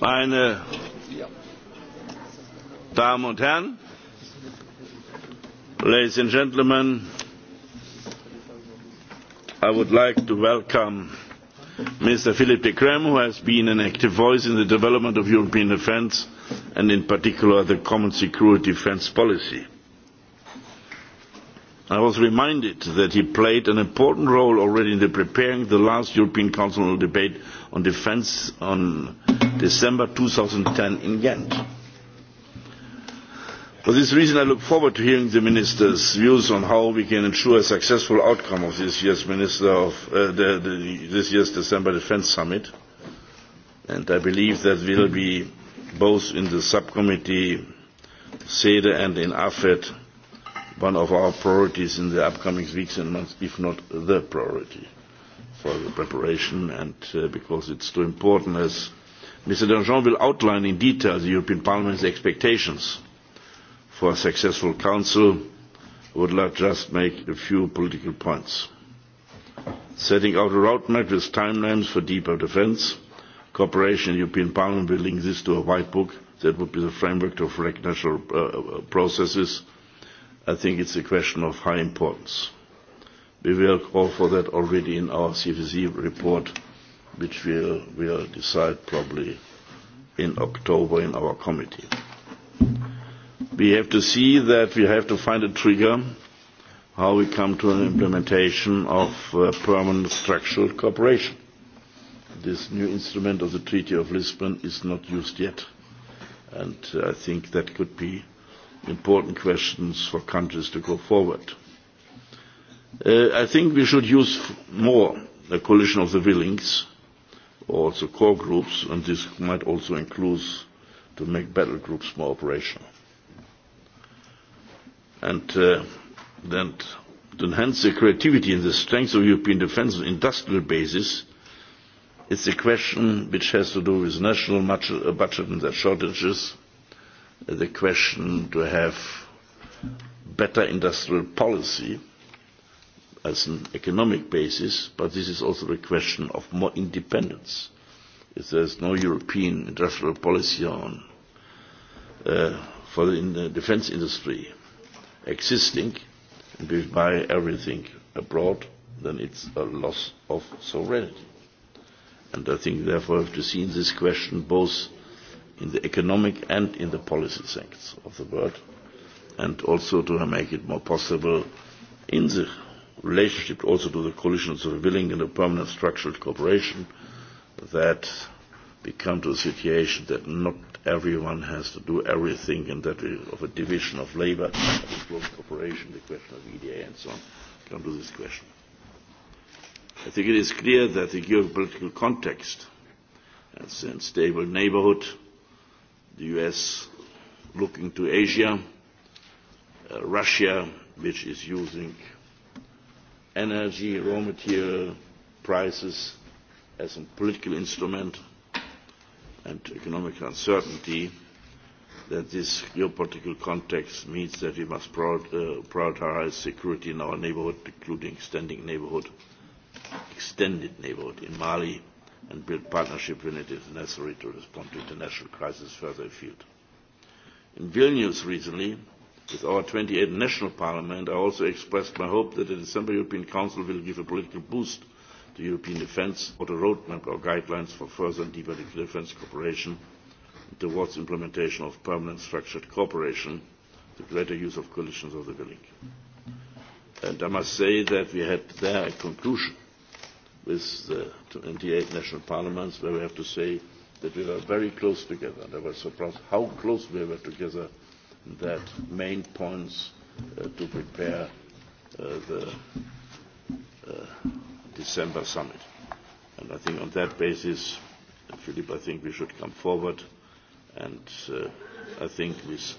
Meine Damen und Herren, ladies and gentlemen, I would like to welcome Mr. Philip de Krem, who has been an active voice in the development of European defence and in particular the common security defense policy. I was reminded that he played an important role already in the preparing the last European Council debate on defence on December 2010 in Ghent. For this reason, I look forward to hearing the Minister's views on how we can ensure a successful outcome of this year's, Minister of, uh, the, the, this year's December Defence Summit. And I believe that will be both in the subcommittee SEDE and in AFET one of our priorities in the upcoming weeks and months, if not the priority for the preparation, and uh, because it's too important as Mr. Danjean will outline in detail the European Parliament's expectations for a successful Council. I would like just make a few political points. Setting out a roadmap with timelines for deeper defence, cooperation in the European Parliament will link this to a white book that would be the framework of recognition uh, uh processes I think it's a question of high importance. We will call for that already in our CVC report, which will we'll decide probably in October in our committee. We have to see that we have to find a trigger how we come to an implementation of uh, permanent structural cooperation. This new instrument of the Treaty of Lisbon is not used yet, and uh, I think that could be important questions for countries to go forward. Uh, I think we should use more the coalition of the willings, or also core groups, and this might also include to make battle groups more operational. And uh, then to enhance the creativity and the strength of European defence on industrial basis, it's a question which has to do with national uh, budget and their shortages, the question to have better industrial policy as an economic basis, but this is also the question of more independence. If there is no European industrial policy on uh, for the, in the defense industry existing, and we buy everything abroad, then it's a loss of sovereignty. And I think therefore we have to see in this question both in the economic and in the policy sectors of the world, and also to make it more possible in the relationship also to the coalitions of willing and a permanent structured cooperation that we come to a situation that not everyone has to do everything and that of a division of labor, of close cooperation, the question of EDA and so on, come to this question. I think it is clear that the geopolitical context and stable neighborhood the U.S. looking to Asia, uh, Russia, which is using energy, raw material prices as a political instrument and economic uncertainty, that this geopolitical context means that we must uh, prioritize security in our neighborhood, including extending neighborhood, extended neighborhood in Mali, and build partnership when it is necessary to respond to international crises further afield. In Vilnius recently, with our 28 national parliament, I also expressed my hope that the December European Council will give a political boost to European defence or the roadmap or guidelines for further and deeper defence cooperation towards implementation of permanent structured cooperation, the greater use of coalitions of the willing. And I must say that we had there a conclusion with the 28 national parliaments where we have to say that we were very close together. And I was surprised how close we were together that main points uh, to prepare uh, the uh, December summit. And I think on that basis, Philip, I think we should come forward and uh, I think with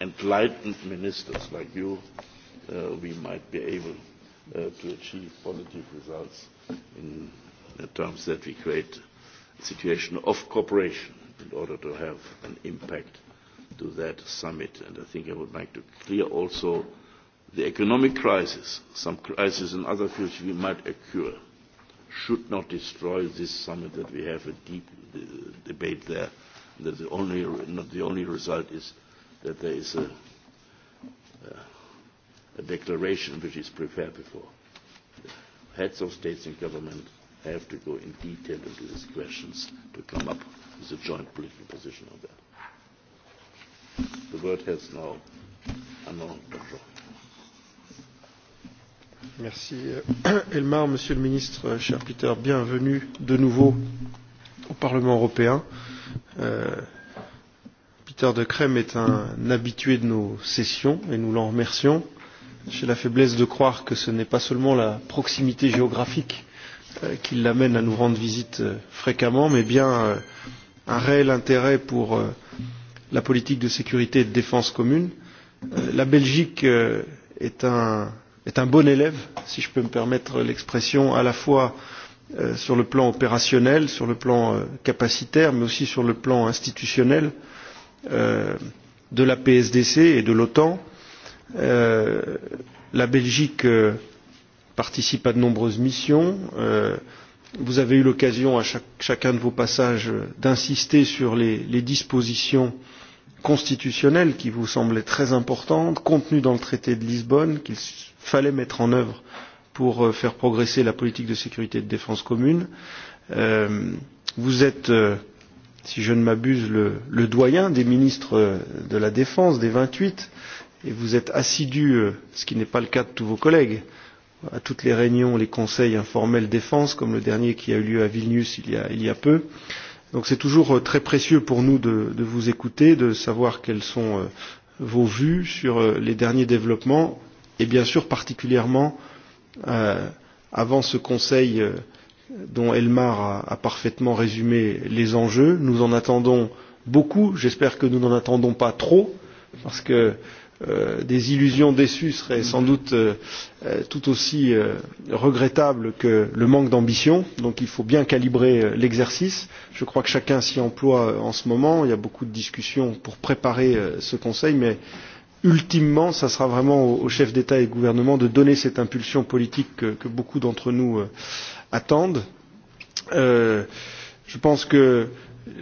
enlightened ministers like you, uh, we might be able uh, to achieve positive results in the terms that we create a situation of cooperation in order to have an impact to that summit. And I think I would like to clear also the economic crisis, some crisis in other fields we might occur, should not destroy this summit that we have a deep uh, debate there. That the only, not the only result is that there is a uh, a declaration which is prepared before. The heads of states and government have to go in detail into these questions to come up with a joint political position on that. The word has now Arnaud Bergeron. Merci euh, Elmar, Monsieur le Ministre, cher Peter, bienvenue de nouveau au Parlement européen. Euh, Peter de Crème est un habitué de nos sessions et nous l'en remercions. J'ai la faiblesse de croire que ce n'est pas seulement la proximité géographique euh, qui l'amène à nous rendre visite euh, fréquemment, mais bien euh, un réel intérêt pour la politique de sécurité et de défense commune. La Belgique est un, est un bon élève, si je peux me permettre l'expression, à la fois sur le plan opérationnel, sur le plan capacitaire, mais aussi sur le plan institutionnel de la PSDC et de l'OTAN. Euh, la Belgique euh, participe à de nombreuses missions. Euh, vous avez eu l'occasion à chaque, chacun de vos passages d'insister sur les, les dispositions constitutionnelles qui vous semblaient très importantes, contenues dans le traité de Lisbonne, qu'il fallait mettre en œuvre pour euh, faire progresser la politique de sécurité et de défense commune. Euh, vous êtes, euh, si je ne m'abuse, le, le doyen des ministres euh, de la Défense des 28. Euh, et vous êtes assidu, euh, ce qui n'est pas le cas de tous vos collègues, à toutes les réunions, les conseils informels défense, comme le dernier qui a eu lieu à Vilnius il y a, il y a peu. Donc c'est toujours euh, très précieux pour nous de, de vous écouter, de savoir quelles sont euh, vos vues sur les derniers développements et bien sûr particulièrement euh, avant ce Conseil dont Elmar a, a parfaitement résumé les enjeux. Nous en attendons beaucoup, j'espère que nous n'en attendons pas trop, parce que Euh, des illusions déçues serait sans doute euh, euh, tout aussi euh, regrettable que le manque d'ambition. Donc il faut bien calibrer euh, l'exercice. Je crois que chacun s'y emploie euh, en ce moment. Il y a beaucoup de discussions pour préparer euh, ce Conseil, mais ultimement, ça sera vraiment aux au chefs d'État et gouvernement de donner cette impulsion politique que, que beaucoup d'entre nous euh, attendent. Euh, je pense que euh,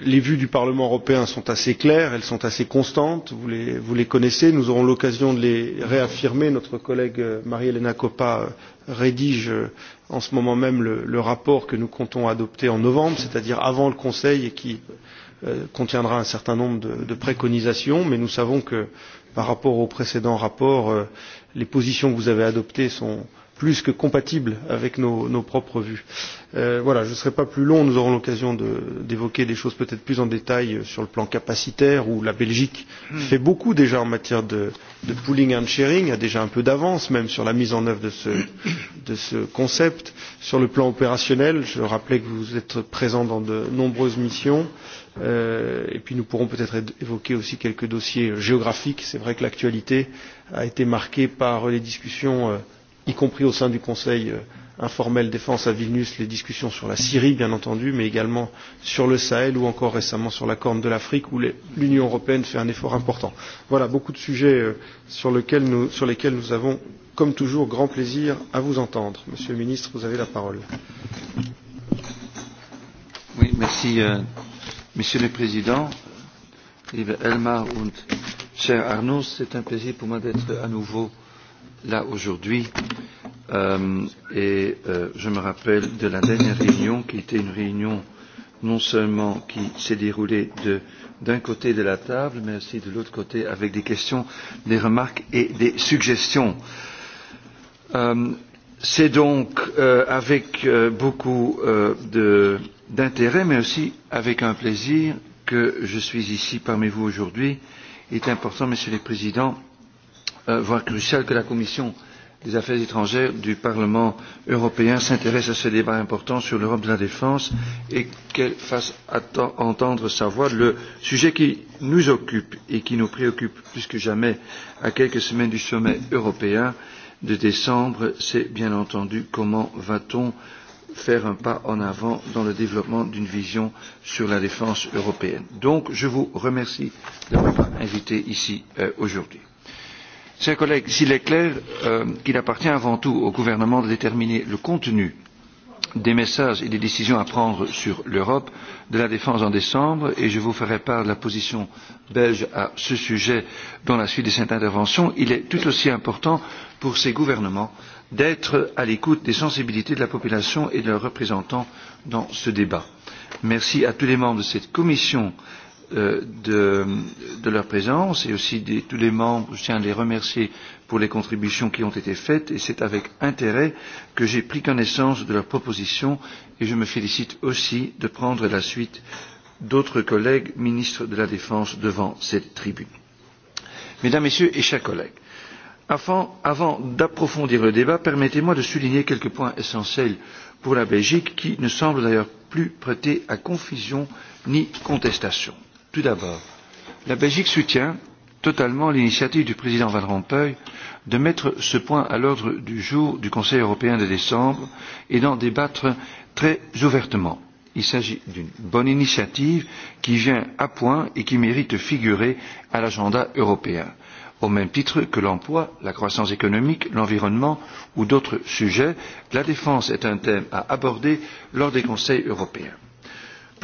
les vues du Parlement européen sont assez claires, elles sont assez constantes, vous les, vous les connaissez, nous aurons l'occasion de les réaffirmer, notre collègue euh, Marie-Hélène Coppa euh, rédige euh, en ce moment même le, le rapport que nous comptons adopter en novembre, c'est-à-dire avant le Conseil et qui contiendra un certain nombre de, de préconisations, mais nous savons que par rapport au précédent rapport, les positions que vous avez adoptées sont, plus que compatible avec nos, nos propres vues. Euh, voilà, je ne serai pas plus long, nous aurons l'occasion d'évoquer de, des choses peut-être plus en détail euh, sur le plan capacitaire, où la Belgique mmh. fait beaucoup déjà en matière de, de pooling and sharing, a déjà un peu d'avance même sur la mise en œuvre de ce, de ce concept. Sur le plan opérationnel, je rappelais que vous êtes présent dans de nombreuses missions, euh, et puis nous pourrons peut-être évoquer aussi quelques dossiers euh, géographiques. C'est vrai que l'actualité a été marquée par les discussions euh, y compris au sein du Conseil euh, informel défense à Vilnius, les discussions sur la Syrie, bien entendu, mais également sur le Sahel ou encore récemment sur la Corne de l'Afrique, où l'Union européenne fait un effort important. Voilà beaucoup de sujets euh, sur, lesquels nous, sur lesquels nous avons, comme toujours, grand plaisir à vous entendre. Monsieur le ministre, vous avez la parole. Oui, merci, euh, Monsieur le Président, Elmar und cher Arnaud, c'est un plaisir pour moi d'être à nouveau là aujourd'hui. Euh, et euh, je me rappelle de la dernière réunion qui était une réunion non seulement qui s'est déroulée d'un côté de la table, mais aussi de l'autre côté avec des questions, des remarques et des suggestions. Euh, C'est donc euh, avec euh, beaucoup euh, d'intérêt, mais aussi avec un plaisir que je suis ici parmi vous aujourd'hui. Il est important, Monsieur le Président, euh, voire crucial, que la Commission des affaires étrangères du Parlement européen s'intéresse à ce débat important sur l'Europe de la défense et qu'elle fasse entendre sa voix. Le sujet qui nous occupe et qui nous préoccupe plus que jamais à quelques semaines du sommet européen de décembre, c'est bien entendu comment va-t-on faire un pas en avant dans le développement d'une vision sur la défense européenne. Donc, je vous remercie de m'avoir invité ici euh, aujourd'hui. Chers collègues, s'il est clair euh, qu'il appartient avant tout au gouvernement de déterminer le contenu des messages et des décisions à prendre sur l'Europe de la défense en décembre et je vous ferai part de la position belge à ce sujet dans la suite de cette intervention, il est tout aussi important pour ces gouvernements d'être à l'écoute des sensibilités de la population et de leurs représentants dans ce débat. Merci à tous les membres de cette commission euh, de, de leur présence et aussi de tous les membres, je tiens à les remercier pour les contributions qui ont été faites et c'est avec intérêt que j'ai pris connaissance de leurs propositions et je me félicite aussi de prendre la suite d'autres collègues ministres de la Défense devant cette tribune. Mesdames, Messieurs et chers collègues, avant, avant d'approfondir le débat, permettez-moi de souligner quelques points essentiels pour la Belgique qui ne semblent d'ailleurs plus prêter à confusion ni contestation. Tout d'abord, la Belgique soutient totalement l'initiative du président Van Rompuy de mettre ce point à l'ordre du jour du Conseil européen de décembre et d'en débattre très ouvertement. Il s'agit d'une bonne initiative qui vient à point et qui mérite de figurer à l'agenda européen, au même titre que l'emploi, la croissance économique, l'environnement ou d'autres sujets. La défense est un thème à aborder lors des conseils européens.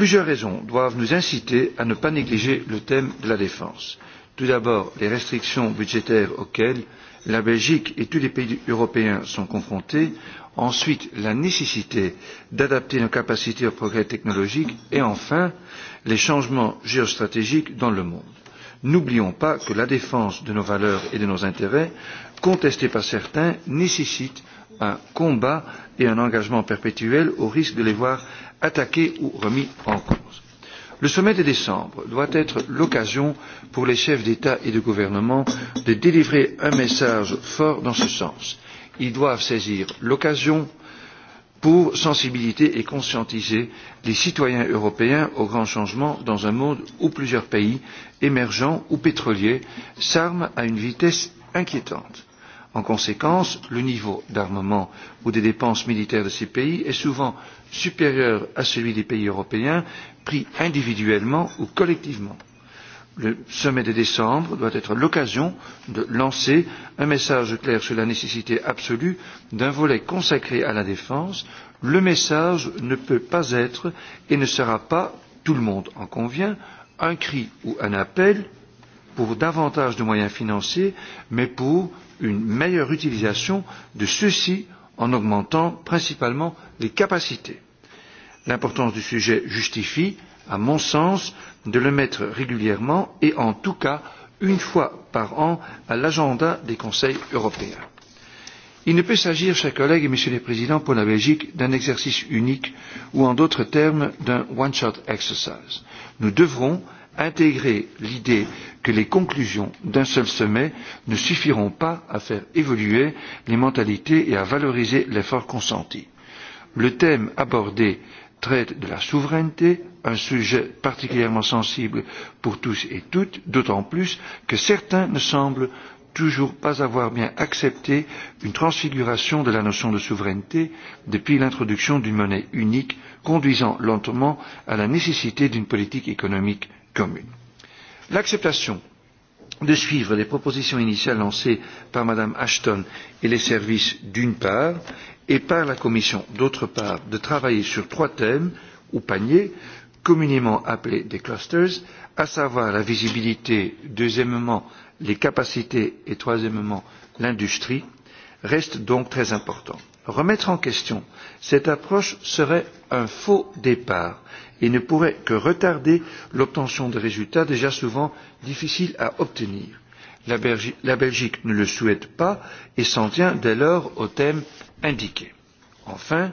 Plusieurs raisons doivent nous inciter à ne pas négliger le thème de la défense. Tout d'abord, les restrictions budgétaires auxquelles la Belgique et tous les pays européens sont confrontés, ensuite la nécessité d'adapter nos capacités au progrès technologique et enfin les changements géostratégiques dans le monde. N'oublions pas que la défense de nos valeurs et de nos intérêts, contestée par certains, nécessite un combat et un engagement perpétuel au risque de les voir attaqué ou remis en cause. Le sommet de décembre doit être l'occasion pour les chefs d'État et de gouvernement de délivrer un message fort dans ce sens. Ils doivent saisir l'occasion pour sensibiliser et conscientiser les citoyens européens aux grands changements dans un monde où plusieurs pays, émergents ou pétroliers, s'arment à une vitesse inquiétante. En conséquence, le niveau d'armement ou des dépenses militaires de ces pays est souvent supérieur à celui des pays européens pris individuellement ou collectivement. Le sommet de décembre doit être l'occasion de lancer un message clair sur la nécessité absolue d'un volet consacré à la défense. Le message ne peut pas être et ne sera pas, tout le monde en convient, un cri ou un appel pour davantage de moyens financiers, mais pour une meilleure utilisation de ceux-ci en augmentant principalement les capacités. L'importance du sujet justifie, à mon sens, de le mettre régulièrement et en tout cas une fois par an à l'agenda des conseils européens. Il ne peut s'agir, chers collègues et messieurs les présidents, pour la Belgique d'un exercice unique ou en d'autres termes d'un one-shot exercise. Nous devrons, intégrer l'idée que les conclusions d'un seul sommet ne suffiront pas à faire évoluer les mentalités et à valoriser l'effort consenti. Le thème abordé traite de la souveraineté, un sujet particulièrement sensible pour tous et toutes, d'autant plus que certains ne semblent toujours pas avoir bien accepté une transfiguration de la notion de souveraineté depuis l'introduction d'une monnaie unique, conduisant lentement à la nécessité d'une politique économique commune. L'acceptation de suivre les propositions initiales lancées par Mme Ashton et les services d'une part et par la Commission d'autre part de travailler sur trois thèmes ou paniers communément appelés des clusters, à savoir la visibilité, deuxièmement les capacités et troisièmement l'industrie, reste donc très important. Remettre en question cette approche serait un faux départ et ne pourrait que retarder l'obtention de résultats déjà souvent difficiles à obtenir. La Belgique, la Belgique ne le souhaite pas et s'en tient dès lors au thème indiqué. Enfin,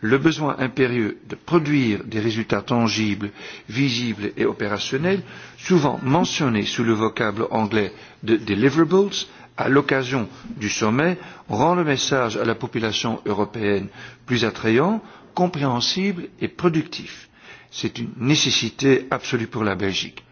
le besoin impérieux de produire des résultats tangibles, visibles et opérationnels, souvent mentionné sous le vocable anglais de deliverables, à l'occasion du sommet, rend le message à la population européenne plus attrayant, compréhensible et productif c'est une nécessité absolue pour la Belgique.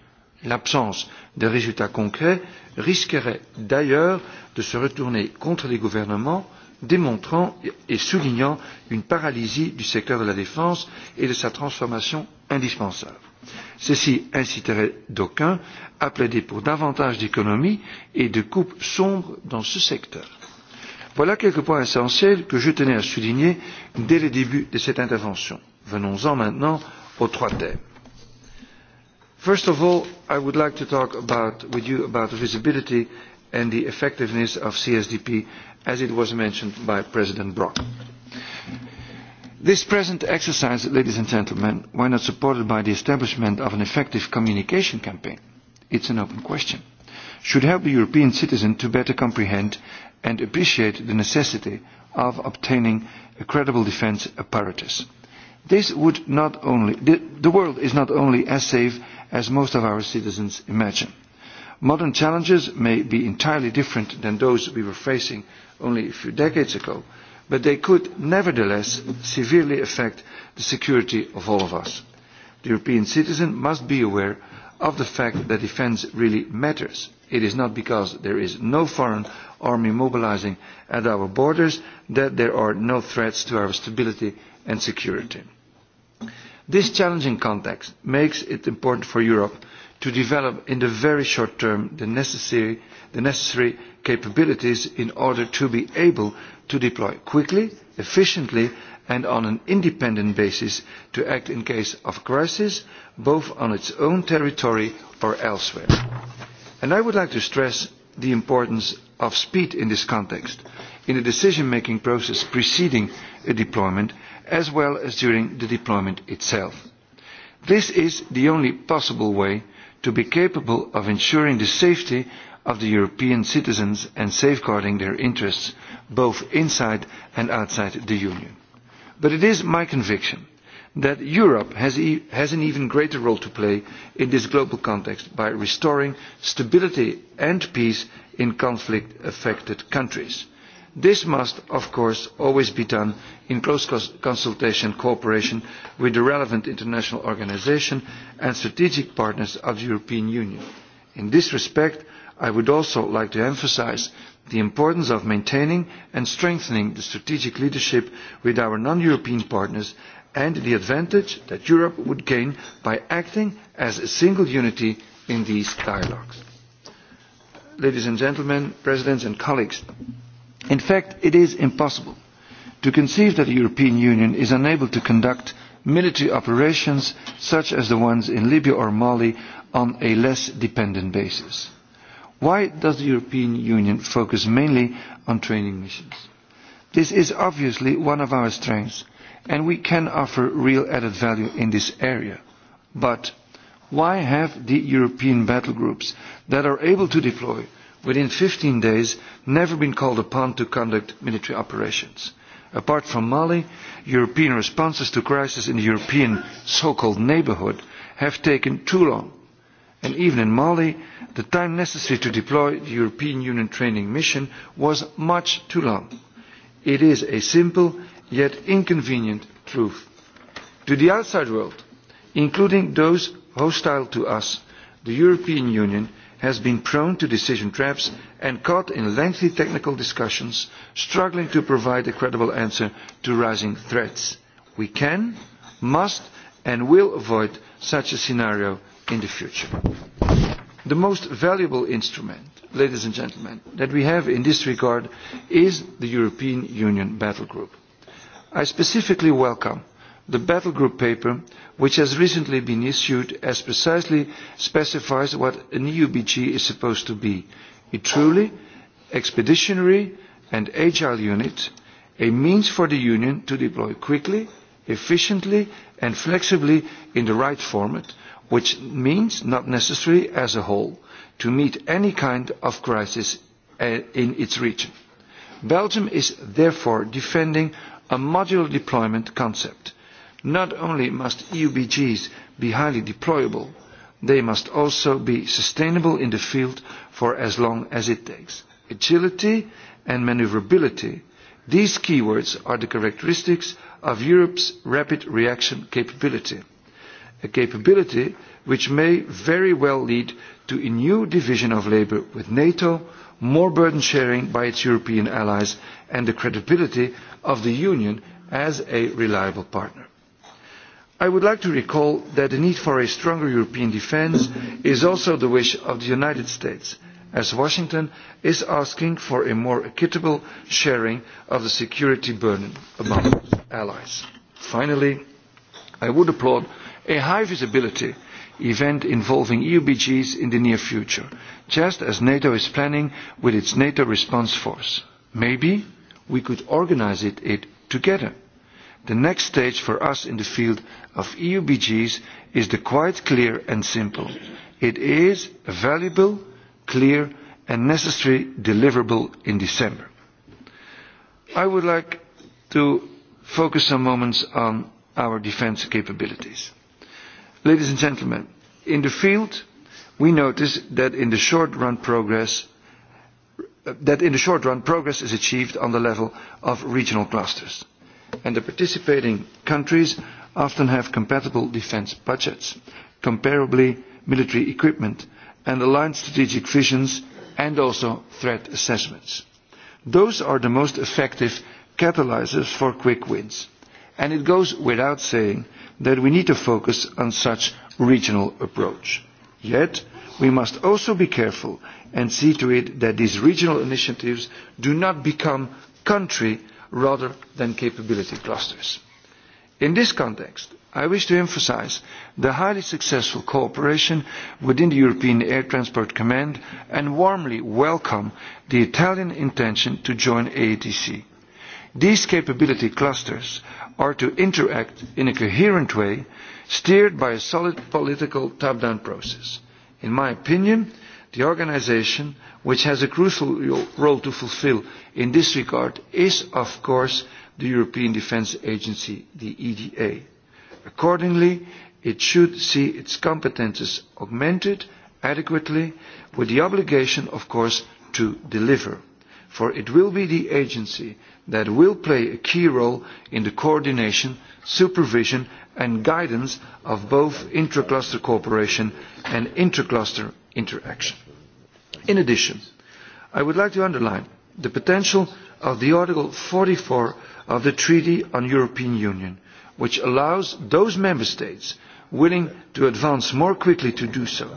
L'absence de résultats concrets risquerait d'ailleurs de se retourner contre les gouvernements, démontrant et soulignant une paralysie du secteur de la défense et de sa transformation indispensable. Ceci inciterait d'aucuns à plaider pour davantage d'économies et de coupes sombres dans ce secteur. Voilà quelques points essentiels que je tenais à souligner dès le début de cette intervention. Venons-en maintenant aux trois thèmes. First of all, I would like to talk about, with you about the visibility and the effectiveness of CSDP as it was mentioned by President Brock. This present exercise, ladies and gentlemen, why not supported by the establishment of an effective communication campaign? It's an open question. Should help the European citizen to better comprehend and appreciate the necessity of obtaining a credible defense apparatus. This would not only, the, the world is not only as safe as most of our citizens imagine. Modern challenges may be entirely different than those we were facing only a few decades ago, but they could nevertheless severely affect the security of all of us. The European citizen must be aware of the fact that defence really matters. It is not because there is no foreign army mobilising at our borders that there are no threats to our stability and security. This challenging context makes it important for Europe to develop in the very short term the necessary, the necessary capabilities in order to be able to deploy quickly, efficiently and on an independent basis to act in case of crisis, both on its own territory or elsewhere. And I would like to stress the importance of speed in this context, in the decision-making process preceding a deployment as well as during the deployment itself. This is the only possible way to be capable of ensuring the safety of the European citizens and safeguarding their interests both inside and outside the Union. But it is my conviction that Europe has, e has an even greater role to play in this global context by restoring stability and peace in conflict-affected countries. This must, of course, always be done in close consultation and cooperation with the relevant international organisation and strategic partners of the European Union. In this respect, I would also like to emphasise the importance of maintaining and strengthening the strategic leadership with our non-European partners and the advantage that Europe would gain by acting as a single unity in these dialogues. Ladies and gentlemen, presidents and colleagues, In fact, it is impossible to conceive that the European Union is unable to conduct military operations such as the ones in Libya or Mali on a less dependent basis. Why does the European Union focus mainly on training missions? This is obviously one of our strengths, and we can offer real added value in this area. But why have the European battle groups that are able to deploy within 15 days, never been called upon to conduct military operations. Apart from Mali, European responses to crisis in the European so-called neighborhood have taken too long. And even in Mali, the time necessary to deploy the European Union training mission was much too long. It is a simple yet inconvenient truth. To the outside world, including those hostile to us, the European Union has been prone to decision traps and caught in lengthy technical discussions, struggling to provide a credible answer to rising threats. We can, must, and will avoid such a scenario in the future. The most valuable instrument, ladies and gentlemen, that we have in this regard is the European Union Battle Group. I specifically welcome the Battle Group paper which has recently been issued as precisely specifies what an EUBG is supposed to be, a truly expeditionary and agile unit, a means for the Union to deploy quickly, efficiently and flexibly in the right format, which means not necessarily as a whole to meet any kind of crisis eh, in its region. Belgium is therefore defending a modular deployment concept Not only must EUBGs be highly deployable, they must also be sustainable in the field for as long as it takes. Agility and maneuverability, these keywords are the characteristics of Europe's rapid reaction capability, a capability which may very well lead to a new division of labour with NATO, more burden sharing by its European allies, and the credibility of the Union as a reliable partner. I would like to recall that the need for a stronger European defence is also the wish of the United States, as Washington is asking for a more equitable sharing of the security burden among allies. Finally, I would applaud a high visibility event involving EU BGs in the near future, just as NATO is planning with its NATO response force. Maybe we could organise it, it together The next stage for us in the field of EU BGs is the quite clear and simple. It is a valuable, clear and necessary deliverable in December. I would like to focus some moments on our defense capabilities. Ladies and gentlemen, in the field, we notice that in the short run progress that in the short run progress is achieved on the level of regional clusters and the participating countries often have compatible defence budgets, comparably military equipment, and aligned strategic visions and also threat assessments. Those are the most effective catalyzers for quick wins. And it goes without saying that we need to focus on such regional approach. Yet, we must also be careful and see to it that these regional initiatives do not become country rather than capability clusters. In this context, I wish to emphasize the highly successful cooperation within the European Air Transport Command and warmly welcome the Italian intention to join AATC. These capability clusters are to interact in a coherent way, steered by a solid political top-down process. In my opinion, The organization, which has a crucial role to fulfill in this regard, is, of course, the European Defence Agency, the EDA. Accordingly, it should see its competences augmented adequately, with the obligation, of course, to deliver. For it will be the agency that will play a key role in the coordination, supervision and guidance of both intracluster cooperation and intracluster interaction. In addition, I would like to underline the potential of the Article 44 of the Treaty on European Union, which allows those member states willing to advance more quickly to do so.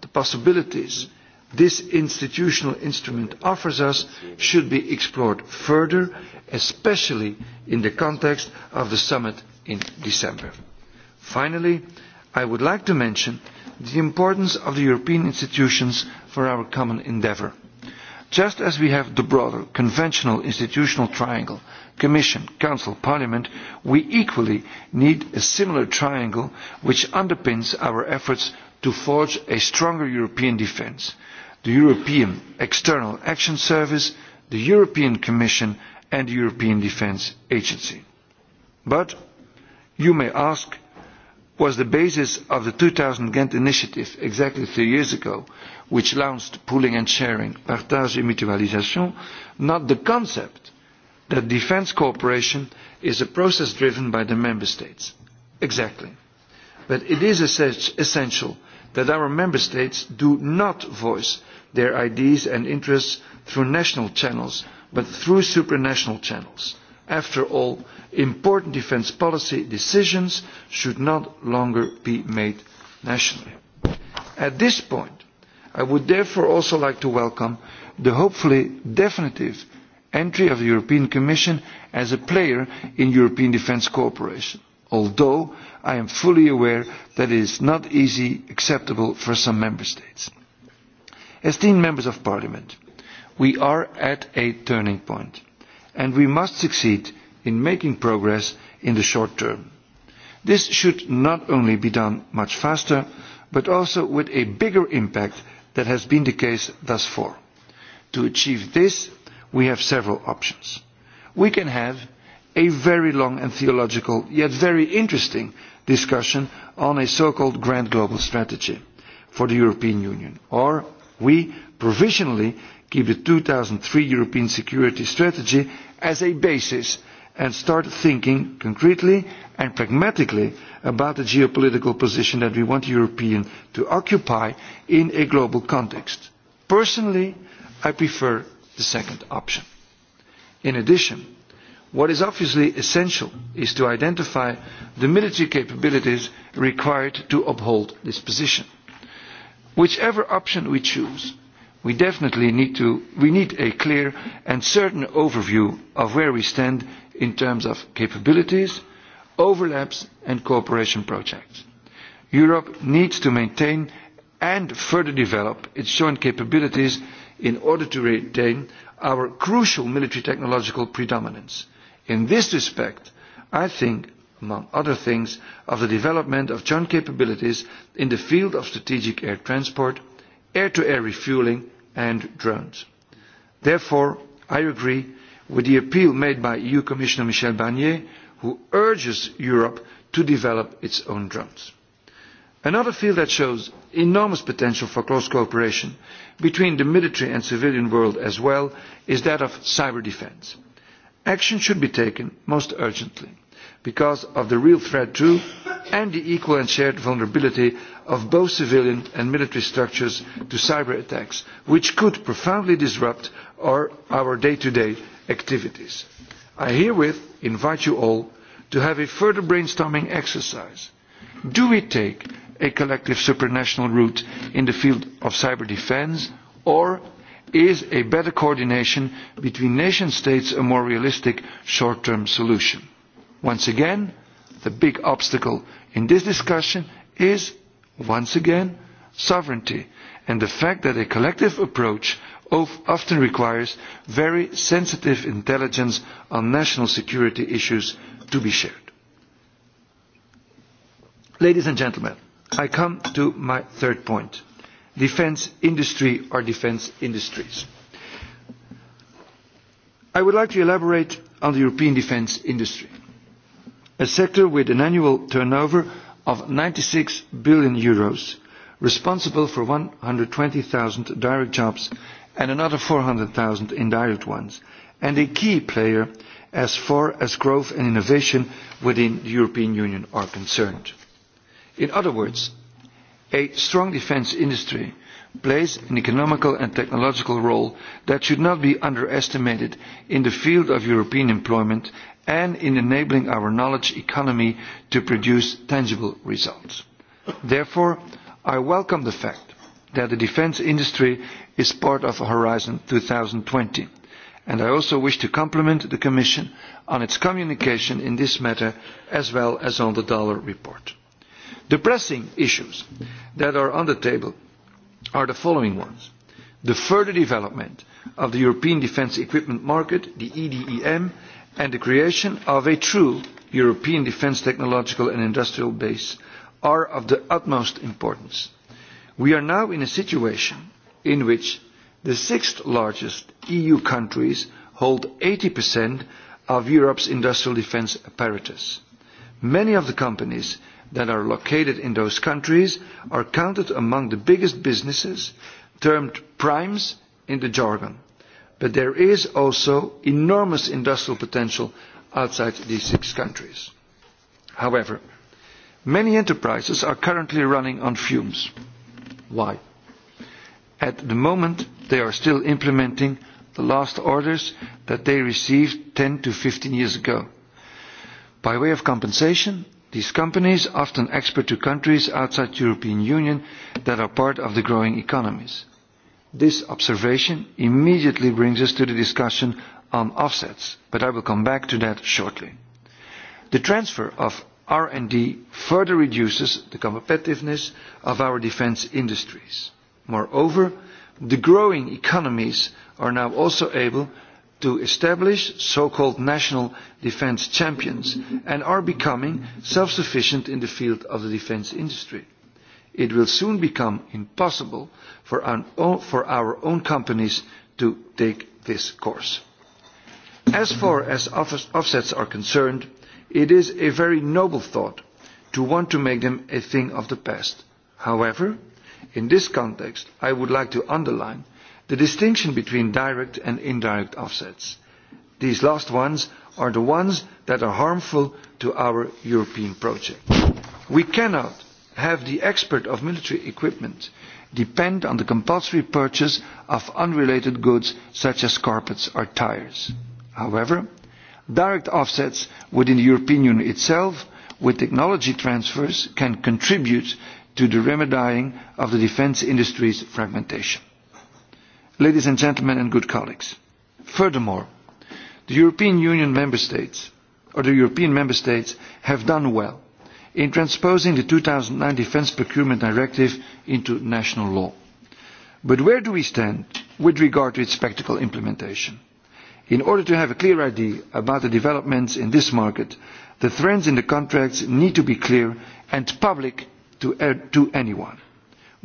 The possibilities this institutional instrument offers us should be explored further, especially in the context of the summit in December. Finally, I would like to mention the importance of the European institutions for our common endeavour. Just as we have the broader conventional institutional triangle, Commission, Council, Parliament, we equally need a similar triangle which underpins our efforts to forge a stronger European defence. The European External Action Service, the European Commission and the European Defence Agency. But you may ask, was the basis of the 2000 Ghent initiative exactly three years ago, which launched pooling and sharing, partage et mutualisation, not the concept that defense cooperation is a process driven by the member states. Exactly. But it is essential that our member states do not voice their ideas and interests through national channels, but through supranational channels. After all, important defence policy decisions should not longer be made nationally. At this point, I would therefore also like to welcome the hopefully definitive entry of the European Commission as a player in European defence cooperation, although I am fully aware that it is not easy acceptable for some Member States. Esteemed Members of Parliament, we are at a turning point and we must succeed in making progress in the short term. This should not only be done much faster, but also with a bigger impact than has been the case thus far. To achieve this, we have several options. We can have a very long and theological, yet very interesting, discussion on a so-called grand global strategy for the European Union. Or we provisionally keep the 2003 European security strategy as a basis and start thinking concretely and pragmatically about the geopolitical position that we want Europeans to occupy in a global context. Personally, I prefer the second option. In addition, what is obviously essential is to identify the military capabilities required to uphold this position. Whichever option we choose, we definitely need to we need a clear and certain overview of where we stand in terms of capabilities, overlaps and cooperation projects. Europe needs to maintain and further develop its joint capabilities in order to retain our crucial military technological predominance. In this respect, I think, among other things, of the development of joint capabilities in the field of strategic air transport, air-to-air -air refueling, and drones. Therefore, I agree with the appeal made by EU Commissioner Michel Barnier, who urges Europe to develop its own drones. Another field that shows enormous potential for close cooperation between the military and civilian world as well is that of cyber defence. Action should be taken most urgently because of the real threat to and the equal and shared vulnerability of both civilian and military structures to cyber attacks, which could profoundly disrupt our, our day-to-day activities. I herewith invite you all to have a further brainstorming exercise. Do we take a collective supranational route in the field of cyber defense, or is a better coordination between nation states a more realistic short-term solution? Once again, the big obstacle in this discussion is, once again, sovereignty and the fact that a collective approach often requires very sensitive intelligence on national security issues to be shared. Ladies and gentlemen, I come to my third point, defense industry or defense industries. I would like to elaborate on the European defense industry a sector with an annual turnover of 96 billion euros, responsible for 120,000 direct jobs and another 400,000 indirect ones, and a key player as far as growth and innovation within the European Union are concerned. In other words, a strong defence industry plays an economical and technological role that should not be underestimated in the field of European employment and in enabling our knowledge economy to produce tangible results. Therefore, I welcome the fact that the defence industry is part of Horizon 2020, and I also wish to compliment the Commission on its communication in this matter as well as on the dollar report. The pressing issues that are on the table are the following ones. The further development of the European Defence Equipment Market, the EDEM, and the creation of a true European defence technological and industrial base are of the utmost importance. We are now in a situation in which the sixth largest EU countries hold 80% of Europe's industrial defence apparatus. Many of the companies that are located in those countries are counted among the biggest businesses, termed primes in the jargon. But there is also enormous industrial potential outside these six countries. However, many enterprises are currently running on fumes. Why? At the moment, they are still implementing the last orders that they received 10 to 15 years ago. By way of compensation, these companies often export to countries outside the European Union that are part of the growing economies. This observation immediately brings us to the discussion on offsets, but I will come back to that shortly. The transfer of R&D further reduces the competitiveness of our defense industries. Moreover, the growing economies are now also able to establish so-called national defense champions and are becoming self-sufficient in the field of the defense industry it will soon become impossible for our own, for our own companies to take this course. As far as offsets are concerned, it is a very noble thought to want to make them a thing of the past. However, in this context, I would like to underline the distinction between direct and indirect offsets. These last ones are the ones that are harmful to our European project. We cannot have the export of military equipment depend on the compulsory purchase of unrelated goods such as carpets or tires. However, direct offsets within the European Union itself with technology transfers can contribute to the remedying of the defence industry's fragmentation. Ladies and gentlemen and good colleagues, furthermore, the European Union member states or the European member states have done well in transposing the 2009 Defence Procurement Directive into national law. But where do we stand with regard to its practical implementation? In order to have a clear idea about the developments in this market, the trends in the contracts need to be clear and public to, uh, to anyone.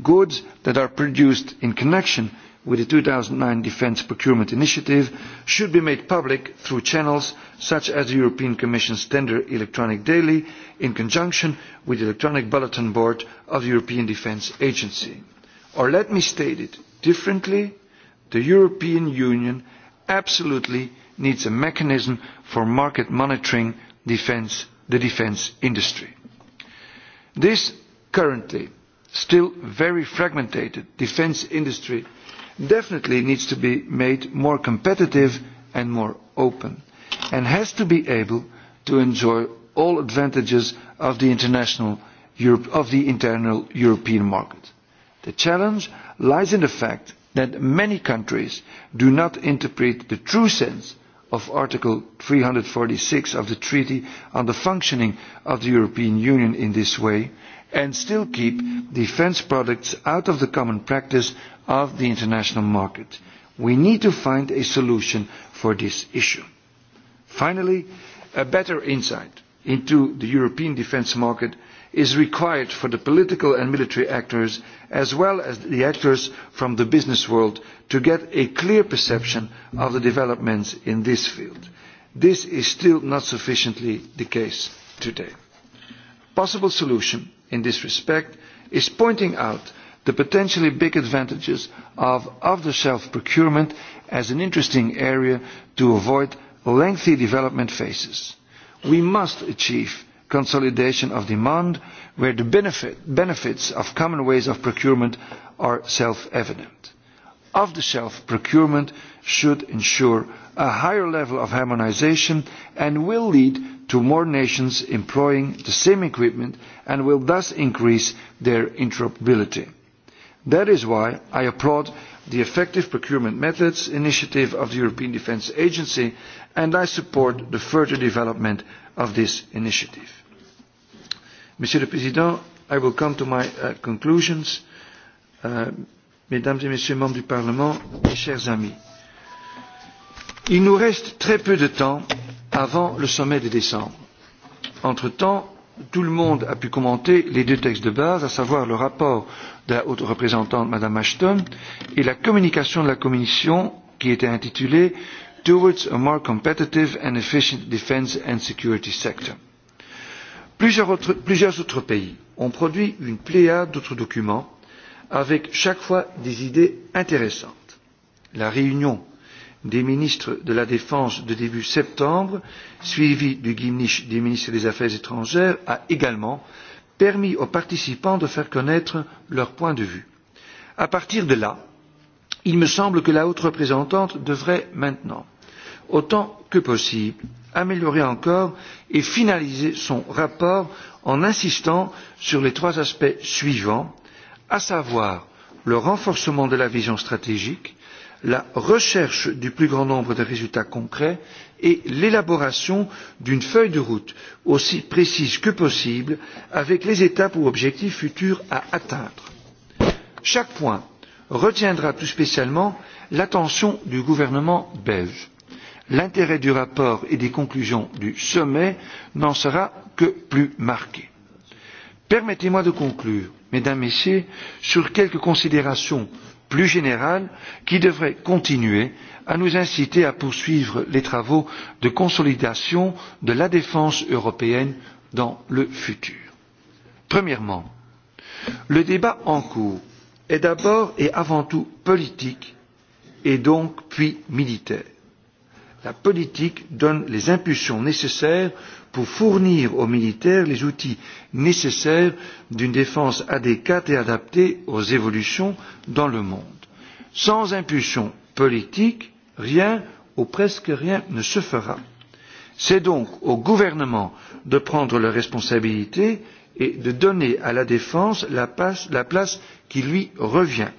Goods that are produced in connection with the 2009 Defence Procurement Initiative should be made public through channels such as the European Commission's Tender Electronic Daily in conjunction with the Electronic Bulletin Board of the European Defence Agency. Or let me state it differently, the European Union absolutely needs a mechanism for market monitoring defense, the defence industry. This currently still very fragmented defence industry definitely needs to be made more competitive and more open, and has to be able to enjoy all advantages of the, international Europe, of the internal European market. The challenge lies in the fact that many countries do not interpret the true sense of Article 346 of the Treaty on the Functioning of the European Union in this way, and still keep defence products out of the common practice of the international market. We need to find a solution for this issue. Finally, a better insight into the European defence market is required for the political and military actors as well as the actors from the business world to get a clear perception of the developments in this field. This is still not sufficiently the case today. Possible solution in this respect is pointing out the potentially big advantages of off-the-shelf procurement as an interesting area to avoid lengthy development phases. We must achieve consolidation of demand where the benefit, benefits of common ways of procurement are self-evident of the shelf procurement should ensure a higher level of harmonization and will lead to more nations employing the same equipment and will thus increase their interoperability. That is why I applaud the Effective Procurement Methods initiative of the European Defence Agency and I support the further development of this initiative. Monsieur le Président, I will come to my uh, conclusions. Uh, Mesdames et Messieurs membres du Parlement, mes chers amis, il nous reste très peu de temps avant le sommet de décembre. Entre-temps, tout le monde a pu commenter les deux textes de base, à savoir le rapport de la haute représentante Mme Ashton et la communication de la Commission qui était intitulée Towards a more competitive and efficient defense and security sector. Plusieurs autres, plusieurs autres pays ont produit une pléiade d'autres documents avec chaque fois des idées intéressantes. La réunion des ministres de la Défense de début septembre, suivie du Gimnich des ministres des Affaires étrangères, a également permis aux participants de faire connaître leur point de vue. À partir de là, il me semble que la haute représentante devrait maintenant, autant que possible, améliorer encore et finaliser son rapport en insistant sur les trois aspects suivants à savoir le renforcement de la vision stratégique, la recherche du plus grand nombre de résultats concrets et l'élaboration d'une feuille de route aussi précise que possible avec les étapes ou objectifs futurs à atteindre. Chaque point retiendra tout spécialement l'attention du gouvernement belge. L'intérêt du rapport et des conclusions du sommet n'en sera que plus marqué. Permettez-moi de conclure mesdames, messieurs, sur quelques considérations plus générales qui devraient continuer à nous inciter à poursuivre les travaux de consolidation de la défense européenne dans le futur. Premièrement, le débat en cours est d'abord et avant tout politique et donc puis militaire. La politique donne les impulsions nécessaires pour fournir aux militaires les outils nécessaires d'une défense adéquate et adaptée aux évolutions dans le monde. Sans impulsion politique, rien ou presque rien ne se fera. C'est donc au gouvernement de prendre leurs responsabilités et de donner à la défense la place, la place qui lui revient.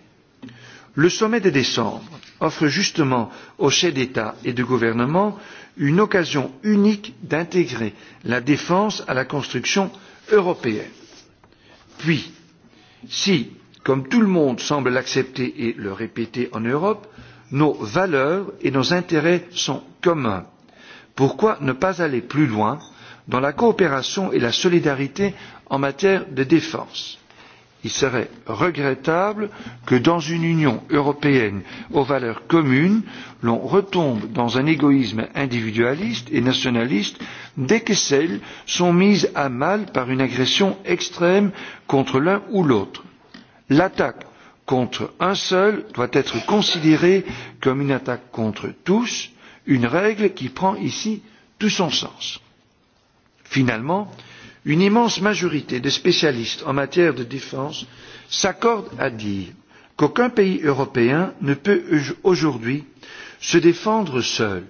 Le sommet de décembre offre justement aux chefs d'État et de gouvernement une occasion unique d'intégrer la défense à la construction européenne. Puis, si, comme tout le monde semble l'accepter et le répéter en Europe, nos valeurs et nos intérêts sont communs, pourquoi ne pas aller plus loin dans la coopération et la solidarité en matière de défense Il serait regrettable que dans une Union européenne aux valeurs communes, l'on retombe dans un égoïsme individualiste et nationaliste dès que celles sont mises à mal par une agression extrême contre l'un ou l'autre. L'attaque contre un seul doit être considérée comme une attaque contre tous, une règle qui prend ici tout son sens. Finalement, Une immense majorité de spécialistes en matière de défense s'accordent à dire qu'aucun pays européen ne peut aujourd'hui se défendre seul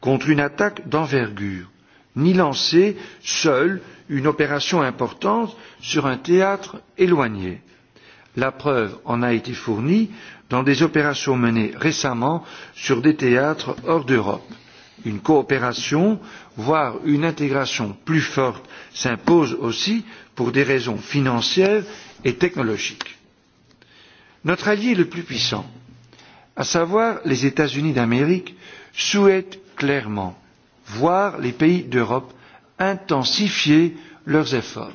contre une attaque d'envergure, ni lancer seul une opération importante sur un théâtre éloigné. La preuve en a été fournie dans des opérations menées récemment sur des théâtres hors d'Europe une coopération, voire une intégration plus forte s'impose aussi pour des raisons financières et technologiques. Notre allié le plus puissant, à savoir les États-Unis d'Amérique, souhaite clairement voir les pays d'Europe intensifier leurs efforts.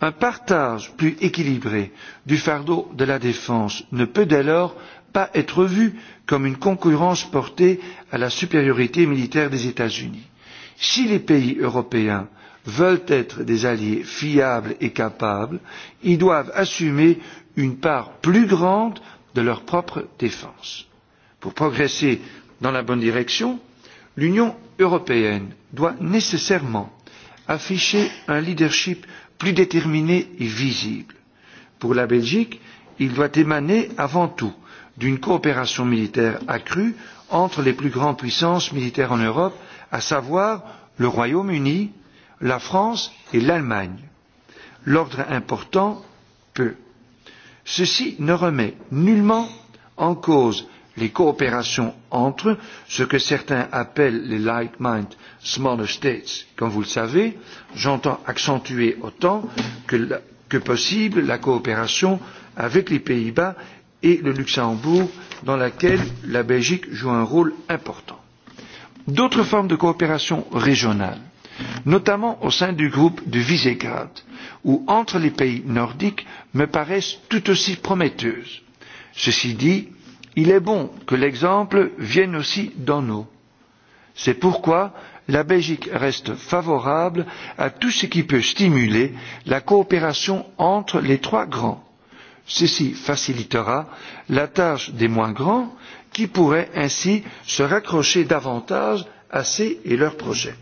Un partage plus équilibré du fardeau de la défense ne peut dès lors pas être vu comme une concurrence portée à la supériorité militaire des États-Unis. Si les pays européens veulent être des alliés fiables et capables, ils doivent assumer une part plus grande de leur propre défense. Pour progresser dans la bonne direction, l'Union européenne doit nécessairement afficher un leadership plus déterminé et visible. Pour la Belgique, il doit émaner avant tout d'une coopération militaire accrue entre les plus grandes puissances militaires en Europe, à savoir le Royaume-Uni, la France et l'Allemagne. L'ordre important peut. Ceci ne remet nullement en cause les coopérations entre eux, ce que certains appellent les like mind smaller states. Comme vous le savez, j'entends accentuer autant que, que possible la coopération avec les Pays-Bas et le Luxembourg, dans laquelle la Belgique joue un rôle important. D'autres formes de coopération régionale, notamment au sein du groupe de Visegrad, ou entre les pays nordiques, me paraissent tout aussi prometteuses. Ceci dit, il est bon que l'exemple vienne aussi dans nos. C'est pourquoi la Belgique reste favorable à tout ce qui peut stimuler la coopération entre les trois grands Ceci facilitera la tâche des moins grands qui pourraient ainsi se raccrocher davantage à ces et leurs projets.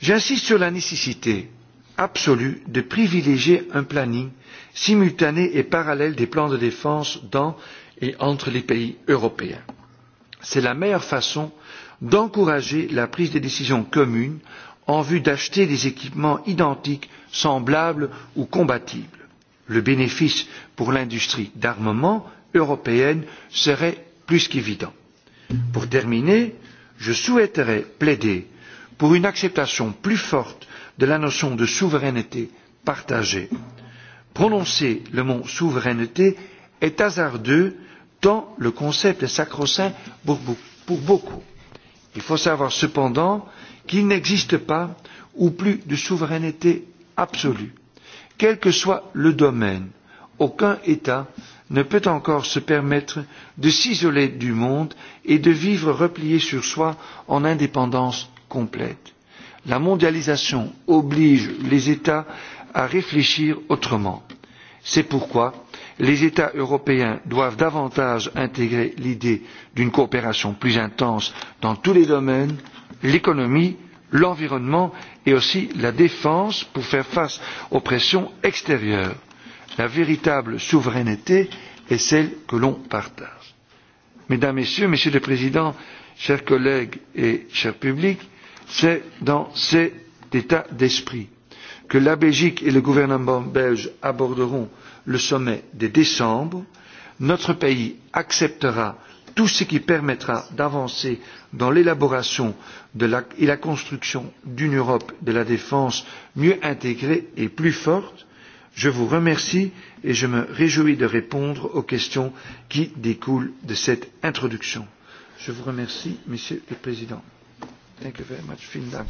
J'insiste sur la nécessité absolue de privilégier un planning simultané et parallèle des plans de défense dans et entre les pays européens. C'est la meilleure façon d'encourager la prise de décisions communes en vue d'acheter des équipements identiques, semblables ou combattibles le bénéfice pour l'industrie d'armement européenne serait plus qu'évident. Pour terminer, je souhaiterais plaider pour une acceptation plus forte de la notion de souveraineté partagée. Prononcer le mot souveraineté est hasardeux tant le concept est sacro-saint pour, pour beaucoup. Il faut savoir cependant qu'il n'existe pas ou plus de souveraineté absolue Quel que soit le domaine, aucun État ne peut encore se permettre de s'isoler du monde et de vivre replié sur soi en indépendance complète. La mondialisation oblige les États à réfléchir autrement. C'est pourquoi les États européens doivent davantage intégrer l'idée d'une coopération plus intense dans tous les domaines, l'économie, l'environnement et aussi la défense pour faire face aux pressions extérieures. La véritable souveraineté est celle que l'on partage. Mesdames, Messieurs, Messieurs les Président, chers collègues et chers publics, c'est dans cet état d'esprit que la Belgique et le gouvernement belge aborderont le sommet de décembre. Notre pays acceptera tout ce qui permettra d'avancer dans l'élaboration de la, et la construction d'une Europe de la défense mieux intégrée et plus forte, je vous remercie et je me réjouis de répondre aux questions qui découlent de cette introduction. Je vous remercie, Monsieur le Président. Thank you very much. Vielen Dank.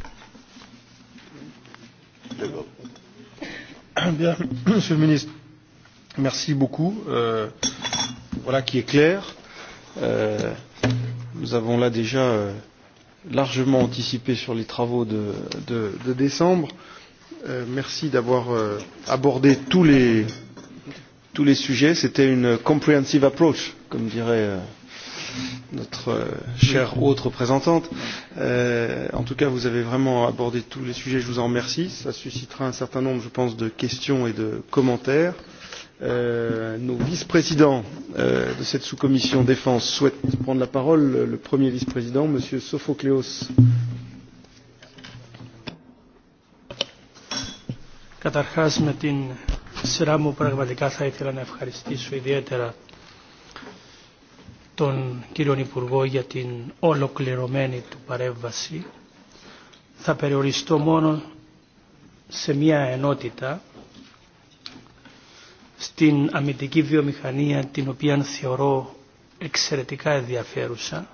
Bien, Monsieur le Ministre, merci beaucoup. Euh, voilà qui est clair. Euh, nous avons là déjà. Euh, largement anticipé sur les travaux de, de, de décembre. Euh, merci d'avoir euh, abordé tous les, tous les sujets. C'était une comprehensive approach, comme dirait euh, notre euh, chère haute représentante. Euh, en tout cas, vous avez vraiment abordé tous les sujets. Je vous en remercie. Ça suscitera un certain nombre, je pense, de questions et de commentaires. Euh, nos vice-présidents euh, de cette sous-commission défense souhaitent prendre la parole. Le premier vice-président, Monsieur Sophocléos. Καταρχάς με την σειρά μου πραγματικά θα ήθελα να ευχαριστήσω ιδιαίτερα τον κύριο Υπουργό για την ολοκληρωμένη του παρέμβαση. Θα περιοριστώ μόνο σε μια ενότητα στην αμυντική βιομηχανία την οποία θεωρώ εξαιρετικά ενδιαφέρουσα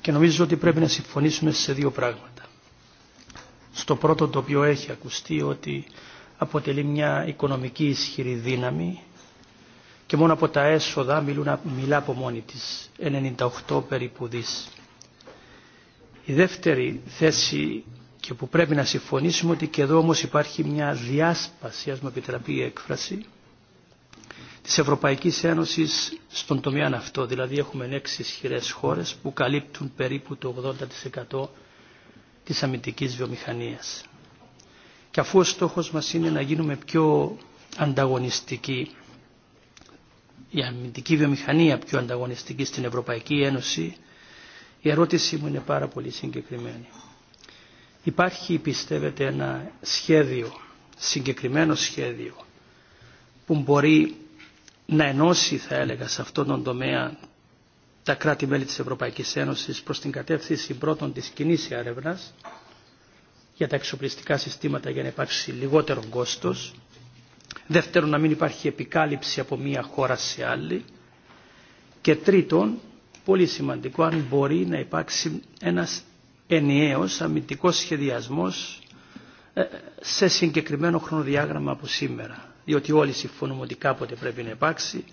και νομίζω ότι πρέπει να συμφωνήσουμε σε δύο πράγματα. Στο πρώτο το οποίο έχει ακουστεί ότι αποτελεί μια οικονομική ισχυρή δύναμη και μόνο από τα έσοδα μιλούν, μιλά από μόνη της, 98 περίπου δις. Η δεύτερη θέση και που πρέπει να συμφωνήσουμε ότι και εδώ όμως υπάρχει μια διάσπαση, ας μου επιτραπεί η έκφραση, της Ευρωπαϊκής Ένωσης στον τομέα αυτό. Δηλαδή έχουμε έξι ισχυρέ χώρες που καλύπτουν περίπου το 80% της αμυντικής βιομηχανίας. Και αφού ο στόχος μας είναι να γίνουμε πιο ανταγωνιστικοί, η αμυντική βιομηχανία πιο ανταγωνιστική στην Ευρωπαϊκή Ένωση, η ερώτησή μου είναι πάρα πολύ συγκεκριμένη. Υπάρχει, πιστεύετε, ένα σχέδιο, συγκεκριμένο σχέδιο, που μπορεί να ενώσει, θα έλεγα, σε αυτόν τον τομέα τα κράτη-μέλη της Ευρωπαϊκής Ένωσης προς την κατεύθυνση πρώτων της κοινή έρευνα για τα εξοπλιστικά συστήματα για να υπάρξει λιγότερο κόστος, δεύτερον να μην υπάρχει επικάλυψη από μία χώρα σε άλλη και τρίτον, πολύ σημαντικό, αν μπορεί να υπάρξει ένας ενιαίος αμυντικός σχεδιασμός σε συγκεκριμένο χρονοδιάγραμμα από σήμερα διότι όλοι συμφωνούμε ότι κάποτε πρέπει να υπάρξει,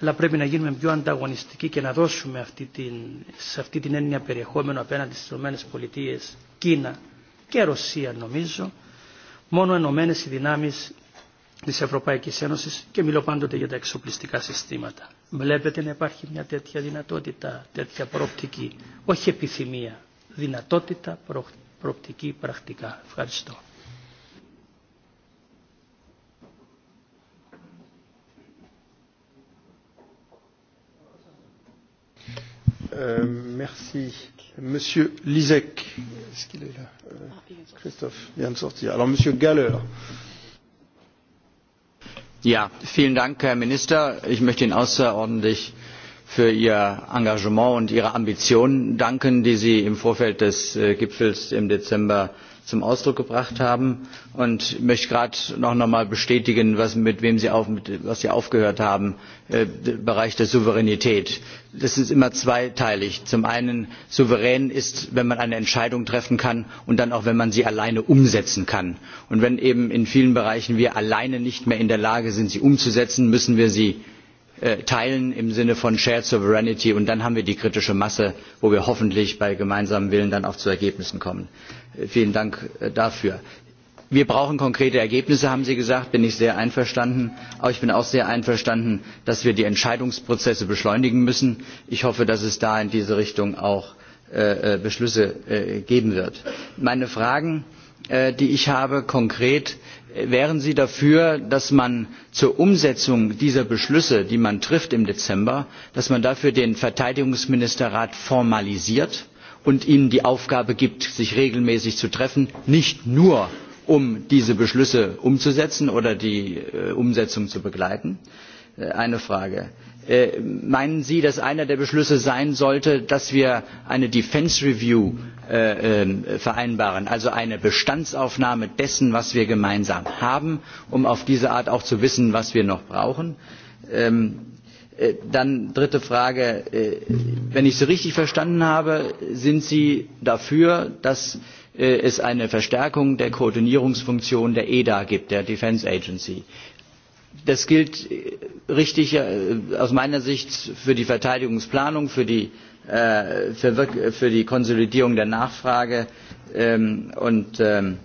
αλλά πρέπει να γίνουμε πιο ανταγωνιστικοί και να δώσουμε αυτή την, σε αυτή την έννοια περιεχόμενο απέναντι στις ΗΠΑ, Κίνα και Ρωσία νομίζω, μόνο ενωμένε οι δυνάμει τη Ευρωπαϊκή Ένωση και μιλώ πάντοτε για τα εξοπλιστικά συστήματα. Βλέπετε να υπάρχει μια τέτοια δυνατότητα, τέτοια προοπτική, όχι επιθυμία, δυνατότητα προοπτική πρακτικά. Ευχαριστώ. Euh, merci. Monsieur Lisek, est-ce qu'il est là euh, Christophe vient de sortir. Alors, Monsieur Galler. Ja, vielen Dank, Herr Minister. Ich möchte Ihnen außerordentlich für Ihr Engagement und Ihre Ambitionen danken, die Sie im Vorfeld des äh, Gipfels im Dezember zum Ausdruck gebracht haben. Und ich möchte gerade noch einmal bestätigen, was, mit wem Sie, auf, mit, was Sie aufgehört haben, äh, Bereich der Souveränität. Das ist immer zweiteilig. Zum einen, souverän ist, wenn man eine Entscheidung treffen kann und dann auch, wenn man sie alleine umsetzen kann. Und wenn eben in vielen Bereichen wir alleine nicht mehr in der Lage sind, sie umzusetzen, müssen wir sie Äh, teilen im Sinne von Shared Sovereignty und dann haben wir die kritische Masse, wo wir hoffentlich bei gemeinsamem Willen dann auch zu Ergebnissen kommen. Äh, vielen Dank äh, dafür. Wir brauchen konkrete Ergebnisse, haben Sie gesagt, bin ich sehr einverstanden. Aber ich bin auch sehr einverstanden, dass wir die Entscheidungsprozesse beschleunigen müssen. Ich hoffe, dass es da in diese Richtung auch äh, Beschlüsse äh, geben wird. Meine Fragen, äh, die ich habe konkret, wären Sie dafür, dass man zur Umsetzung dieser Beschlüsse, die man trifft im Dezember, dass man dafür den Verteidigungsministerrat formalisiert und ihm die Aufgabe gibt, sich regelmäßig zu treffen, nicht nur um diese Beschlüsse umzusetzen oder die äh, Umsetzung zu begleiten? Äh, eine Frage. Äh, meinen Sie, dass einer der Beschlüsse sein sollte, dass wir eine Defence Review Äh, ähm, vereinbaren. Also eine Bestandsaufnahme dessen, was wir gemeinsam haben, um auf diese Art auch zu wissen, was wir noch brauchen. Ähm, äh, dann dritte Frage, äh, wenn ich Sie richtig verstanden habe, sind Sie dafür, dass es eine Verstärkung der Koordinierungsfunktion der EDA gibt, der Defense Agency. Das gilt richtig aus meiner Sicht für die Verteidigungsplanung, für die äh, für, für die Konsolidierung der Nachfrage ähm, und ähm,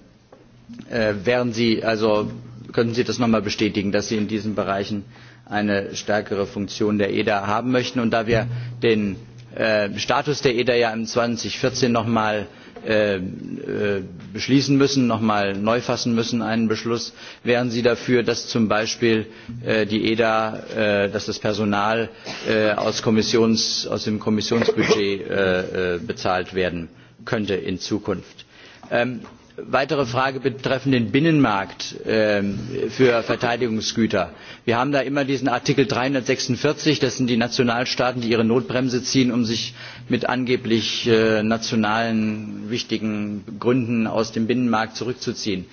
äh, Sie, also könnten Sie das nochmal bestätigen, dass Sie in diesen Bereichen eine stärkere Funktion der EDA haben möchten und da wir den äh, Status der EDA ja im 2014 nochmal mal Ähm, äh, beschließen müssen, nochmal neu fassen müssen, einen Beschluss. Wären Sie dafür, dass zum Beispiel äh, die EDA, äh, dass das Personal äh, aus, Kommissions, aus dem Kommissionsbudget äh, äh bezahlt werden könnte in Zukunft? Ähm, weitere Frage betreffend den Binnenmarkt ähm, für Verteidigungsgüter. Wir haben da immer diesen Artikel 346, das sind die Nationalstaaten, die ihre Notbremse ziehen, um sich mit angeblich äh, nationalen wichtigen Gründen aus dem Binnenmarkt zurückzuziehen.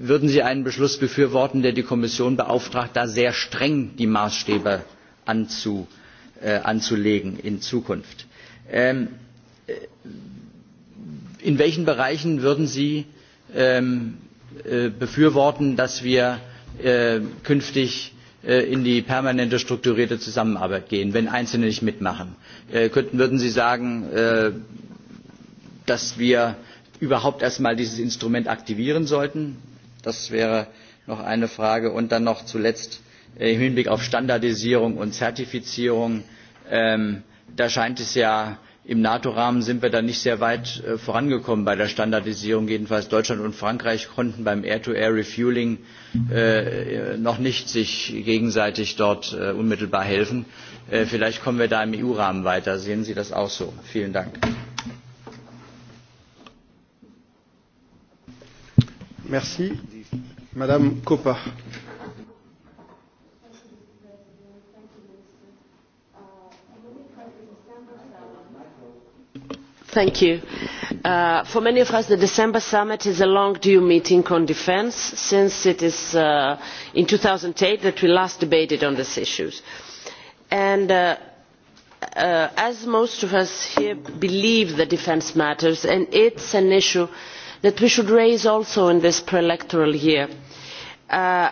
Würden Sie einen Beschluss befürworten, der die Kommission beauftragt, da sehr streng die Maßstäbe anzu, äh, anzulegen in Zukunft? Ähm, in welchen Bereichen würden Sie ähm, äh, befürworten, dass wir äh, künftig äh, in die permanente strukturierte Zusammenarbeit gehen, wenn Einzelne nicht mitmachen? Äh, könnten, würden Sie sagen, äh, dass wir überhaupt erstmal dieses Instrument aktivieren sollten? Das wäre noch eine Frage. Und dann noch zuletzt äh, im Hinblick auf Standardisierung und Zertifizierung. Ähm, da scheint es ja Im NATO-Rahmen sind wir da nicht sehr weit äh, vorangekommen bei der Standardisierung. Jedenfalls Deutschland und Frankreich konnten beim Air-to-Air-Refueling äh, noch nicht sich gegenseitig dort äh, unmittelbar helfen. Äh, vielleicht kommen wir da im EU-Rahmen weiter. Sehen Sie das auch so? Vielen Dank. Merci. Madame Coppa. Thank you. Uh, for many of us, the December summit is a long due meeting on defence since it is uh, in 2008 that we last debated on these issues. And uh, uh, as most of us here believe that defence matters, and it's an issue that we should raise also in this pre-electoral year, uh,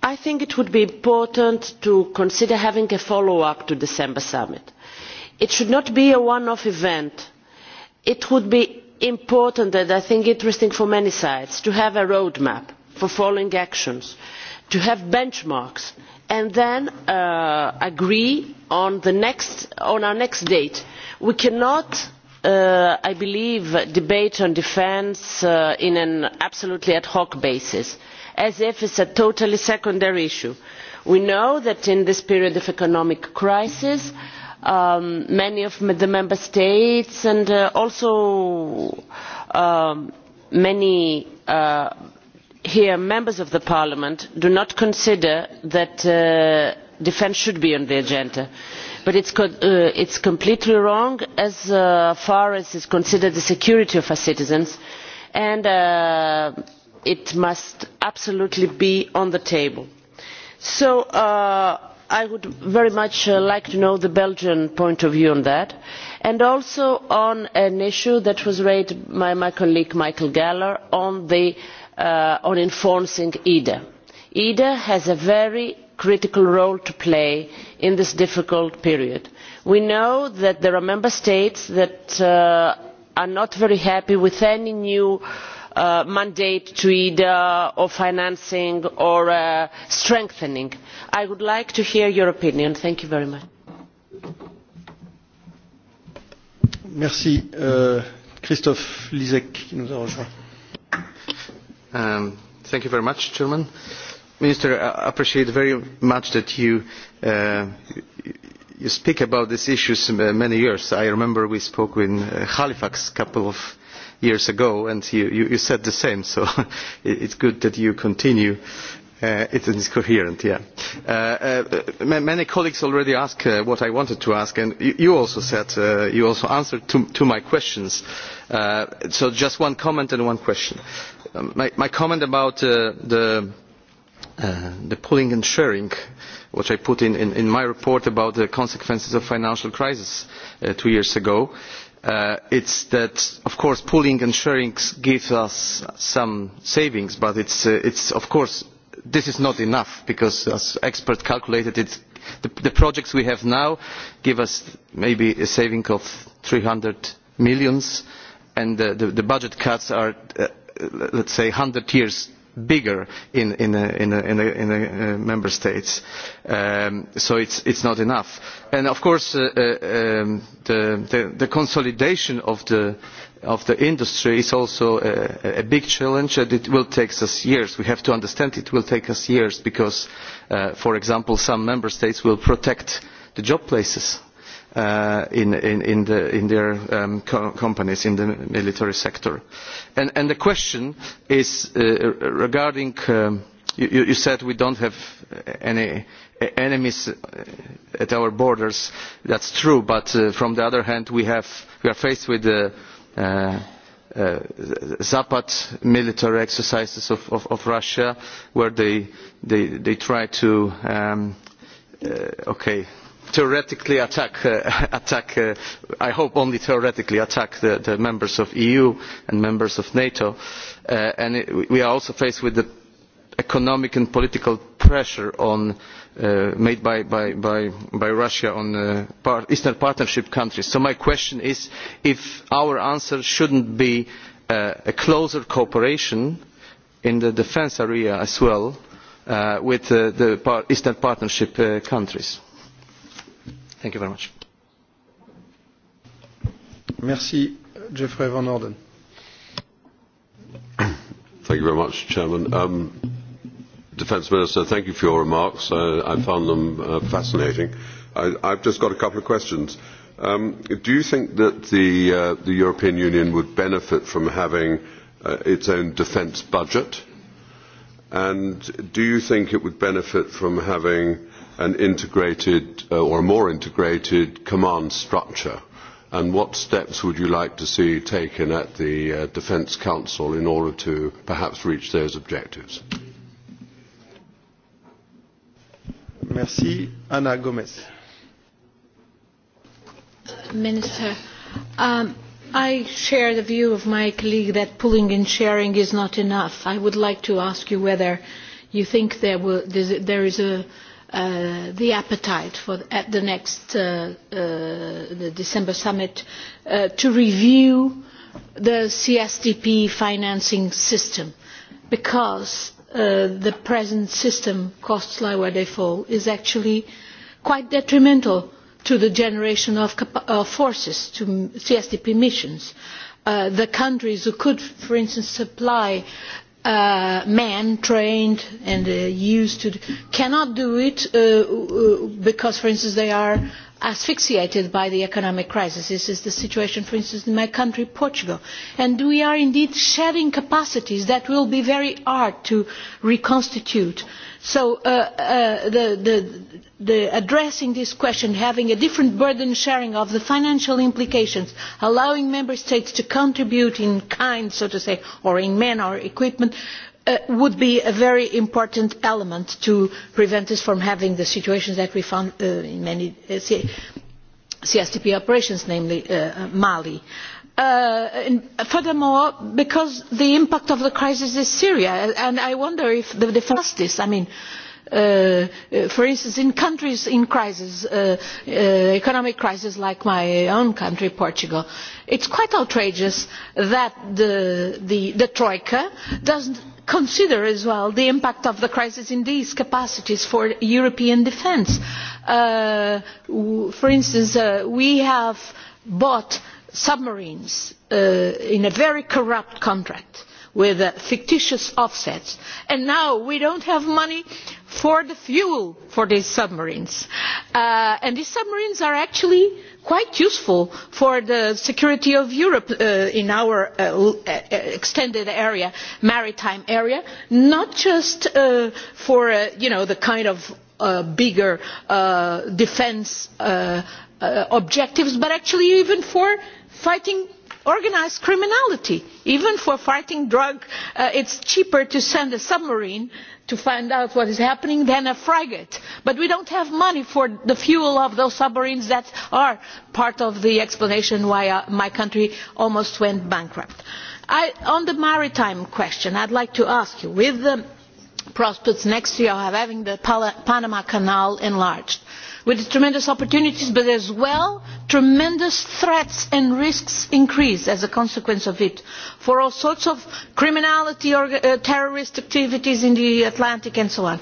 I think it would be important to consider having a follow-up to December summit. It should not be a one-off event it would be important and I think interesting for many sides to have a roadmap for following actions, to have benchmarks and then uh, agree on, the next, on our next date. We cannot, uh, I believe, debate on defence uh, in an absolutely ad hoc basis, as if it is a totally secondary issue. We know that in this period of economic crisis, uh, um, many of the member states and uh, also um, many uh, here members of the parliament do not consider that uh, defence should be on the agenda but it's uh, it is completely wrong as uh, far as is considered the security of our citizens and uh, it must absolutely be on the table. so I would very much uh, like to know the Belgian point of view on that. And also on an issue that was raised by my colleague Michael Galler on, the, uh, on enforcing EDA. EDA has a very critical role to play in this difficult period. We know that there are member states that uh, are not very happy with any new uh, Uh, mandate to either of financing or uh, strengthening. I would like to hear your opinion. Thank you very much. Merci. Uh, Christophe Lisek qui nous a rejoint. Um, thank you very much, Chairman. Minister, I appreciate very much that you, uh, you speak about these issues many years. I remember we spoke in uh, Halifax a couple of years ago, and you, you, you said the same, so it, it's good that you continue. Uh, it is coherent, yeah. Uh, uh, many colleagues already asked uh, what I wanted to ask, and you, you also said, uh, you also answered to, to my questions. Uh, so just one comment and one question. Um, my, my comment about uh, the, uh, the pulling and sharing which I put in, in, in my report about the consequences of financial crisis uh, two years ago. Uh, it is that, of course, pooling and sharing gives us some savings, but it's, uh, it's, of course, this is not enough because, as experts calculated, the, the projects we have now give us maybe a saving of eur three and the, uh, the, the budget cuts are, let us say, hundred years bigger in, in, a, in, a, in, a, in a, uh, member states. Um, so it's, it's not enough. And of course, uh, uh, um, the, the, the consolidation of the, of the industry is also a, a big challenge and it will take us years. We have to understand it will take us years because, uh, for example, some member states will protect the job places uh, in, in, in, the, in their um, co companies in the military sector. And, and the question is uh, regarding, um, you, you said we don't have any enemies at our borders. That's true, but uh, from the other hand, we, have, we are faced with the uh, uh, uh Zapat military exercises of, of, of Russia, where they, they, they try to, um, uh, okay, theoretically attack, uh, attack uh, I hope only theoretically attack the, the members of the EU and members of NATO. Uh, and it, we are also faced with the economic and political pressure on, uh, made by, by, by, by, Russia on uh, part, Eastern Partnership countries. So my question is if our answer should not be uh, a closer cooperation in the defence area as well with the Eastern Partnership countries. Thank you very much. Merci, Jeffrey Van Orden. Thank you very much, Chairman. Um, Defence Minister, thank you for your remarks. Uh, I found them uh, fascinating. I, I've just got a couple of questions. Um, do you think that the, uh, the European Union would benefit from having uh, its own defence budget? And do you think it would benefit from having an integrated uh, or a more integrated command structure? And what steps would you like to see taken at the uh, Defence Council in order to perhaps reach those objectives? Merci. Anna Gomez. Minister, um, I share the view of my colleague that pulling and sharing is not enough. I would like to ask you whether you think there, will, there is a uh, the appetite for at the next uh, uh, the December summit uh, to review the CSDP financing system because uh, the present system, costs lie where they fall, is actually quite detrimental to the generation of uh, forces, to CSDP missions. Uh, the countries who could, for instance, supply uh, men trained and uh, used to do, cannot do it uh, uh, because, for instance, they are asphyxiated by the economic crisis. This is the situation, for instance, in my country, Portugal. And we are indeed shedding capacities that will be very hard to reconstitute. So uh, uh, the, the, the addressing this question, having a different burden sharing of the financial implications, allowing member states to contribute in kind, so to say, or in men or equipment, Uh, would be a very important element to prevent us from having the situations that we found uh, in many uh, CSTP operations, namely uh, Mali. Uh, furthermore, because the impact of the crisis is Syria, and I wonder if the, the fastest, I mean, uh, uh, for instance, in countries in crisis, uh, uh, economic crisis like my own country, Portugal, it's quite outrageous that the, the, the Troika doesn't consider as well the impact of the crisis in these capacities for European defence. Uh, for instance, uh, we have bought submarines uh, in a very corrupt contract with uh, fictitious offsets, and now we do not have money for the fuel for these submarines. Uh, and these submarines are actually quite useful for the security of Europe uh, in our uh, uh, uh, extended area, maritime area, not just uh, for uh, you know, the kind of uh, bigger uh, defense uh, uh, objectives, but actually even for fighting organised criminality. Even for fighting drug, uh, it's cheaper to send a submarine to find out what is happening than a frigate. But we don't have money for the fuel of those submarines that are part of the explanation why uh, my country almost went bankrupt. I, on the maritime question, I'd like to ask you, with the prospects next year of having the Panama Canal enlarged, with tremendous opportunities but as well tremendous threats and risks increase as a consequence of it for all sorts of criminality or uh, terrorist activities in the Atlantic and so on.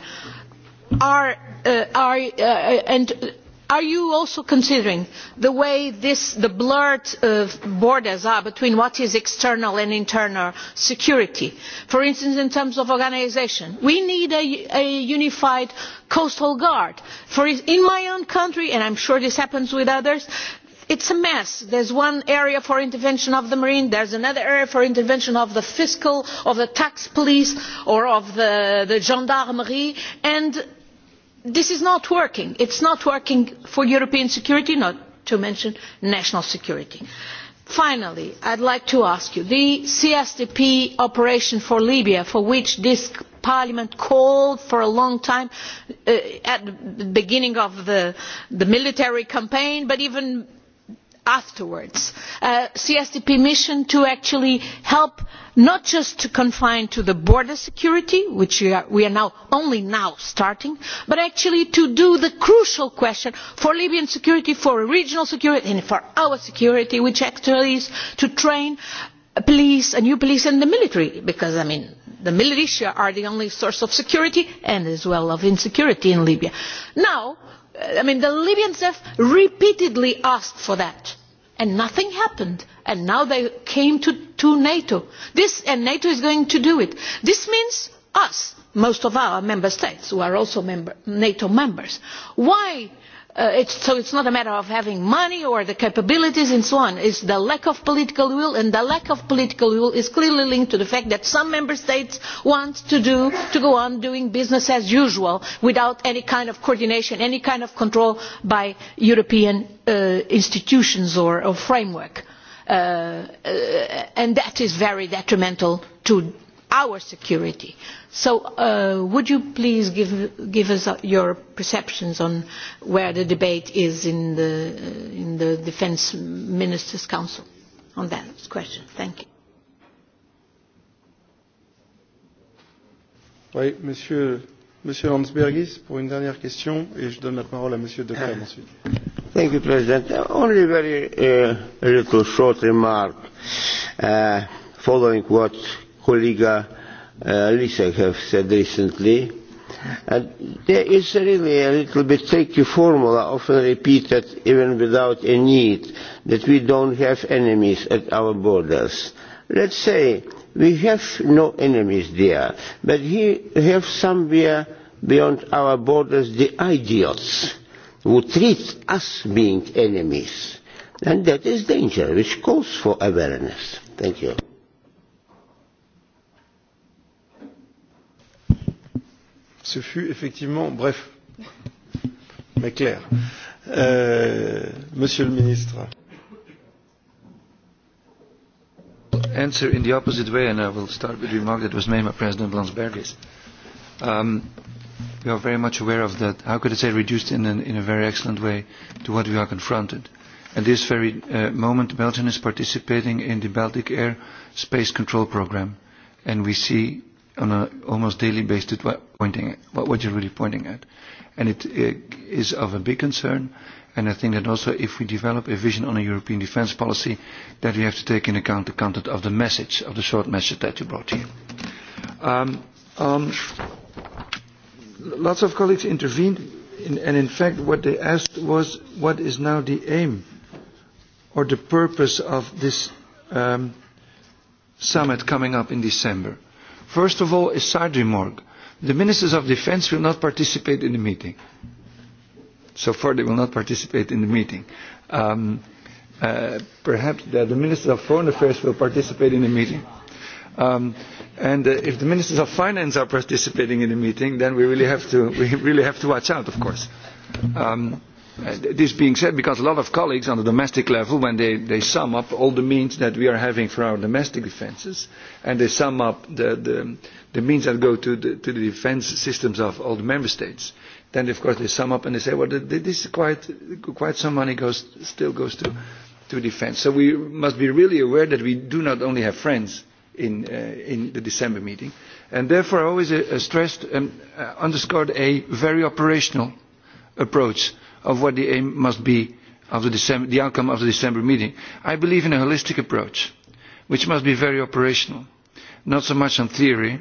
Are, uh, are, uh, and Are you also considering the way this, the blurred uh, borders are between what is external and internal security? For instance, in terms of organisation, we need a, a unified coastal guard. For in my own country, and I am sure this happens with others, it is a mess. There is one area for intervention of the marine, there is another area for intervention of the fiscal, of the tax police, or of the, the gendarmerie, and this is not working. It is not working for European security, not to mention national security. Finally, I would like to ask you, the CSDP operation for Libya, for which this Parliament called for a long time uh, at the beginning of the, the military campaign, but even afterwards a uh, csdp mission to actually help not just to confine to the border security which we are, we are now only now starting but actually to do the crucial question for libyan security for regional security and for our security which actually is to train police a new police and the military because i mean the militia are the only source of security and as well of insecurity in libya now I mean, the Libyans have repeatedly asked for that. And nothing happened. And now they came to, to NATO. This, and NATO is going to do it. This means us, most of our member states, who are also member, NATO members. Why uh, it's, so it's not a matter of having money or the capabilities and so on. It's the lack of political will, and the lack of political will is clearly linked to the fact that some member states want to, do, to go on doing business as usual without any kind of coordination, any kind of control by European uh, institutions or, or framework. Uh, uh, and that is very detrimental to our security. So uh, would you please give, give us uh, your perceptions on where the debate is in the, uh, in the Defense Ministers' Council on that question? Thank you. Oui, monsieur, monsieur Hansbergis, pour une dernière question, et je donne la parole à monsieur De Crème ensuite. Thank you, President. Only very uh, little short remark uh, following what Kollege uh, Lisek have said recently. And uh, there is really a little bit tricky formula, often repeated even without a need, that we don't have enemies at our borders. Let's say we have no enemies there, but we have somewhere beyond our borders the idiots who treat us being enemies. And that is danger, which calls for awareness. Thank you. Ce fut effectivement bref, mais clair. Euh, monsieur le ministre. Answer in the opposite way, and I will start with the remark that was made by President Blansbergis. Um, we are very much aware of that, how could I say, reduced in, an, in a very excellent way to what we are confronted. At this very uh, moment, Belgium is participating in the Baltic Air Space Control Program, and we see on an almost daily basis what, pointing at, what, what you're really pointing at. And it, it is of a big concern. And I think that also if we develop a vision on a European defence policy, that we have to take into account the content of the message, of the short message that you brought here. Um, um, lots of colleagues intervened, in, and in fact what they asked was what is now the aim or the purpose of this um, summit coming up in December. First of all is remark. The ministers of defense will not participate in the meeting. So far they will not participate in the meeting. Um, uh, perhaps the, the ministers of foreign affairs will participate in the meeting. Um, and uh, if the ministers of finance are participating in the meeting, then we really have to, we really have to watch out, of course. Um, Uh, this being said, because a lot of colleagues on the domestic level, when they, they sum up all the means that we are having for our domestic defences, and they sum up the, the, the means that go to the, to the defence systems of all the member states, then of course they sum up and they say, well, this is quite, quite some money goes, still goes to, to defence. So we must be really aware that we do not only have friends in, uh, in the December meeting, and therefore I always uh, stressed and um, uh, underscored a very operational approach of what the aim must be of the, December, the outcome of the December meeting. I believe in a holistic approach, which must be very operational, not so much on theory,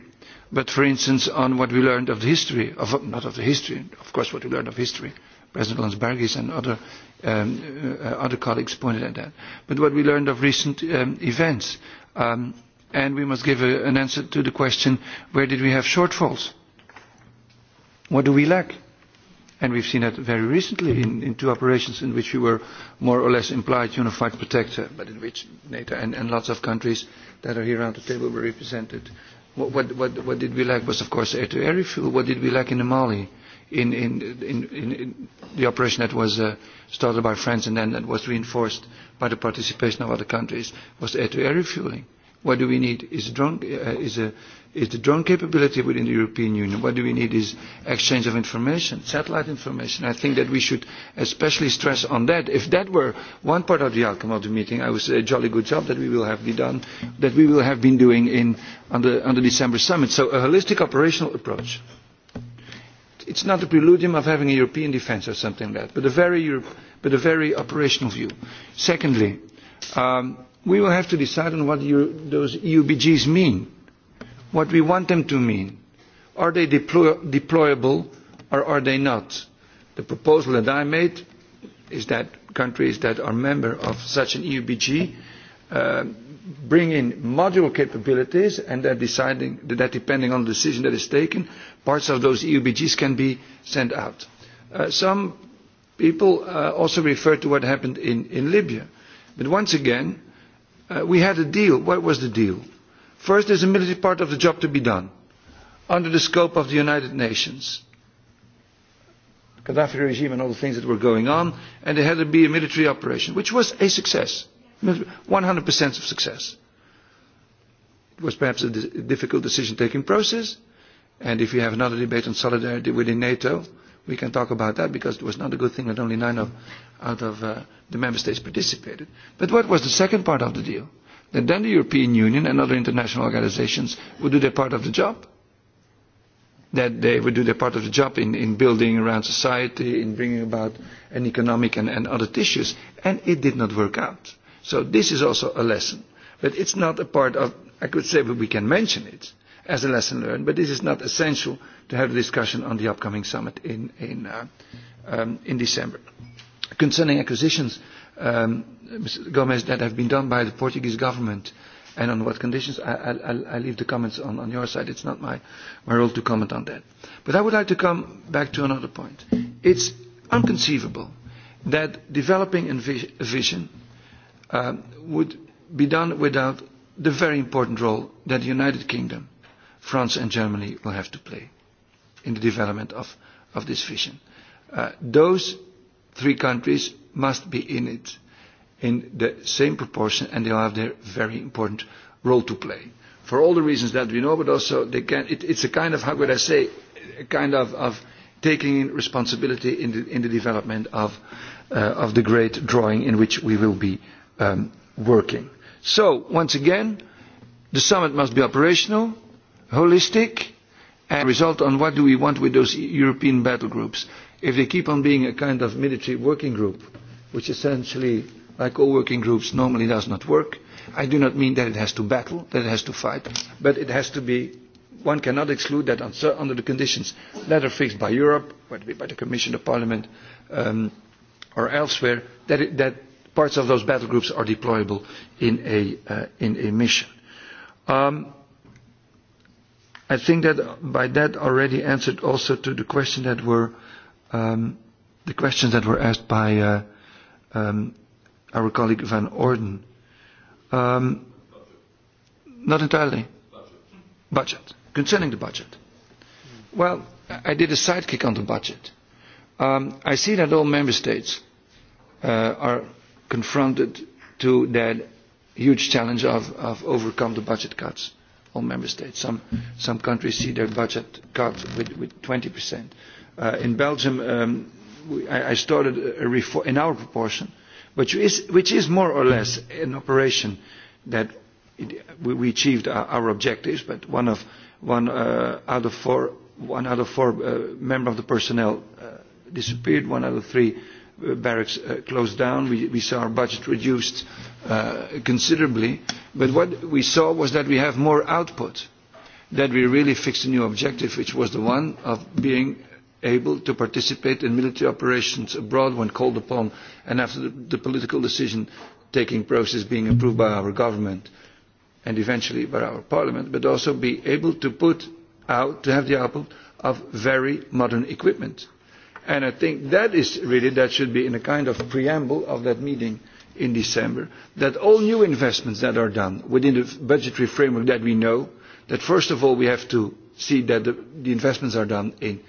but for instance on what we learned of the history, of, not of the history, of course what we learned of history, President Landsbergis and other, um, uh, other colleagues pointed at that, but what we learned of recent um, events. Um, and we must give a, an answer to the question, where did we have shortfalls? What do we lack? And we've seen that very recently in, in two operations in which we were more or less implied unified protector, but in which NATO and, and lots of countries that are here around the table were represented. What, what, what, what did we lack was, of course, air-to-air refuel. What did we lack in the Mali? In, in, in, in, in the operation that was uh, started by France and then that was reinforced by the participation of other countries was air-to-air -air What do we need is, drunk uh, is, a, is the drone capability within the European Union. What do we need is exchange of information, satellite information. I think that we should especially stress on that. If that were one part of the outcome of the meeting, I would say a jolly good job that we will have been done, that we will have been doing in, on, the, on the December summit. So a holistic operational approach. It's not a preludium of having a European defense or something like that, but a very, Europe, but a very operational view. Secondly, um, we will have to decide on what Euro, those EUBGs mean, what we want them to mean. Are they deploy, deployable or are they not? The proposal that I made is that countries that are member of such an EUBG uh, bring in module capabilities and that, deciding, that depending on the decision that is taken, parts of those EUBGs can be sent out. Uh, some people uh, also refer to what happened in, in Libya. But once again, Uh, we had a deal. What was the deal? First, there's a military part of the job to be done under the scope of the United Nations. Gaddafi regime and all the things that were going on, and there had to be a military operation, which was a success, 100% of success. It was perhaps a difficult decision-taking process, and if you have another debate on solidarity within NATO, we can talk about that because it was not a good thing that only nine of, out of uh, the member states participated. But what was the second part of the deal? That then the European Union and other international organizations would do their part of the job. That they would do their part of the job in, in building around society, in bringing about an economic and, and other tissues. And it did not work out. So this is also a lesson. But it's not a part of, I could say, but we can mention it as a lesson learned, but this is not essential to have a discussion on the upcoming summit in, in, uh, um, in December. Concerning acquisitions, um, Mr. Gomez, that have been done by the Portuguese government and on what conditions, I, I, I leave the comments on, on your side. It's not my, my role to comment on that. But I would like to come back to another point. It's unconceivable that developing a vision um, would be done without the very important role that the United Kingdom France and Germany will have to play in the development of, of this vision. Uh, those three countries must be in it in the same proportion and they'll have their very important role to play. For all the reasons that we know, but also they can, it, it's a kind of, how would I say, a kind of, of taking in responsibility in the, in the development of, uh, of the great drawing in which we will be um, working. So, once again, the summit must be operational holistic and result on what do we want with those European battle groups. If they keep on being a kind of military working group, which essentially, like all working groups, normally does not work, I do not mean that it has to battle, that it has to fight, but it has to be, one cannot exclude that under the conditions that are fixed by Europe, whether it be by the Commission, the Parliament, um, or elsewhere, that, it, that parts of those battle groups are deployable in a, uh, in a mission. Um, I think that by that already answered also to the question that were um, the questions that were asked by uh, um, our colleague Van Orden. Um, not entirely. Budget. budget. Concerning the budget. Well, I did a sidekick on the budget. Um, I see that all member states uh, are confronted to that huge challenge of, of overcome the budget cuts all member states. Some, some countries see their budget cut with, with 20%. Uh, in Belgium, um, we, I, I started a reform in our proportion, which is, which is more or less an operation that it, we, we achieved our, our objectives, but one, of, one, uh, out of four, one out of four uh, member of the personnel uh, disappeared, one out of three barracks uh, closed down. We, we saw our budget reduced uh, considerably. But what we saw was that we have more output, that we really fixed a new objective, which was the one of being able to participate in military operations abroad when called upon and after the, the political decision taking process being approved by our government and eventually by our parliament, but also be able to put out, to have the output of very modern equipment And I think that is really, that should be in a kind of preamble of that meeting in December, that all new investments that are done within the budgetary framework that we know, that first of all we have to see that the, the investments are done in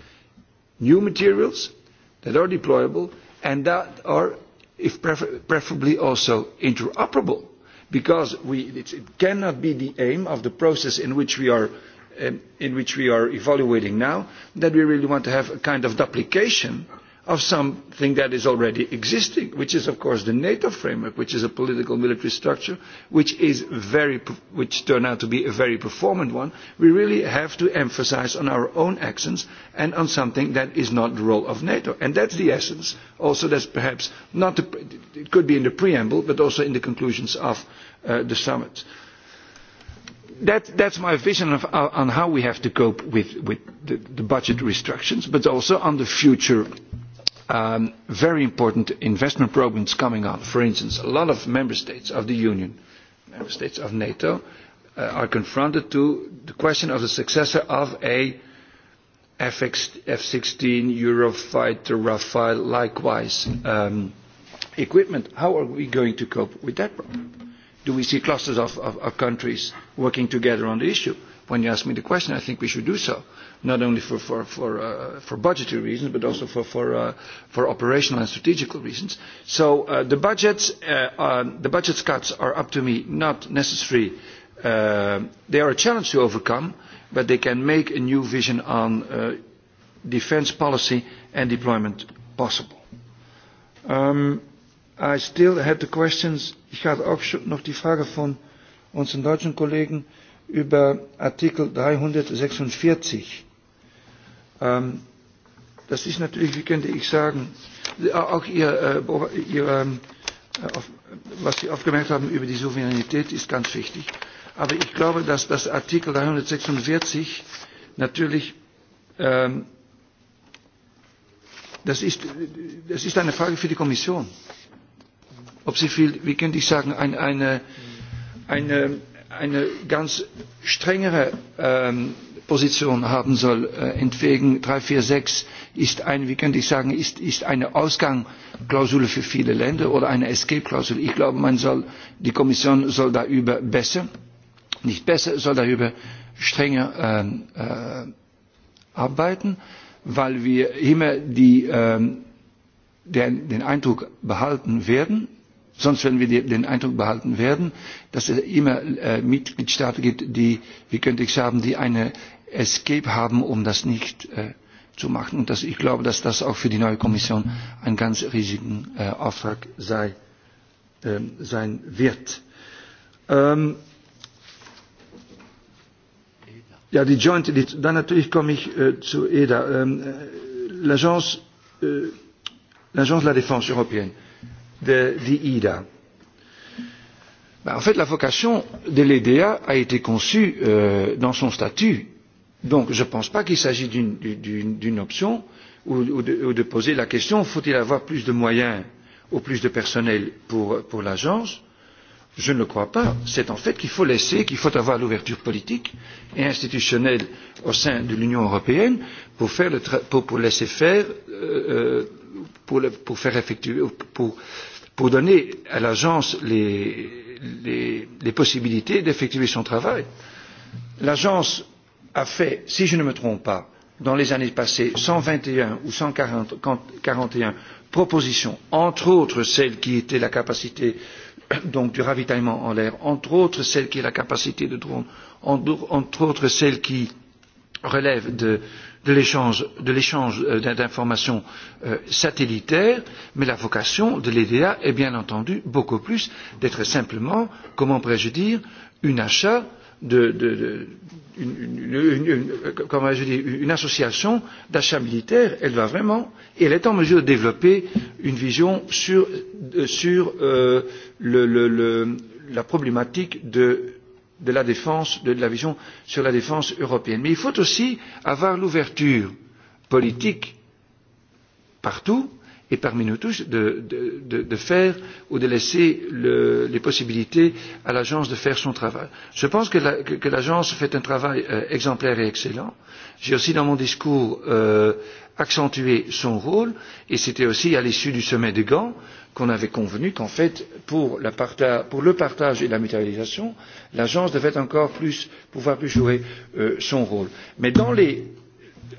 new materials that are deployable and that are if prefer preferably also interoperable because we, it's, it cannot be the aim of the process in which we are um, in which we are evaluating now, that we really want to have a kind of duplication of something that is already existing, which is of course the NATO framework, which is a political military structure, which is very, which turned out to be a very performant one. We really have to emphasize on our own actions and on something that is not the role of NATO. And that's the essence. Also, that's perhaps not, the, it could be in the preamble, but also in the conclusions of uh, the summit that, that's my vision of, uh, on how we have to cope with, with the, the budget restrictions, but also on the future um, very important investment programs coming up. For instance, a lot of member states of the Union, member states of NATO, uh, are confronted to the question of the successor of a F-16 Eurofighter Rafale, likewise um, equipment. How are we going to cope with that problem? do we see clusters of, of, of countries working together on the issue? When you ask me the question, I think we should do so, not only for, for, for, uh, for budgetary reasons, but also for, for, uh, for operational and strategical reasons. So uh, the, budgets, uh, uh the budget cuts are, up to me, not necessary. Uh, they are a challenge to overcome, but they can make a new vision on uh, defense policy and deployment possible. Um, I still had the questions, ich hatte auch noch die Frage von unseren deutschen Kollegen über Artikel 346. Ähm, das ist natürlich, wie könnte ich sagen, auch Ihr, äh, ihr ähm, äh, auf, was Sie aufgemerkt haben über die Souveränität ist ganz wichtig. Aber ich glaube, dass das Artikel 346 natürlich, ähm, das, ist, das ist eine Frage für die Kommission ob sie viel, wie könnte ich sagen, ein, eine, eine, eine ganz strengere ähm, Position haben soll. Äh, entwegen 346 ist ein, wie könnte ich sagen, ist, ist eine Ausgangsklausel für viele Länder oder eine Escape-Klausel. Ich glaube, man soll, die Kommission soll darüber besser, nicht besser, soll darüber strenger ähm, äh, arbeiten, weil wir immer die, ähm, den, den Eindruck behalten werden, Sonst werden wir den Eindruck behalten werden, dass es immer äh, Mitgliedstaaten gibt, die, wie könnte ich sagen, die eine Escape haben, um das nicht äh, zu machen. Und das, ich glaube, dass das auch für die neue Kommission ein ganz riesigen äh, Auftrag sei, ähm, sein wird. Ähm, ja, die Joint Edit. Dann natürlich komme ich äh, zu EDA. Ähm, äh, L'Agence äh, de la Défense européenne. Äh, de l'IDA. Ben, en fait, la vocation de l'EDA a été conçue euh, dans son statut. Donc, je ne pense pas qu'il s'agit d'une option ou, ou, de, ou de poser la question faut-il avoir plus de moyens ou plus de personnel pour, pour l'agence Je ne le crois pas. C'est en fait qu'il faut laisser, qu'il faut avoir l'ouverture politique et institutionnelle au sein de l'Union européenne pour, faire le pour, pour laisser faire euh, euh pour, le, pour faire effectuer, pour, pour donner à l'agence les, les, les possibilités d'effectuer son travail. L'agence a fait, si je ne me trompe pas, dans les années passées, 121 ou 141 propositions, entre autres celles qui étaient la capacité donc du ravitaillement en l'air, entre autres celles qui est la capacité de drone, entre, autres celles qui relèvent de, de l'échange euh, d'informations euh, satellitaires, mais la vocation de l'EDA est bien entendu beaucoup plus d'être simplement, comment pourrais-je dire, un achat de, de, de une, une, une, une, euh, comment je dis, une association d'achat militaire, elle va vraiment, et elle est en mesure de développer une vision sur, euh, sur euh, le, le, le, la problématique de de la défense, de la vision sur la défense européenne. Mais il faut aussi avoir l'ouverture politique partout et parmi nous tous de, de, de, de faire ou de laisser le, les possibilités à l'agence de faire son travail. Je pense que l'agence la, que, que fait un travail euh, exemplaire et excellent. J'ai aussi dans mon discours euh, accentué son rôle et c'était aussi à l'issue du sommet de Gand qu'on avait convenu qu'en fait, pour, la pour le partage et la mutualisation, l'agence devait encore plus pouvoir plus jouer euh, son rôle. Mais dans les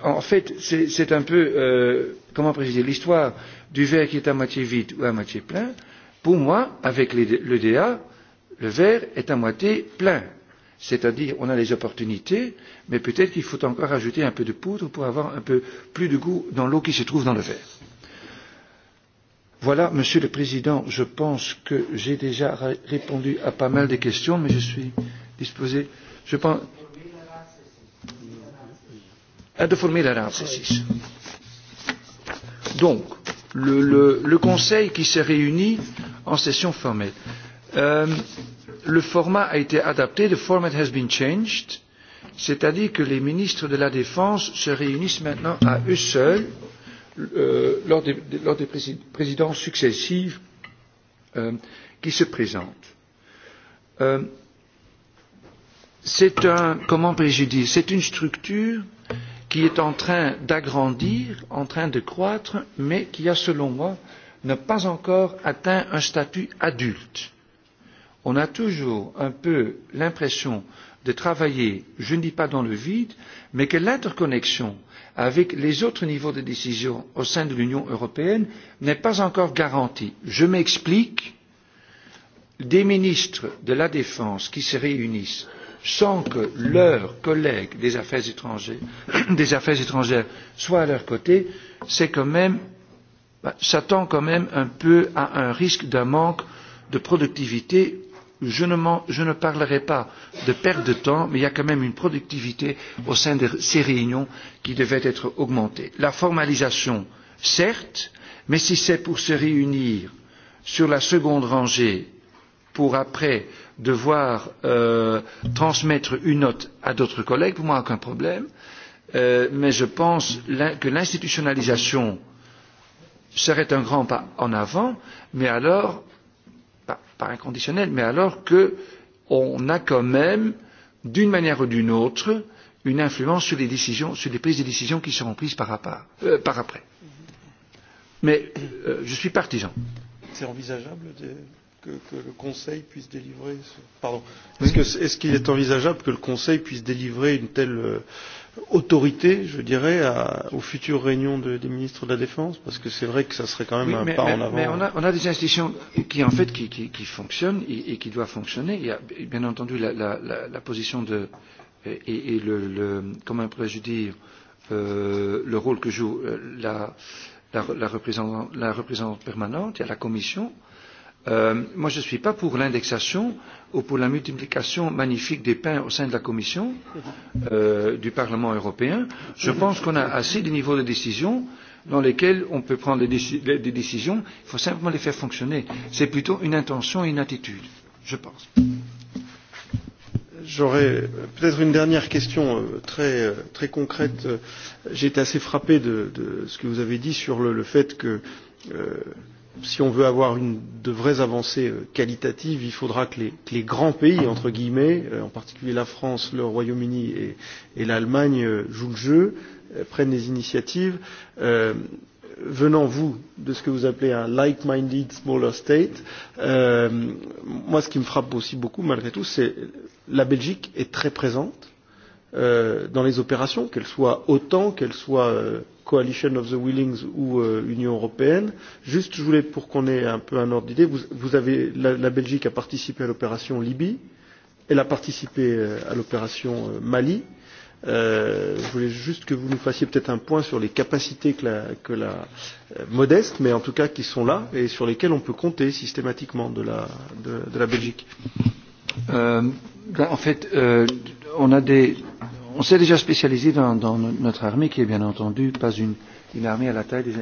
en fait, c'est un peu euh, comment préciser l'histoire du verre qui est à moitié vide ou à moitié plein. Pour moi, avec l'EDA, le verre est à moitié plein. C'est-à-dire, on a les opportunités, mais peut-être qu'il faut encore ajouter un peu de poudre pour avoir un peu plus de goût dans l'eau qui se trouve dans le verre. Voilà, Monsieur le Président, je pense que j'ai déjà répondu à pas mal de questions, mais je suis disposé. Je pense. À de former la race, Donc, le, le, le Conseil qui s'est réuni en session formelle. Euh, le format a été adapté, the format has been changed, c'est-à-dire que les ministres de la Défense se réunissent maintenant à eux seuls euh, lors, des, lors des présidences successives euh, qui se présentent. Euh, c'est un, comment puis-je dire, c'est une structure qui est en train d'agrandir, en train de croître, mais qui a, selon moi, n'a pas encore atteint un statut adulte. On a toujours un peu l'impression de travailler, je ne dis pas dans le vide, mais que l'interconnexion avec les autres niveaux de décision au sein de l'Union européenne n'est pas encore garantie. Je m'explique des ministres de la Défense qui se réunissent sans que leurs collègues des affaires étrangères, des affaires étrangères soient à leur côté, c'est quand même, ça tend quand même un peu à un risque d'un manque de productivité je ne, je ne parlerai pas de perte de temps, mais il y a quand même une productivité au sein de ces réunions qui devait être augmentée. La formalisation, certes, mais si c'est pour se réunir sur la seconde rangée pour après devoir euh, transmettre une note à d'autres collègues, pour moi, aucun problème. Euh, mais je pense que l'institutionnalisation serait un grand pas en avant, mais alors par inconditionnel, mais alors qu'on a quand même, d'une manière ou d'une autre, une influence sur les décisions, sur les prises de décisions qui seront prises par, rapport, euh, par après. Mais euh, je suis partisan. C'est envisageable de, que, que le Conseil puisse délivrer. Ce... Pardon. Est-ce qu'il est, qu est envisageable que le Conseil puisse délivrer une telle. Euh, autorité, je dirais, à, aux futures réunions de, des ministres de la Défense Parce que c'est vrai que ça serait quand même oui, un mais, pas mais, en avant. Mais on a, on a des institutions qui, en fait, qui, qui, qui fonctionnent et, et qui doivent fonctionner. Il y a, bien entendu, la, la, la, la position de... et, et le, le... comment pourrais-je dire euh, le rôle que joue euh, la, la, la, représentante, la représentante permanente, il y a la commission, euh, Euh, moi, je ne suis pas pour l'indexation ou pour la multiplication magnifique des pains au sein de la Commission euh, du Parlement européen. Je pense qu'on a assez de niveaux de décision dans lesquels on peut prendre des, des décisions. Il faut simplement les faire fonctionner. C'est plutôt une intention et une attitude, je pense. J'aurais peut-être une dernière question euh, très, euh, très concrète. Euh, J'ai été assez frappé de, de ce que vous avez dit sur le, le fait que. Euh, si on veut avoir une, de vraies avancées euh, qualitatives, il faudra que les, que les grands pays, entre guillemets, euh, en particulier la France, le Royaume-Uni et, et l'Allemagne, euh, jouent le jeu, prennent les initiatives. Euh, venant vous de ce que vous appelez un like-minded smaller state, euh, moi ce qui me frappe aussi beaucoup malgré tout, c'est la Belgique est très présente euh, dans les opérations, qu'elles soient OTAN, qu'elles soient euh, Coalition of the Willings ou euh, Union européenne. Juste, je voulais, pour qu'on ait un peu un ordre d'idée, vous, vous avez, la, la Belgique a participé à l'opération Libye, elle a participé euh, à l'opération euh, Mali. Euh, je voulais juste que vous nous fassiez peut-être un point sur les capacités que la, que la euh, modeste, mais en tout cas qui sont là et sur lesquelles on peut compter systématiquement de la, de, de la Belgique. Euh, ben, en fait, euh, on a des on s'est déjà spécialisé dans, dans notre armée, qui est bien entendu pas une, une armée à la taille des,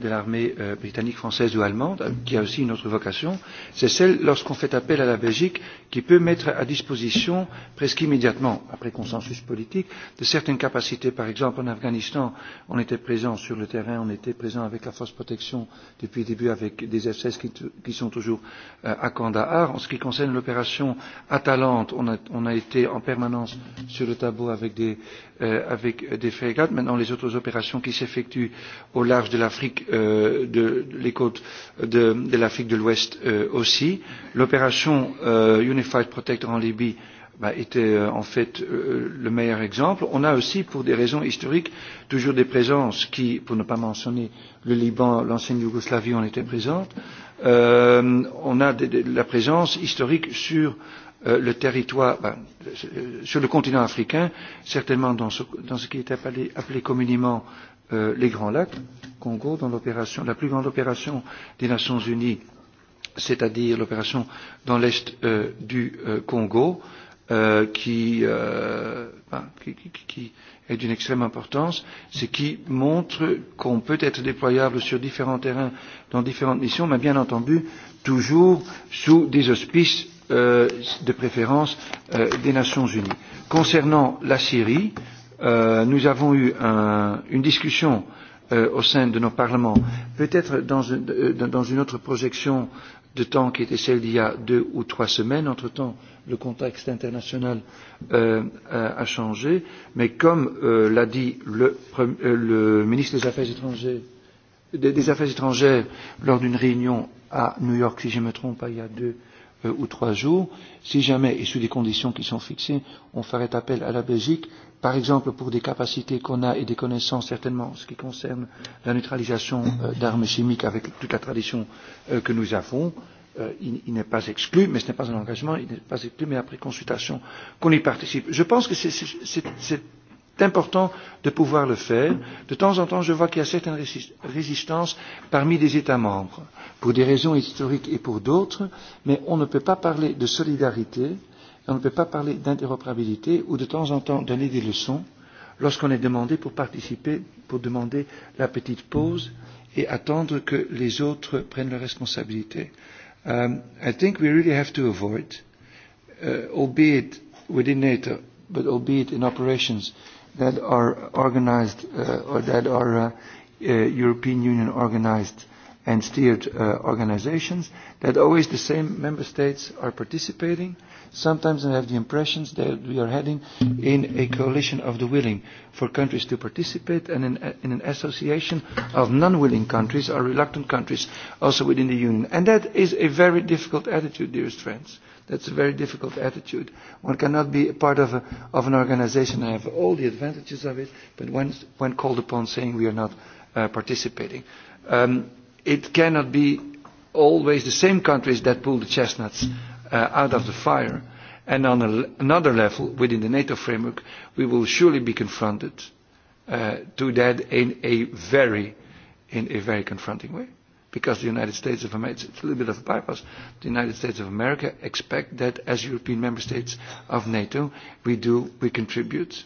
de l'armée euh, britannique, française ou allemande, euh, qui a aussi une autre vocation, c'est celle lorsqu'on fait appel à la Belgique, qui peut mettre à disposition, presque immédiatement, après consensus politique, de certaines capacités. Par exemple, en Afghanistan, on était présent sur le terrain, on était présent avec la force protection depuis le début, avec des F-16 qui, qui sont toujours euh, à Kandahar. En ce qui concerne l'opération Atalante, on a, on a été en permanence sur le tableau avec des, euh, avec des frégates. Maintenant, les autres opérations qui s'effectuent au large de l'Afrique, euh, de, de, les côtes de, de l'Afrique de l'Ouest euh, aussi. L'opération euh, Unified Protector en Libye bah, était euh, en fait euh, le meilleur exemple. On a aussi, pour des raisons historiques, toujours des présences qui, pour ne pas mentionner le Liban, l'ancienne Yougoslavie, en était présente. Euh, on a de, de, la présence historique sur euh, euh, le territoire, ben, euh, sur le continent africain, certainement dans ce, dans ce qui est appelé, appelé communément euh, les Grands Lacs, Congo, dans l'opération, la plus grande opération des Nations Unies, c'est-à-dire l'opération dans l'est euh, du euh, Congo, euh, qui, euh, ben, qui, qui, qui est d'une extrême importance, c'est qui montre qu'on peut être déployable sur différents terrains, dans différentes missions, mais bien entendu, toujours sous des auspices euh, de préférence euh, des Nations Unies. Concernant la Syrie, euh, nous avons eu un, une discussion euh, au sein de nos parlements, peut-être dans, une, euh, dans une autre projection de temps qui était celle d'il y a deux ou trois semaines. Entre-temps, le contexte international euh, a changé, mais comme euh, l'a dit le, euh, le ministre des Affaires étrangères, des, des Affaires étrangères lors d'une réunion à New York, si je me trompe, il y a deux euh, ou trois jours. Si jamais, et sous des conditions qui sont fixées, on ferait appel à la Belgique, par exemple pour des capacités qu'on a et des connaissances certainement en ce qui concerne la neutralisation euh, d'armes chimiques avec toute la tradition euh, que nous avons, euh, il, il n'est pas exclu, mais ce n'est pas un engagement, il n'est pas exclu, mais après consultation qu'on y participe. Je pense que c'est important de pouvoir le faire. De temps en temps, je vois qu'il y a certaines résistances parmi les États membres, pour des raisons historiques et pour d'autres, mais on ne peut pas parler de solidarité, on ne peut pas parler d'interopérabilité ou de temps en temps donner des leçons lorsqu'on est demandé pour participer, pour demander la petite pause et attendre que les autres prennent leurs responsabilités. Um, I think we really have to avoid, uh, albeit within NATO, but albeit in operations that are organized uh, or that are uh, uh, European Union organized and steered uh, organizations that always the same member states are participating. Sometimes I have the impressions that we are heading in a coalition of the willing for countries to participate and in, in an association of non-willing countries or reluctant countries also within the Union. And that is a very difficult attitude, dearest friends. Uh, That's a very difficult attitude. One cannot be a part of, a, of an organization and have all the advantages of it, but when, when called upon saying we are not uh, participating. Um, it cannot be always the same countries that pull the chestnuts uh, out of the fire. And on a, another level, within the NATO framework, we will surely be confronted uh, to that in a very, in a very confronting way because the United States of America, it's a little bit of a bypass, the United States of America expect that as European member states of NATO, we do, we contribute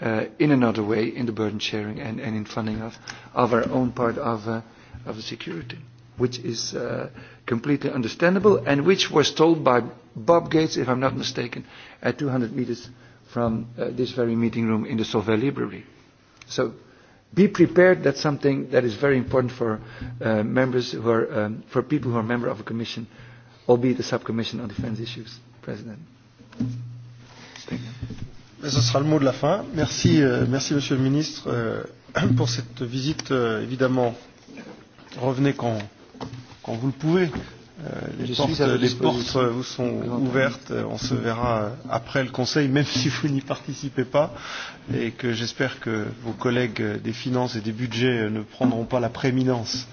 uh, in another way in the burden sharing and, and in funding of, of our own part of, uh, of the security, which is uh, completely understandable and which was told by Bob Gates, if I'm not mistaken, at 200 meters from uh, this very meeting room in the Solvay Library. So be prepared. That's something that is very important for uh, members who are, um, for people who are member of a commission, albeit the subcommission on defense issues. President. Ce sera le mot de la fin. Merci, euh, merci Monsieur le Ministre, euh, pour cette visite. Euh, évidemment, revenez quand, quand vous le pouvez Euh, les, portes, les portes euh, vous sont ouvertes. Euh, on se verra après le Conseil, même si vous n'y participez pas, et que j'espère que vos collègues des finances et des budgets ne prendront pas la prééminence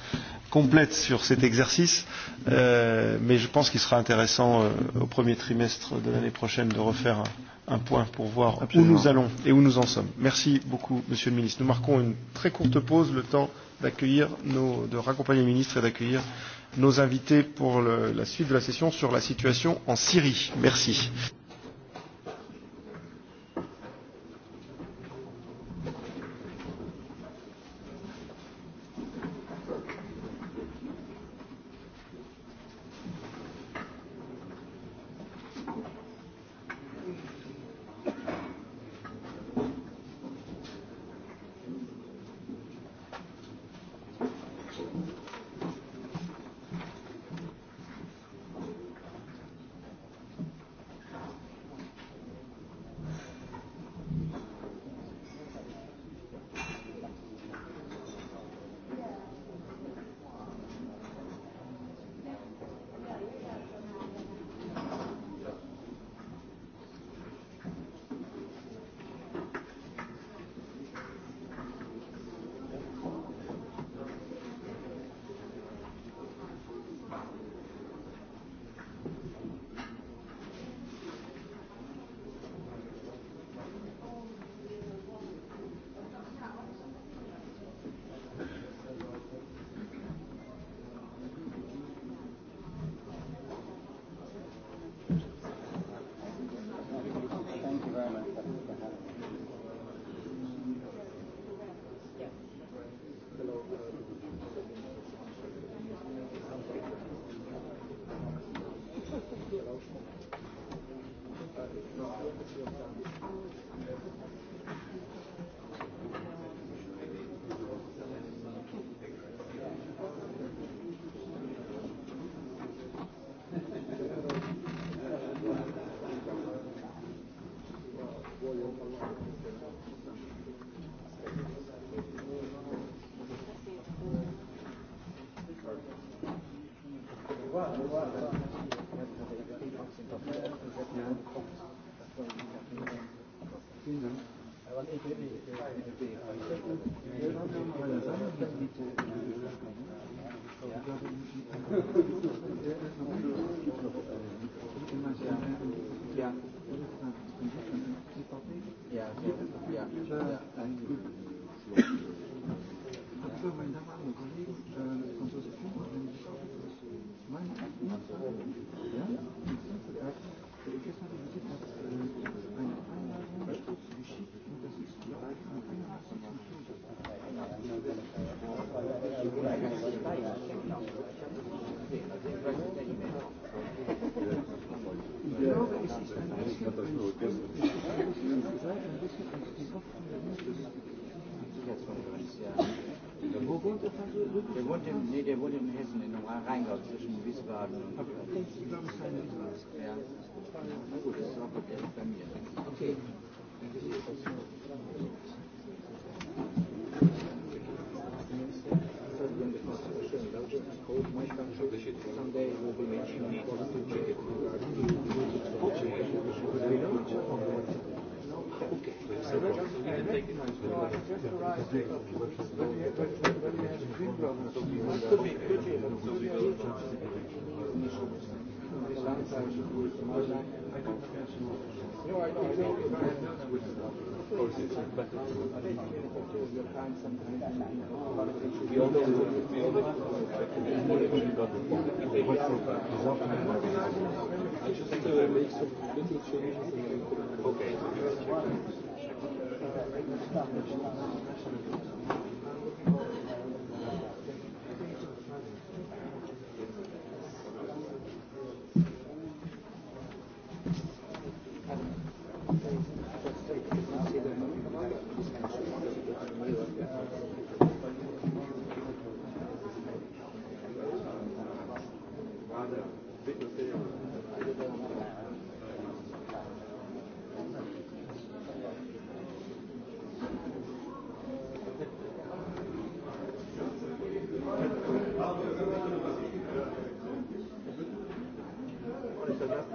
complète sur cet exercice, euh, mais je pense qu'il sera intéressant euh, au premier trimestre de l'année prochaine de refaire un, un point pour voir Absolument. où nous allons et où nous en sommes. Merci beaucoup, Monsieur le Ministre. Nous marquons une très courte pause, le temps d'accueillir nos, de raccompagner le ministre et d'accueillir nos invités pour le, la suite de la session sur la situation en Syrie. Merci.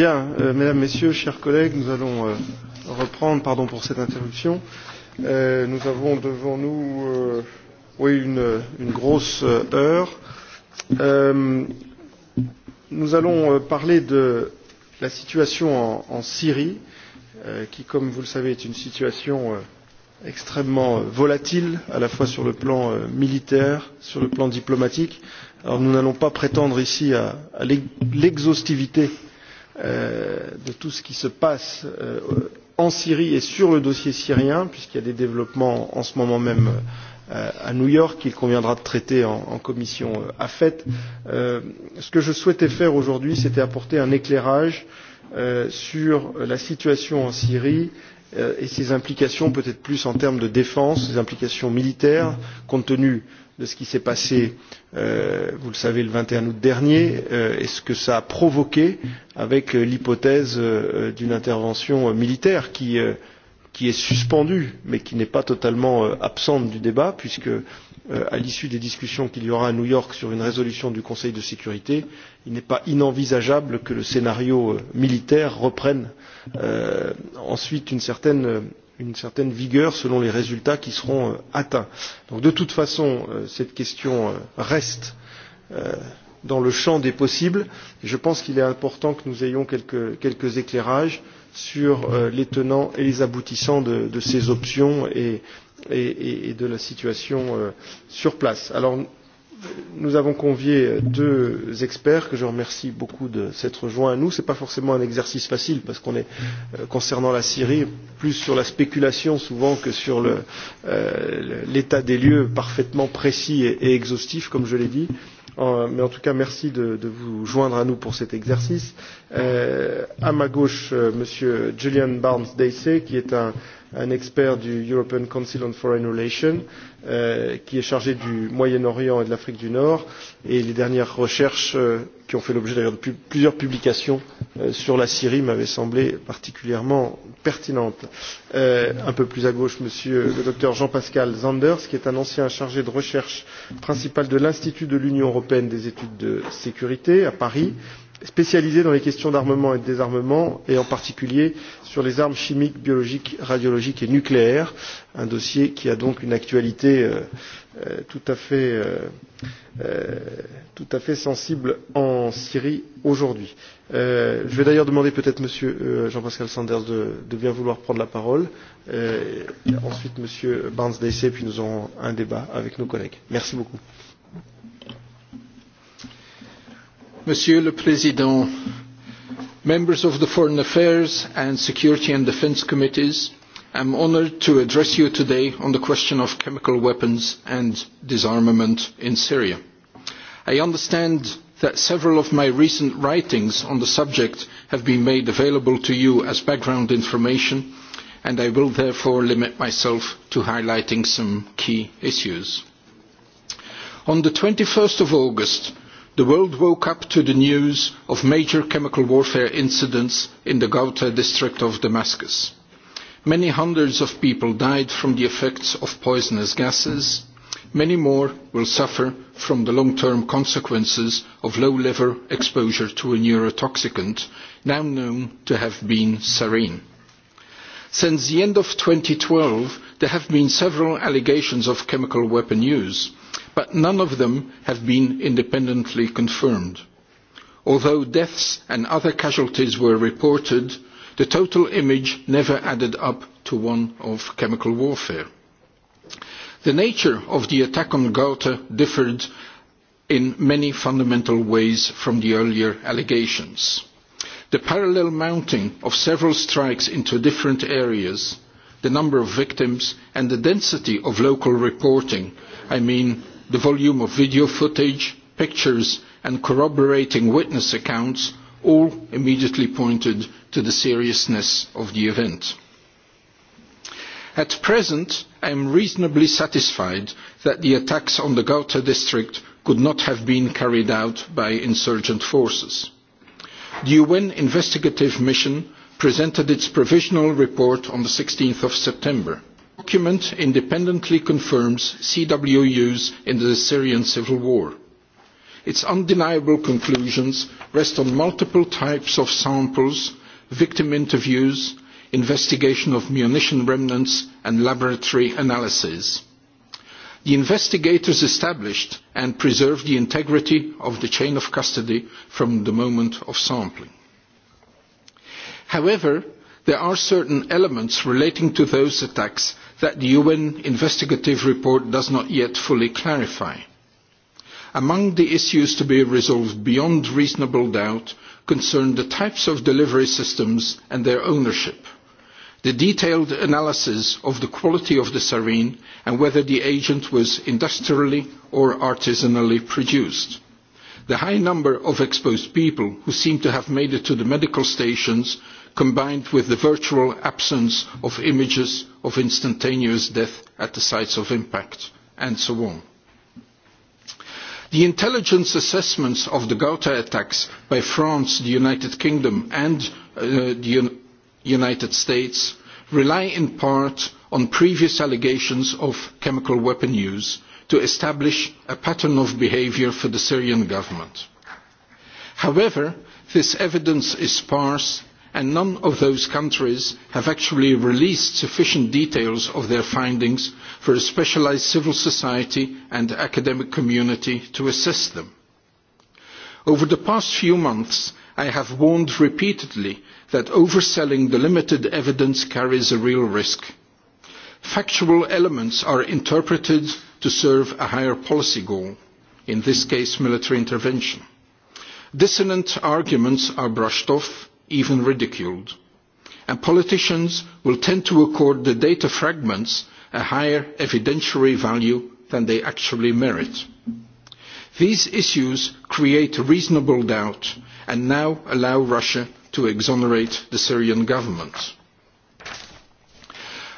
Bien, euh, mesdames, messieurs, chers collègues, nous allons euh, reprendre, pardon pour cette interruption. Euh, nous avons devant nous euh, oui, une, une grosse euh, heure. Euh, nous allons euh, parler de la situation en, en Syrie, euh, qui, comme vous le savez, est une situation euh, extrêmement euh, volatile, à la fois sur le plan euh, militaire, sur le plan diplomatique. Alors nous n'allons pas prétendre ici à, à l'exhaustivité Euh, de tout ce qui se passe euh, en Syrie et sur le dossier syrien, puisqu'il y a des développements en ce moment même euh, à New York qu'il conviendra de traiter en, en commission euh, fait. Euh, ce que je souhaitais faire aujourd'hui, c'était apporter un éclairage euh, sur la situation en Syrie euh, et ses implications peut-être plus en termes de défense, ses implications militaires, compte tenu de ce qui s'est passé, euh, vous le savez, le 21 août dernier, euh, et ce que ça a provoqué avec euh, l'hypothèse euh, euh, d'une intervention euh, militaire qui, euh, qui est suspendue, mais qui n'est pas totalement euh, absente du débat, puisque euh, à l'issue des discussions qu'il y aura à New York sur une résolution du Conseil de sécurité, il n'est pas inenvisageable que le scénario militaire reprenne euh, ensuite une certaine une certaine vigueur selon les résultats qui seront euh, atteints. Donc de toute façon, euh, cette question euh, reste dans le champ des possibles. Et je pense qu'il est important que nous ayons quelques, quelques éclairages sur euh, les tenants et les aboutissants de, de ces options et, et, et de la situation euh, sur place. Alors nous avons convié deux experts que je remercie beaucoup de s'être joints à nous. Ce n'est pas forcément un exercice facile parce qu'on est, euh, concernant la Syrie, plus sur la spéculation souvent que sur euh, l'état euh, des lieux parfaitement précis et, et exhaustif, comme je l'ai dit. En, mais en tout cas, merci de, de vous joindre à nous pour cet exercice. Euh, à ma gauche, euh, Monsieur Julian Barnes-Daisy, qui est un un expert du European Council on Foreign Relations, euh, qui est chargé du Moyen-Orient et de l'Afrique du Nord, et les dernières recherches euh, qui ont fait l'objet d'ailleurs de pu plusieurs publications euh, sur la Syrie m'avaient semblé particulièrement pertinentes. Euh, un peu plus à gauche, monsieur le docteur Jean-Pascal Zanders, qui est un ancien chargé de recherche principal de l'Institut de l'Union européenne des études de sécurité à Paris, spécialisée dans les questions d'armement et de désarmement, et en particulier sur les armes chimiques, biologiques, radiologiques et nucléaires, un dossier qui a donc une actualité euh, euh, tout, à fait, euh, euh, tout à fait sensible en Syrie aujourd'hui. Euh, je vais d'ailleurs demander peut-être Monsieur euh, Jean-Pascal Sanders de, de bien vouloir prendre la parole, euh, et ensuite Monsieur Barnes-Dessé, puis nous aurons un débat avec nos collègues. Merci beaucoup. Monsieur le Président, members of the Foreign Affairs and Security and Defence Committees, I am honoured to address you today on the question of chemical weapons and disarmament in Syria. I understand that several of my recent writings on the subject have been made available to you as background information, and I will therefore limit myself to highlighting some key issues. On the 21st of August, The world woke up to the news of major chemical warfare incidents in the Ghouta district of Damascus. Many hundreds of people died from the effects of poisonous gases. Many more will suffer from the long-term consequences of low-level exposure to a neurotoxicant, now known to have been sarin. Since the end of 2012, there have been several allegations of chemical weapon use but none of them have been independently confirmed. Although deaths and other casualties were reported, the total image never added up to one of chemical warfare. The nature of the attack on Gotha differed in many fundamental ways from the earlier allegations. The parallel mounting of several strikes into different areas, the number of victims and the density of local reporting, I mean the volume of video footage, pictures and corroborating witness accounts all immediately pointed to the seriousness of the event. At present, I am reasonably satisfied that the attacks on the Gauta district could not have been carried out by insurgent forces. The UN investigative mission presented its provisional report on the 16th of September document independently confirms CWUs in the Syrian civil war. Its undeniable conclusions rest on multiple types of samples, victim interviews, investigation of munition remnants and laboratory analyses. The investigators established and preserved the integrity of the chain of custody from the moment of sampling. However, there are certain elements relating to those attacks that the UN investigative report does not yet fully clarify. Among the issues to be resolved beyond reasonable doubt concern the types of delivery systems and their ownership, the detailed analysis of the quality of the sarin and whether the agent was industrially or artisanally produced. The high number of exposed people who seem to have made it to the medical stations combined with the virtual absence of images of instantaneous death at the sites of impact, and so on. The intelligence assessments of the Gauta attacks by France, the United Kingdom and uh, the Un United States rely in part on previous allegations of chemical weapon use to establish a pattern of behaviour for the Syrian government. However, this evidence is sparse and none of those countries have actually released sufficient details of their findings for a specialised civil society and academic community to assess them. Over the past few months, I have warned repeatedly that overselling the limited evidence carries a real risk. Factual elements are interpreted to serve a higher policy goal, in this case military intervention. Dissonant arguments are brushed off even ridiculed. And politicians will tend to accord the data fragments a higher evidentiary value than they actually merit. These issues create reasonable doubt and now allow Russia to exonerate the Syrian government.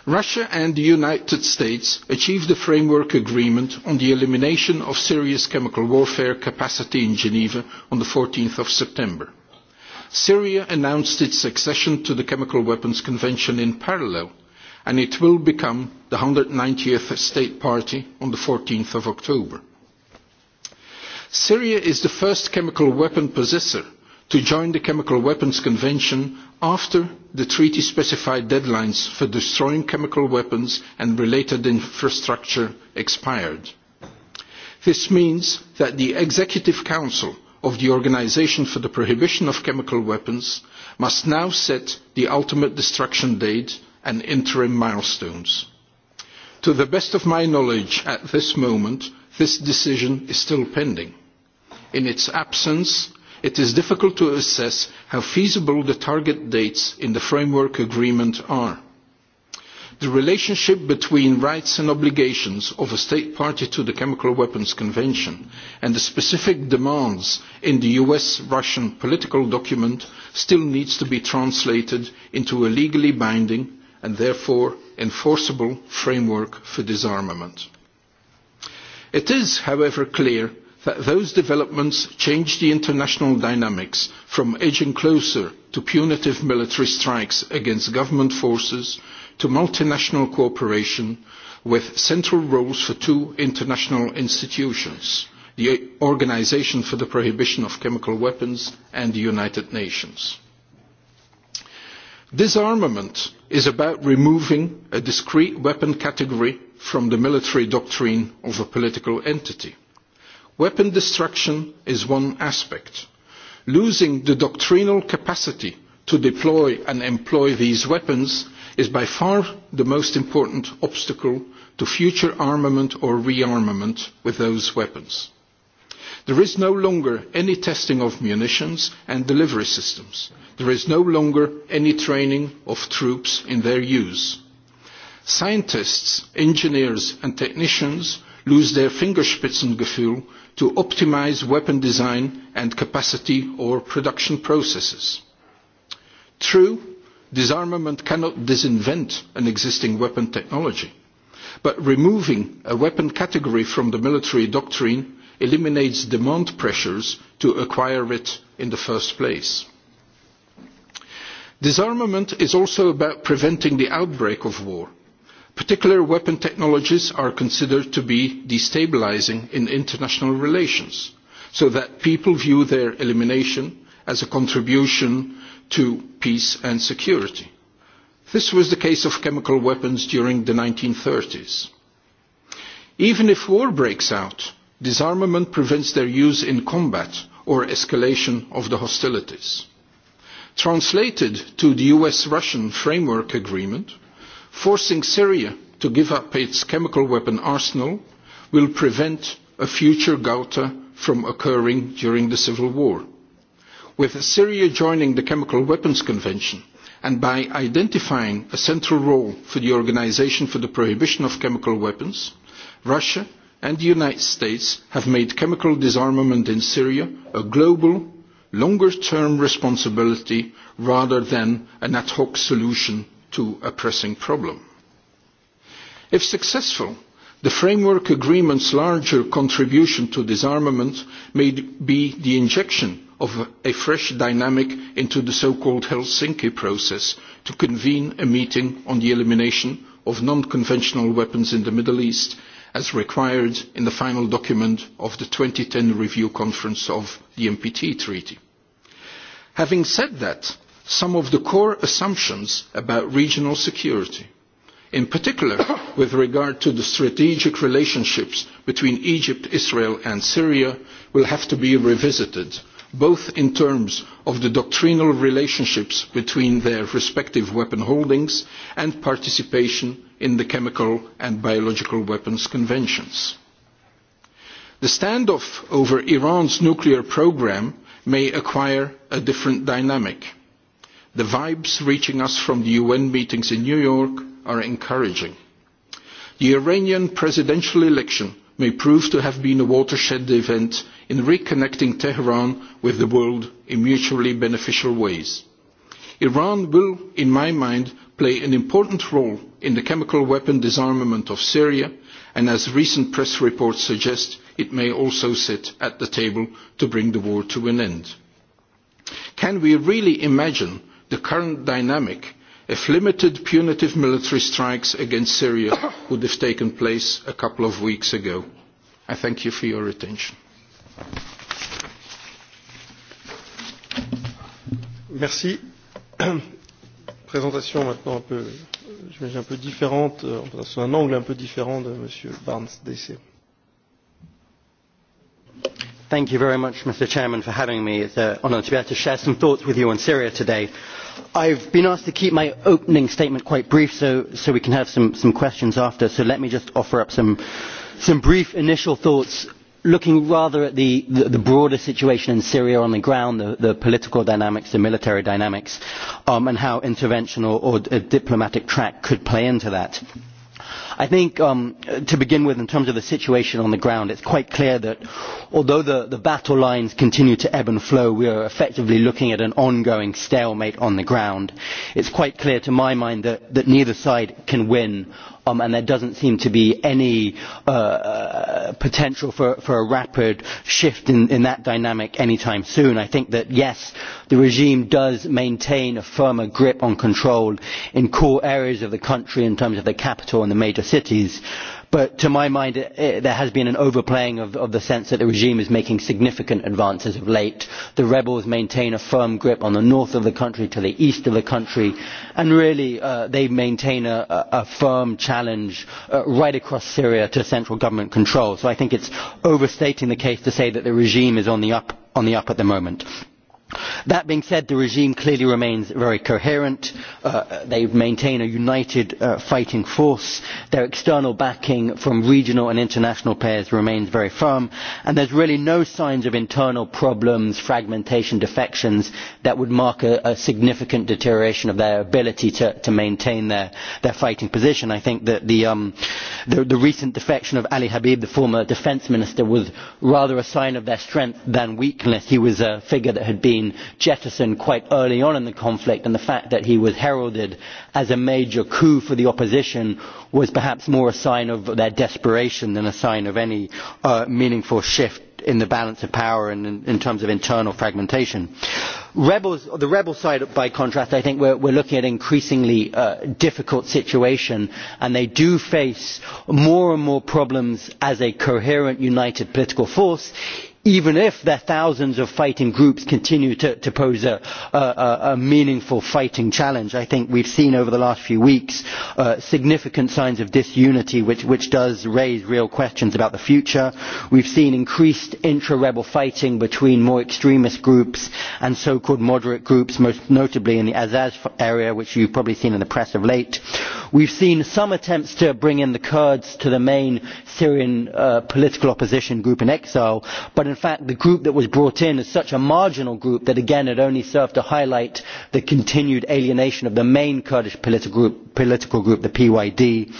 Russia and the United States achieved a framework agreement on the elimination of serious chemical warfare capacity in Geneva on the 14th of September. Syria announced its accession to the Chemical Weapons Convention in parallel, and it will become the 190th state party on the 14th of October. Syria is the first chemical weapon possessor to join the Chemical Weapons Convention after the treaty specified deadlines for destroying chemical weapons and related infrastructure expired. This means that the Executive Council of the Organisation for the Prohibition of Chemical Weapons must now set the ultimate destruction date and interim milestones. To the best of my knowledge at this moment, this decision is still pending. In its absence, it is difficult to assess how feasible the target dates in the framework agreement are. The relationship between rights and obligations of a state party to the Chemical Weapons Convention and the specific demands in the US-Russian political document still needs to be translated into a legally binding and therefore enforceable framework for disarmament. It is, however, clear that those developments change the international dynamics from edging closer to punitive military strikes against government forces to multinational cooperation with central roles for two international institutions, the Organization for the Prohibition of Chemical Weapons and the United Nations. Disarmament is about removing a discrete weapon category from the military doctrine of a political entity. Weapon destruction is one aspect. Losing the doctrinal capacity to deploy and employ these weapons is by far the most important obstacle to future armament or rearmament with those weapons. There is no longer any testing of munitions and delivery systems. There is no longer any training of troops in their use. Scientists, engineers and technicians lose their fingerspitzengefühl to optimize weapon design and capacity or production processes. True, Disarmament cannot disinvent an existing weapon technology, but removing a weapon category from the military doctrine eliminates demand pressures to acquire it in the first place. Disarmament is also about preventing the outbreak of war. Particular weapon technologies are considered to be destabilizing in international relations, so that people view their elimination as a contribution to peace and security. This was the case of chemical weapons during the 1930s. Even if war breaks out, disarmament prevents their use in combat or escalation of the hostilities. Translated to the US-Russian framework agreement, forcing Syria to give up its chemical weapon arsenal will prevent a future Gauta from occurring during the civil war with Syria joining the Chemical Weapons Convention and by identifying a central role for the Organization for the Prohibition of Chemical Weapons, Russia and the United States have made chemical disarmament in Syria a global, longer-term responsibility rather than an ad hoc solution to a pressing problem. If successful, the framework agreement's larger contribution to disarmament may be the injection of a fresh dynamic into the so-called Helsinki process to convene a meeting on the elimination of non-conventional weapons in the Middle East as required in the final document of the 2010 review conference of the MPT treaty. Having said that, some of the core assumptions about regional security, in particular with regard to the strategic relationships between Egypt, Israel and Syria, will have to be revisited both in terms of the doctrinal relationships between their respective weapon holdings and participation in the Chemical and Biological Weapons Conventions. The standoff over Iran's nuclear program may acquire a different dynamic. The vibes reaching us from the UN meetings in New York are encouraging. The Iranian presidential election may prove to have been a watershed event in reconnecting Tehran with the world in mutually beneficial ways. Iran will, in my mind, play an important role in the chemical weapon disarmament of Syria, and as recent press reports suggest, it may also sit at the table to bring the war to an end. Can we really imagine the current dynamic if limited punitive military strikes against Syria would have taken place a couple of weeks ago. I thank you for your attention. Merci. Présentation maintenant un peu, j'imagine un peu différente, euh, sur un angle un peu différent de M. Barnes DC. Thank you very much, Mr. Chairman, for having me. It's an uh, honour to be able to share some thoughts with you on Syria today. I have been asked to keep my opening statement quite brief so, so we can have some, some questions after, so let me just offer up some, some brief initial thoughts looking rather at the, the, the broader situation in Syria on the ground, the, the political dynamics, the military dynamics, um, and how intervention or, or a diplomatic track could play into that. I think, um, to begin with, in terms of the situation on the ground, it's quite clear that although the, the battle lines continue to ebb and flow, we are effectively looking at an ongoing stalemate on the ground. It's quite clear, to my mind, that, that neither side can win um, and there doesn't seem to be any uh, uh, potential for, for a rapid shift in, in that dynamic anytime soon. I think that, yes, the regime does maintain a firmer grip on control in core areas of the country in terms of the capital and the major cities, But to my mind, it, it, there has been an overplaying of, of the sense that the regime is making significant advances of late. The rebels maintain a firm grip on the north of the country to the east of the country, and really uh, they maintain a, a firm challenge uh, right across Syria to central government control. So I think it's overstating the case to say that the regime is on the up, on the up at the moment. That being said, the regime clearly remains very coherent. Uh, they maintain a united uh, fighting force. Their external backing from regional and international players remains very firm. And there's really no signs of internal problems, fragmentation, defections that would mark a, a significant deterioration of their ability to, to maintain their, their fighting position. I think that the, um, the, the recent defection of Ali Habib, the former defense minister, was rather a sign of their strength than weakness. He was a figure that had been been jettisoned quite early on in the conflict and the fact that he was heralded as a major coup for the opposition was perhaps more a sign of their desperation than a sign of any uh, meaningful shift in the balance of power and in, in terms of internal fragmentation. Rebels, the rebel side, by contrast, I think we're, we're looking at an increasingly uh, difficult situation, and they do face more and more problems as a coherent, united political force, even if the thousands of fighting groups continue to, to pose a, a, a meaningful fighting challenge. I think we've seen over the last few weeks uh, significant signs of disunity, which, which does raise real questions about the future. We've seen increased intra-rebel fighting between more extremist groups and so-called moderate groups, most notably in the Azaz area, which you've probably seen in the press of late. We have seen some attempts to bring in the Kurds to the main Syrian uh, political opposition group in exile, but in fact the group that was brought in is such a marginal group that again it only served to highlight the continued alienation of the main Kurdish political group, political group the PYD.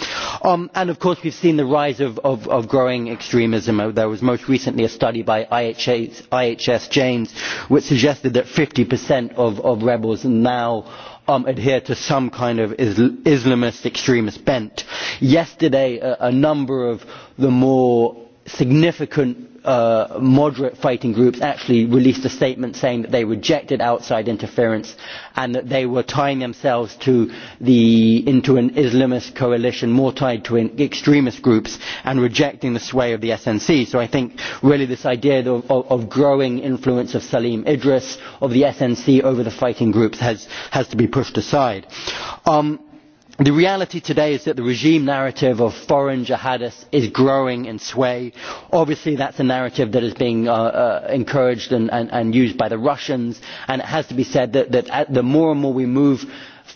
Um, and of course we have seen the rise of, of, of growing extremism. Uh, there was most recently a study by IHS, IHS James which suggested that 50% of, of rebels now um, adhere to some kind of Islamist extremist bent. Yesterday, a, a number of the more significant uh, moderate fighting groups actually released a statement saying that they rejected outside interference and that they were tying themselves to the, into an Islamist coalition more tied to an extremist groups and rejecting the sway of the SNC. So I think really this idea of, of, of growing influence of Salim Idris, of the SNC over the fighting groups has, has to be pushed aside. Um, The reality today is that the regime narrative of foreign jihadists is growing in sway. Obviously, that's a narrative that is being uh, uh, encouraged and, and, and used by the Russians, and it has to be said that, that the more and more we move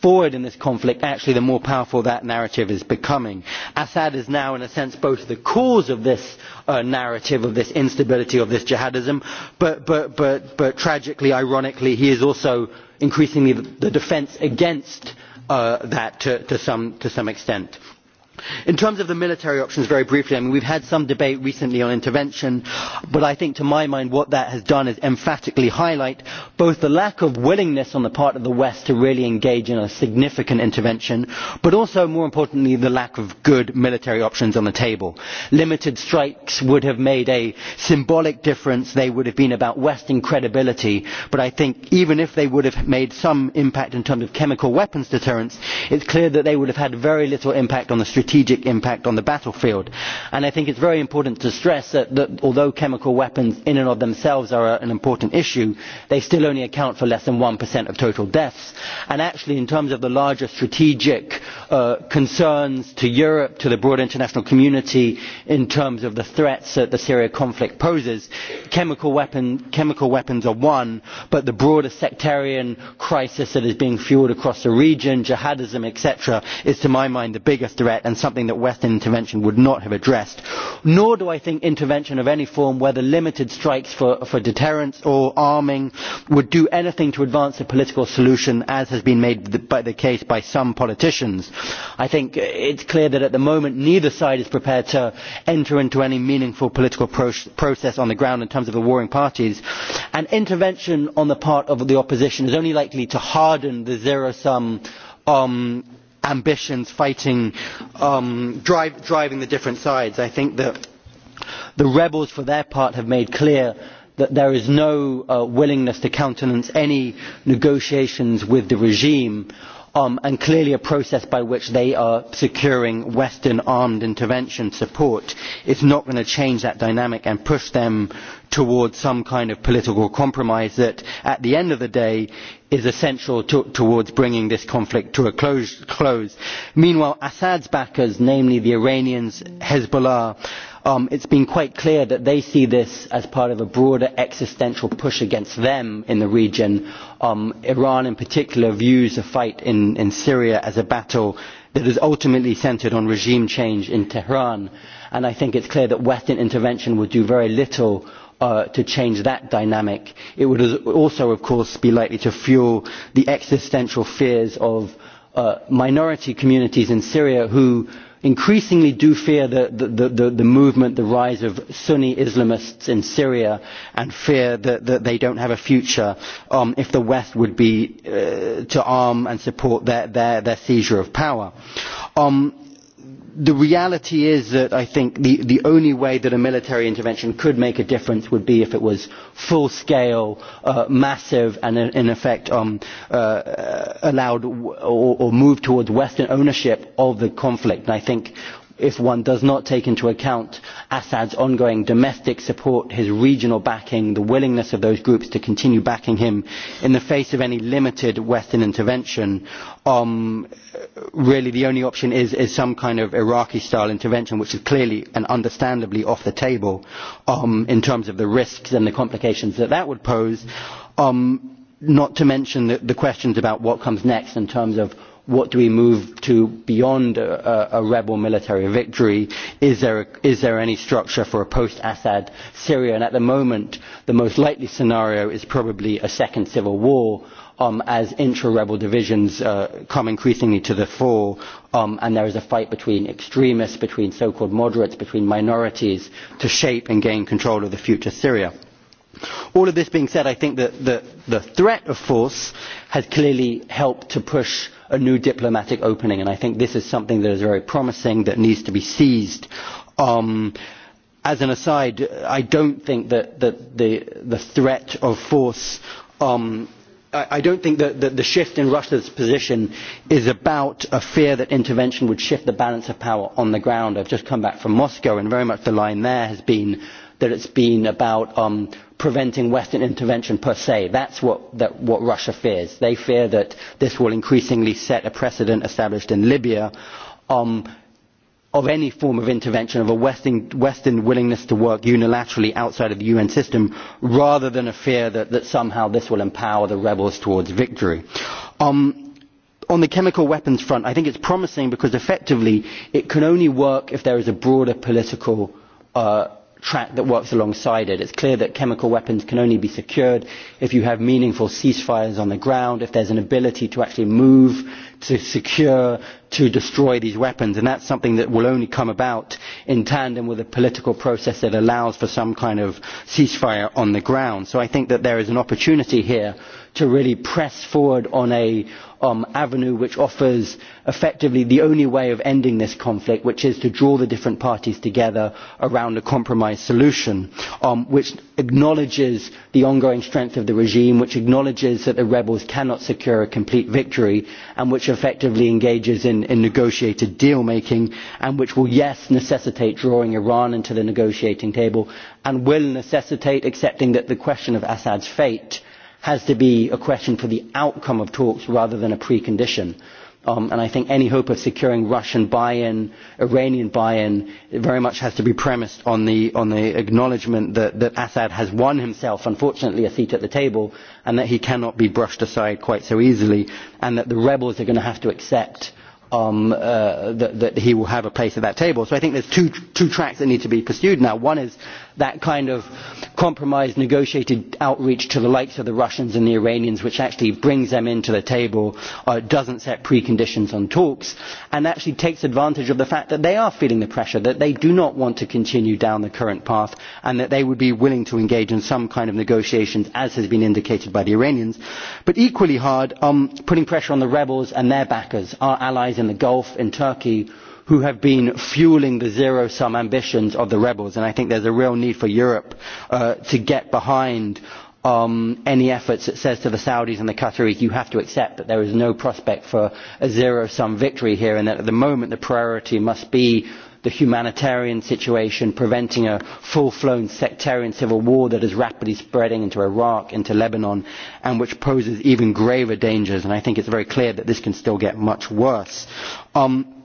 forward in this conflict, actually, the more powerful that narrative is becoming. Assad is now, in a sense, both the cause of this uh, narrative, of this instability, of this jihadism, but, but, but, but tragically, ironically, he is also increasingly the, the defence against uh, that to, to, some, to some extent. In terms of the military options, very briefly, I mean, we've had some debate recently on intervention, but I think to my mind what that has done is emphatically highlight both the lack of willingness on the part of the West to really engage in a significant intervention, but also, more importantly, the lack of good military options on the table. Limited strikes would have made a symbolic difference. They would have been about Western credibility, but I think even if they would have made some impact in terms of chemical weapons deterrence, it's clear that they would have had very little impact on the strategic strategic impact on the battlefield. And I think it is very important to stress that, that although chemical weapons in and of themselves are an important issue, they still only account for less than 1% of total deaths. And actually, in terms of the larger strategic uh, concerns to Europe, to the broader international community, in terms of the threats that the Syria conflict poses, chemical, weapon, chemical weapons are one, but the broader sectarian crisis that is being fuelled across the region, jihadism, etc., is to my mind the biggest threat. And and something that Western intervention would not have addressed. Nor do I think intervention of any form, whether limited strikes for, for deterrence or arming, would do anything to advance a political solution, as has been made the, by the case by some politicians. I think it's clear that at the moment neither side is prepared to enter into any meaningful political pro process on the ground in terms of the warring parties. And intervention on the part of the opposition is only likely to harden the zero-sum um, ambitions fighting, um, drive, driving the different sides. I think that the rebels, for their part, have made clear that there is no uh, willingness to countenance any negotiations with the regime um, and clearly a process by which they are securing Western armed intervention support is not going to change that dynamic and push them towards some kind of political compromise that at the end of the day is essential to, towards bringing this conflict to a close, close. Meanwhile, Assad's backers, namely the Iranians, Hezbollah, um, it's been quite clear that they see this as part of a broader existential push against them in the region. Um, Iran, in particular, views the fight in, in Syria as a battle that is ultimately centred on regime change in Tehran. And I think it's clear that Western intervention will do very little uh, to change that dynamic. It would also, of course, be likely to fuel the existential fears of uh, minority communities in Syria who increasingly do fear the, the, the, the movement, the rise of Sunni Islamists in Syria, and fear that, that they don't have a future um, if the West would be uh, to arm and support their, their, their seizure of power. Um, the reality is that I think the, the only way that a military intervention could make a difference would be if it was full scale, uh, massive, and in effect um, uh, allowed w or, or moved towards Western ownership of the conflict. And I think if one does not take into account Assad's ongoing domestic support, his regional backing, the willingness of those groups to continue backing him in the face of any limited Western intervention, um, really the only option is, is some kind of Iraqi-style intervention, which is clearly and understandably off the table um, in terms of the risks and the complications that that would pose. Um, not to mention the, the questions about what comes next in terms of what do we move to beyond a, a, a rebel military victory? Is there, a, is there any structure for a post-Assad Syria? And at the moment, the most likely scenario is probably a second civil war um, as intra-rebel divisions uh, come increasingly to the fore um, and there is a fight between extremists, between so-called moderates, between minorities to shape and gain control of the future Syria. All of this being said, I think that the, the threat of force has clearly helped to push a new diplomatic opening, and I think this is something that is very promising that needs to be seized. Um, as an aside, I don't think that, that the, the threat of force um, I don't think that, that the shift in Russia's position is about a fear that intervention would shift the balance of power on the ground. I've just come back from Moscow, and very much the line there has been that it's been about um, preventing Western intervention per se. That's what, that, what Russia fears. They fear that this will increasingly set a precedent established in Libya um, of any form of intervention, of a Western, Western willingness to work unilaterally outside of the UN system, rather than a fear that, that somehow this will empower the rebels towards victory. Um, on the chemical weapons front, I think it's promising because effectively it can only work if there is a broader political uh, track that works alongside it. It's clear that chemical weapons can only be secured if you have meaningful ceasefires on the ground, if there's an ability to actually move to secure to destroy these weapons. And that's something that will only come about in tandem with a political process that allows for some kind of ceasefire on the ground. So I think that there is an opportunity here to really press forward on a um, avenue which offers effectively the only way of ending this conflict, which is to draw the different parties together around a compromise solution, um, which acknowledges the ongoing strength of the regime, which acknowledges that the rebels cannot secure a complete victory, and which effectively engages in in, in negotiated deal making and which will, yes, necessitate drawing Iran into the negotiating table and will necessitate accepting that the question of Assad's fate has to be a question for the outcome of talks rather than a precondition. Um, and I think any hope of securing Russian buy-in, Iranian buy-in, very much has to be premised on the, on the acknowledgement that, that Assad has won himself, unfortunately, a seat at the table, and that he cannot be brushed aside quite so easily, and that the rebels are going to have to accept um, uh, that, that he will have a place at that table. So I think there's two, two tracks that need to be pursued now. One is that kind of compromise negotiated outreach to the likes of the Russians and the Iranians, which actually brings them into the table, uh, doesn't set preconditions on talks, and actually takes advantage of the fact that they are feeling the pressure, that they do not want to continue down the current path, and that they would be willing to engage in some kind of negotiations, as has been indicated by the Iranians. But equally hard, um, putting pressure on the rebels and their backers, our allies in the Gulf, in Turkey, who have been fueling the zero sum ambitions of the rebels. And I think there's a real need for Europe uh, to get behind um, any efforts that says to the Saudis and the Qataris, you have to accept that there is no prospect for a zero sum victory here, and that at the moment the priority must be the humanitarian situation, preventing a full-flown sectarian civil war that is rapidly spreading into Iraq, into Lebanon, and which poses even graver dangers. And I think it's very clear that this can still get much worse. Um,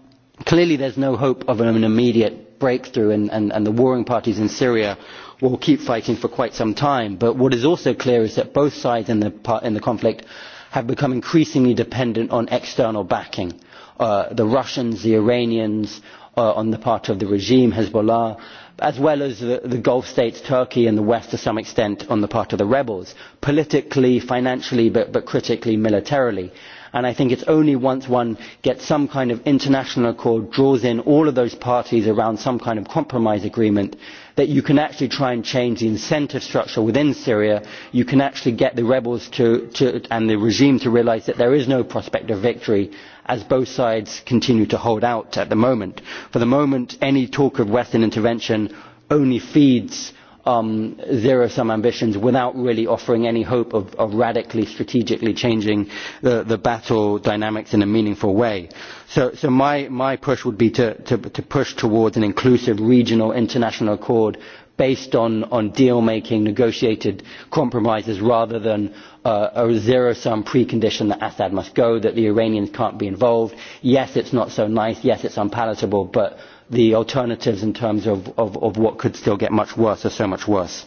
Clearly there's no hope of an immediate breakthrough and, and, and the warring parties in Syria will keep fighting for quite some time. But what is also clear is that both sides in the, in the conflict have become increasingly dependent on external backing. Uh, the Russians, the Iranians, uh, on the part of the regime, Hezbollah, as well as the, the Gulf states, Turkey and the West to some extent on the part of the rebels, politically, financially, but, but critically, militarily. And I think it's only once one gets some kind of international accord, draws in all of those parties around some kind of compromise agreement, that you can actually try and change the incentive structure within Syria. You can actually get the rebels to, to, and the regime to realize that there is no prospect of victory as both sides continue to hold out at the moment. For the moment, any talk of Western intervention only feeds um, zero-sum ambitions without really offering any hope of, of radically, strategically changing the, the battle dynamics in a meaningful way. So, so my, my push would be to, to, to push towards an inclusive regional international accord based on, on deal-making, negotiated compromises rather than uh, a zero-sum precondition that Assad must go, that the Iranians can't be involved. Yes, it's not so nice. Yes, it's unpalatable, but the alternatives in terms of, of, of what could still get much worse or so much worse.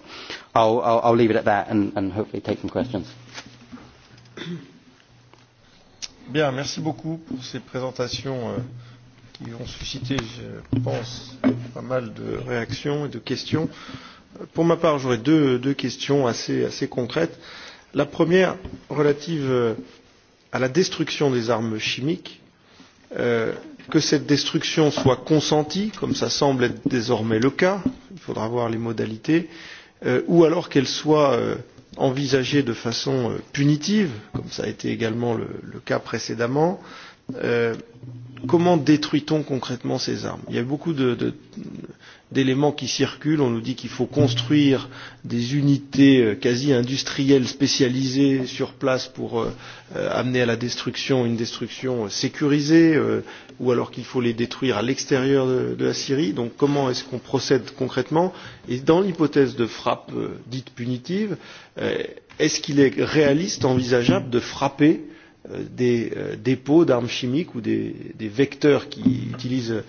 I'll, I'll, I'll leave it at that and, and hopefully take some questions. Bien, merci beaucoup pour ces présentations euh, qui ont suscité, je pense, pas mal de réactions et de questions. Pour ma part, j'aurais deux, deux questions assez, assez concrètes. La première, relative euh, à la destruction des armes chimiques. Euh, que cette destruction soit consentie, comme ça semble être désormais le cas, il faudra voir les modalités, euh, ou alors qu'elle soit euh, envisagée de façon euh, punitive, comme ça a été également le, le cas précédemment. Euh, comment détruit-on concrètement ces armes Il y a beaucoup de, de d'éléments qui circulent. On nous dit qu'il faut construire des unités euh, quasi industrielles spécialisées sur place pour euh, euh amener à la destruction une destruction euh, sécurisée, euh, ou alors qu'il faut les détruire à l'extérieur de, de la Syrie. Donc comment est-ce qu'on procède concrètement Et dans l'hypothèse de frappe euh, dite punitive, euh, est-ce qu'il est réaliste, envisageable de frapper euh, Euh, des euh, dépôts d'armes chimiques ou des, des vecteurs qui utilisent, euh,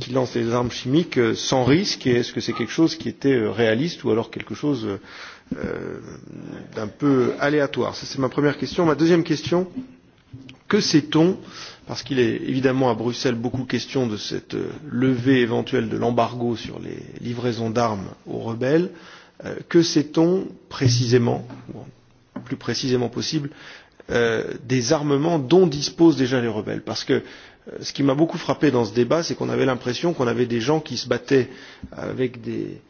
qui lancent les armes chimiques euh, sans risque et est-ce que c'est quelque chose qui était euh, réaliste ou alors quelque chose euh, euh d'un peu aléatoire Ça c'est ma première question. Ma deuxième question, que sait-on Parce qu'il est évidemment à Bruxelles beaucoup question de cette levée éventuelle de l'embargo sur les livraisons d'armes aux rebelles. Euh, que sait-on précisément, ou plus précisément possible, euh, Euh, des armements dont disposent déjà les rebelles. Parce que euh, ce qui m'a beaucoup frappé dans ce débat, c'est qu'on avait l'impression qu'on avait des gens qui se battaient avec des,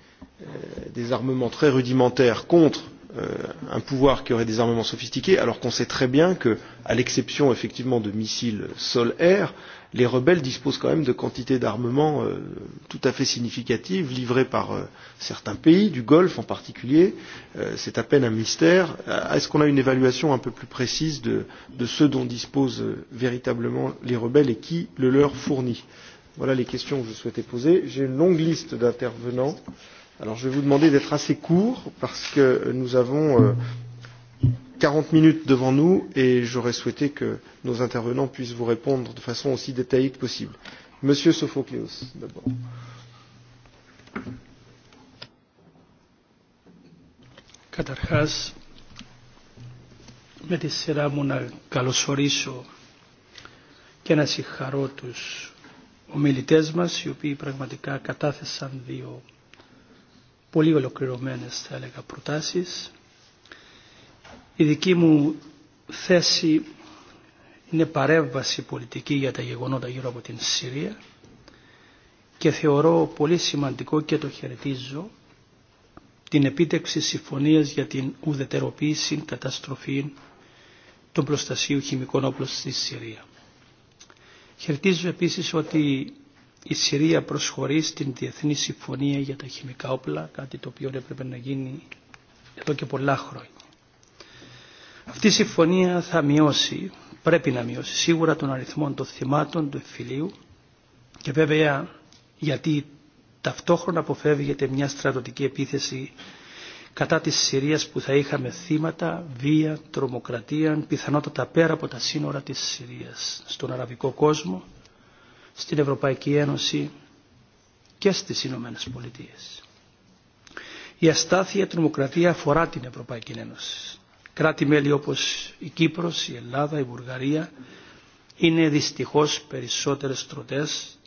euh, des armements très rudimentaires contre euh, un pouvoir qui aurait des armements sophistiqués, alors qu'on sait très bien que, à l'exception effectivement de missiles sol-air, euh, les rebelles disposent quand même de quantités d'armements euh, tout à fait significatives livrées par euh, certains pays, du Golfe en particulier. Euh, C'est à peine un mystère. Euh, est-ce qu'on a une évaluation un peu plus précise de, de ce dont disposent euh, véritablement les rebelles et qui le leur fournit Voilà les questions que je souhaitais poser. J'ai une longue liste d'intervenants. Alors je vais vous demander d'être assez court parce que nous avons euh, 40 minutes devant nous et j'aurais souhaité que nos intervenants puissent vous répondre de façon aussi détaillée que possible. Monsieur Sophocléos, d'abord. Καταρχάς, με τη σειρά μου να καλωσορίσω και να συγχαρώ τους ομιλητές μας, οι οποίοι πραγματικά κατάθεσαν δύο πολύ ολοκληρωμένες, θα έλεγα, προτάσεις Η δική μου θέση είναι παρέμβαση πολιτική για τα γεγονότα γύρω από την Συρία και θεωρώ πολύ σημαντικό και το χαιρετίζω την επίτευξη συμφωνίας για την ουδετεροποίηση καταστροφή των προστασίου χημικών όπλων στη Συρία. Χαιρετίζω επίσης ότι η Συρία προσχωρεί στην Διεθνή Συμφωνία για τα Χημικά Όπλα, κάτι το οποίο έπρεπε να γίνει εδώ και πολλά χρόνια. Αυτή η συμφωνία θα μειώσει, πρέπει να μειώσει σίγουρα τον αριθμό των θυμάτων του εμφυλίου και βέβαια γιατί ταυτόχρονα αποφεύγεται μια στρατοτική επίθεση κατά της Συρίας που θα είχαμε θύματα, βία, τρομοκρατία, πιθανότατα πέρα από τα σύνορα της Συρίας, στον αραβικό κόσμο, στην Ευρωπαϊκή Ένωση και στις Ηνωμένες Πολιτείες. Η αστάθεια τρομοκρατία αφορά την Ευρωπαϊκή Ένωση κράτη-μέλη όπως η Κύπρος, η Ελλάδα, η Βουλγαρία είναι δυστυχώς περισσότερες τροτές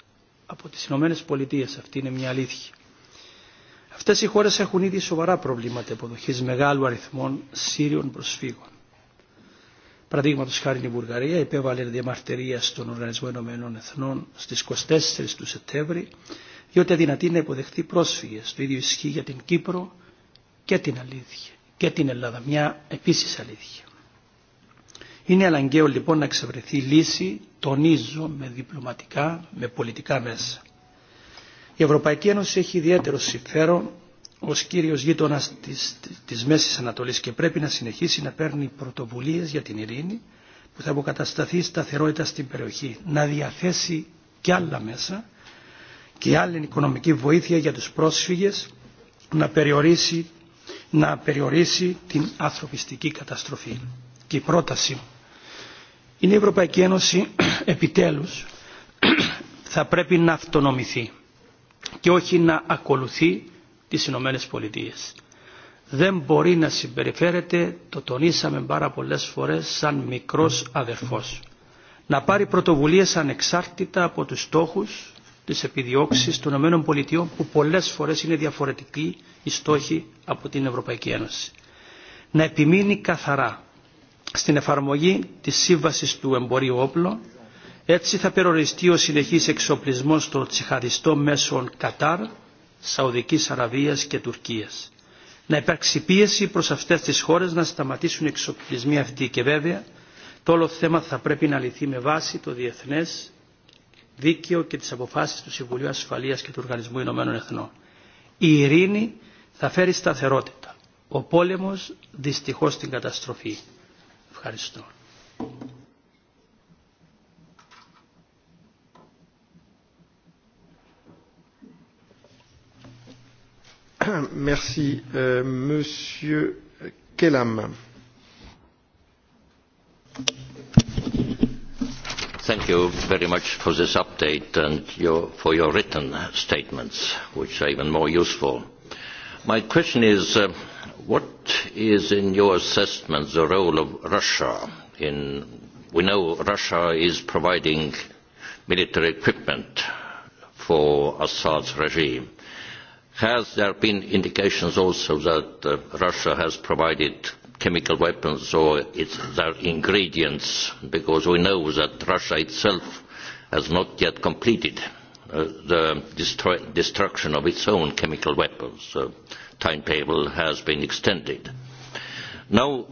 από τις Ηνωμένε Πολιτείες. Αυτή είναι μια αλήθεια. Αυτές οι χώρες έχουν ήδη σοβαρά προβλήματα υποδοχής μεγάλου αριθμών Σύριων προσφύγων. Παραδείγματο χάρη η Βουλγαρία επέβαλε διαμαρτυρία στον Οργανισμό Ηνωμένων Εθνών στι 24 του Σεπτέμβρη, διότι αδυνατεί να υποδεχθεί πρόσφυγε Το ίδιο ισχύει για την Κύπρο και την αλήθεια και την Ελλάδα. Μια επίση αλήθεια. Είναι αναγκαίο λοιπόν να εξευρεθεί λύση, τονίζω με διπλωματικά, με πολιτικά μέσα. Η Ευρωπαϊκή Ένωση έχει ιδιαίτερο συμφέρον ω κύριο γείτονα τη Μέση Ανατολή και πρέπει να συνεχίσει να παίρνει πρωτοβουλίε για την ειρήνη που θα αποκατασταθεί σταθερότητα στην περιοχή, να διαθέσει και άλλα μέσα και άλλη οικονομική βοήθεια για του πρόσφυγε να περιορίσει να περιορίσει την ανθρωπιστική καταστροφή. Και η πρόταση είναι η Ευρωπαϊκή Ένωση επιτέλους θα πρέπει να αυτονομηθεί και όχι να ακολουθεί τις Ηνωμένε Πολιτείες. Δεν μπορεί να συμπεριφέρεται, το τονίσαμε πάρα πολλές φορές, σαν μικρός αδερφός. Να πάρει πρωτοβουλίες ανεξάρτητα από τους στόχους Τη επιδιώξεις των ΗΠΑ που πολλές φορές είναι διαφορετικοί οι στόχοι από την Ευρωπαϊκή Ένωση. Να επιμείνει καθαρά στην εφαρμογή της σύμβασης του εμπορίου όπλων, έτσι θα περιοριστεί ο συνεχής εξοπλισμός των τσιχαριστών μέσων Κατάρ, Σαουδικής Αραβίας και Τουρκίας. Να υπάρξει πίεση προς αυτές τις χώρες να σταματήσουν οι εξοπλισμοί αυτοί και βέβαια το όλο θέμα θα πρέπει να λυθεί με βάση το διεθνές δίκαιο και τις αποφάσεις του Συμβουλίου Ασφαλείας και του Οργανισμού Ηνωμένων Εθνών. Η ειρήνη θα φέρει σταθερότητα. Ο πόλεμος δυστυχώς την καταστροφή. Ευχαριστώ. Merci, euh, Monsieur Kellam thank you very much for this update and your, for your written statements, which are even more useful. My question is, uh, what is in your assessment the role of Russia in, we know Russia is providing military equipment for Assad's regime. Has there been indications also that uh, Russia has provided chemical weapons or its, their ingredients, because we know that Russia itself has not yet completed uh, the destruction of its own chemical weapons. So timetable has been extended. Now,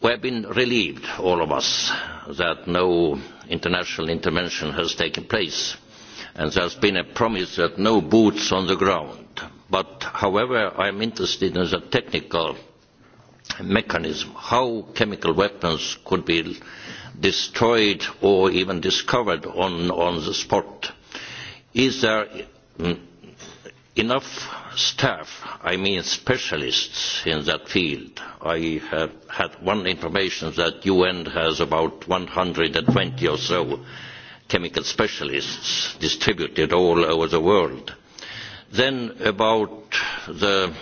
we have been relieved, all of us, that no international intervention has taken place, and there has been a promise that no boots on the ground. But, however, I am interested in the technical mechanism, how chemical weapons could be destroyed or even discovered on, on the spot. Is there mm, enough staff, I mean specialists in that field? I have had one information that UN has about 120 or so chemical specialists distributed all over the world. Then about the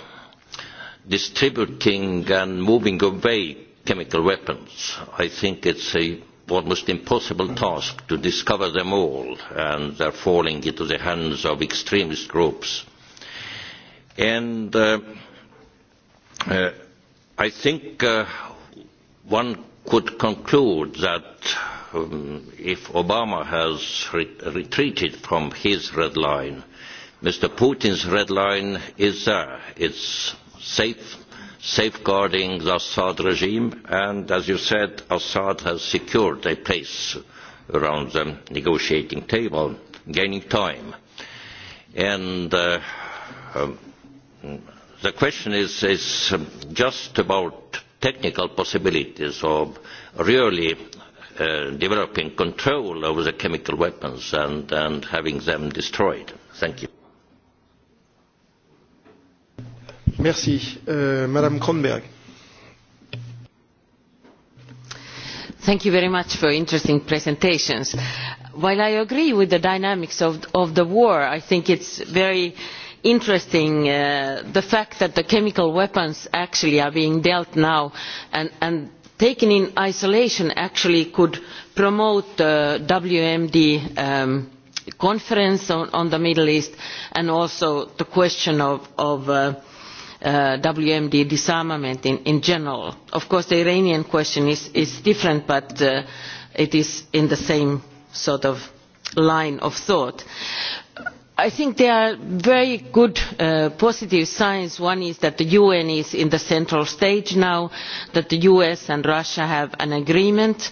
distributing and moving away chemical weapons. I think it's a almost impossible task to discover them all and they're falling into the hands of extremist groups. And uh, uh, I think uh, one could conclude that um, if Obama has re retreated from his red line, Mr. Putin's red line is there. It's safe, safeguarding the Assad regime, and as you said, Assad has secured a place around the negotiating table, gaining time. And uh, um, the question is, is just about technical possibilities of really uh, developing control over the chemical weapons and, and having them destroyed. Thank you. Merci. Euh, Madame Kronberg. Thank you very much for interesting presentations. While I agree with the dynamics of, of the war, I think it's very interesting uh, the fact that the chemical weapons actually are being dealt now and, and taken in isolation actually could promote the WMD um, conference on, on the Middle East and also the question of, of uh, uh, WMD disarmament in, in general. Of course, the Iranian question is, is different, but uh, it is in the same sort of line of thought. I think there are very good uh, positive signs. One is that the UN is in the central stage now, that the US and Russia have an agreement,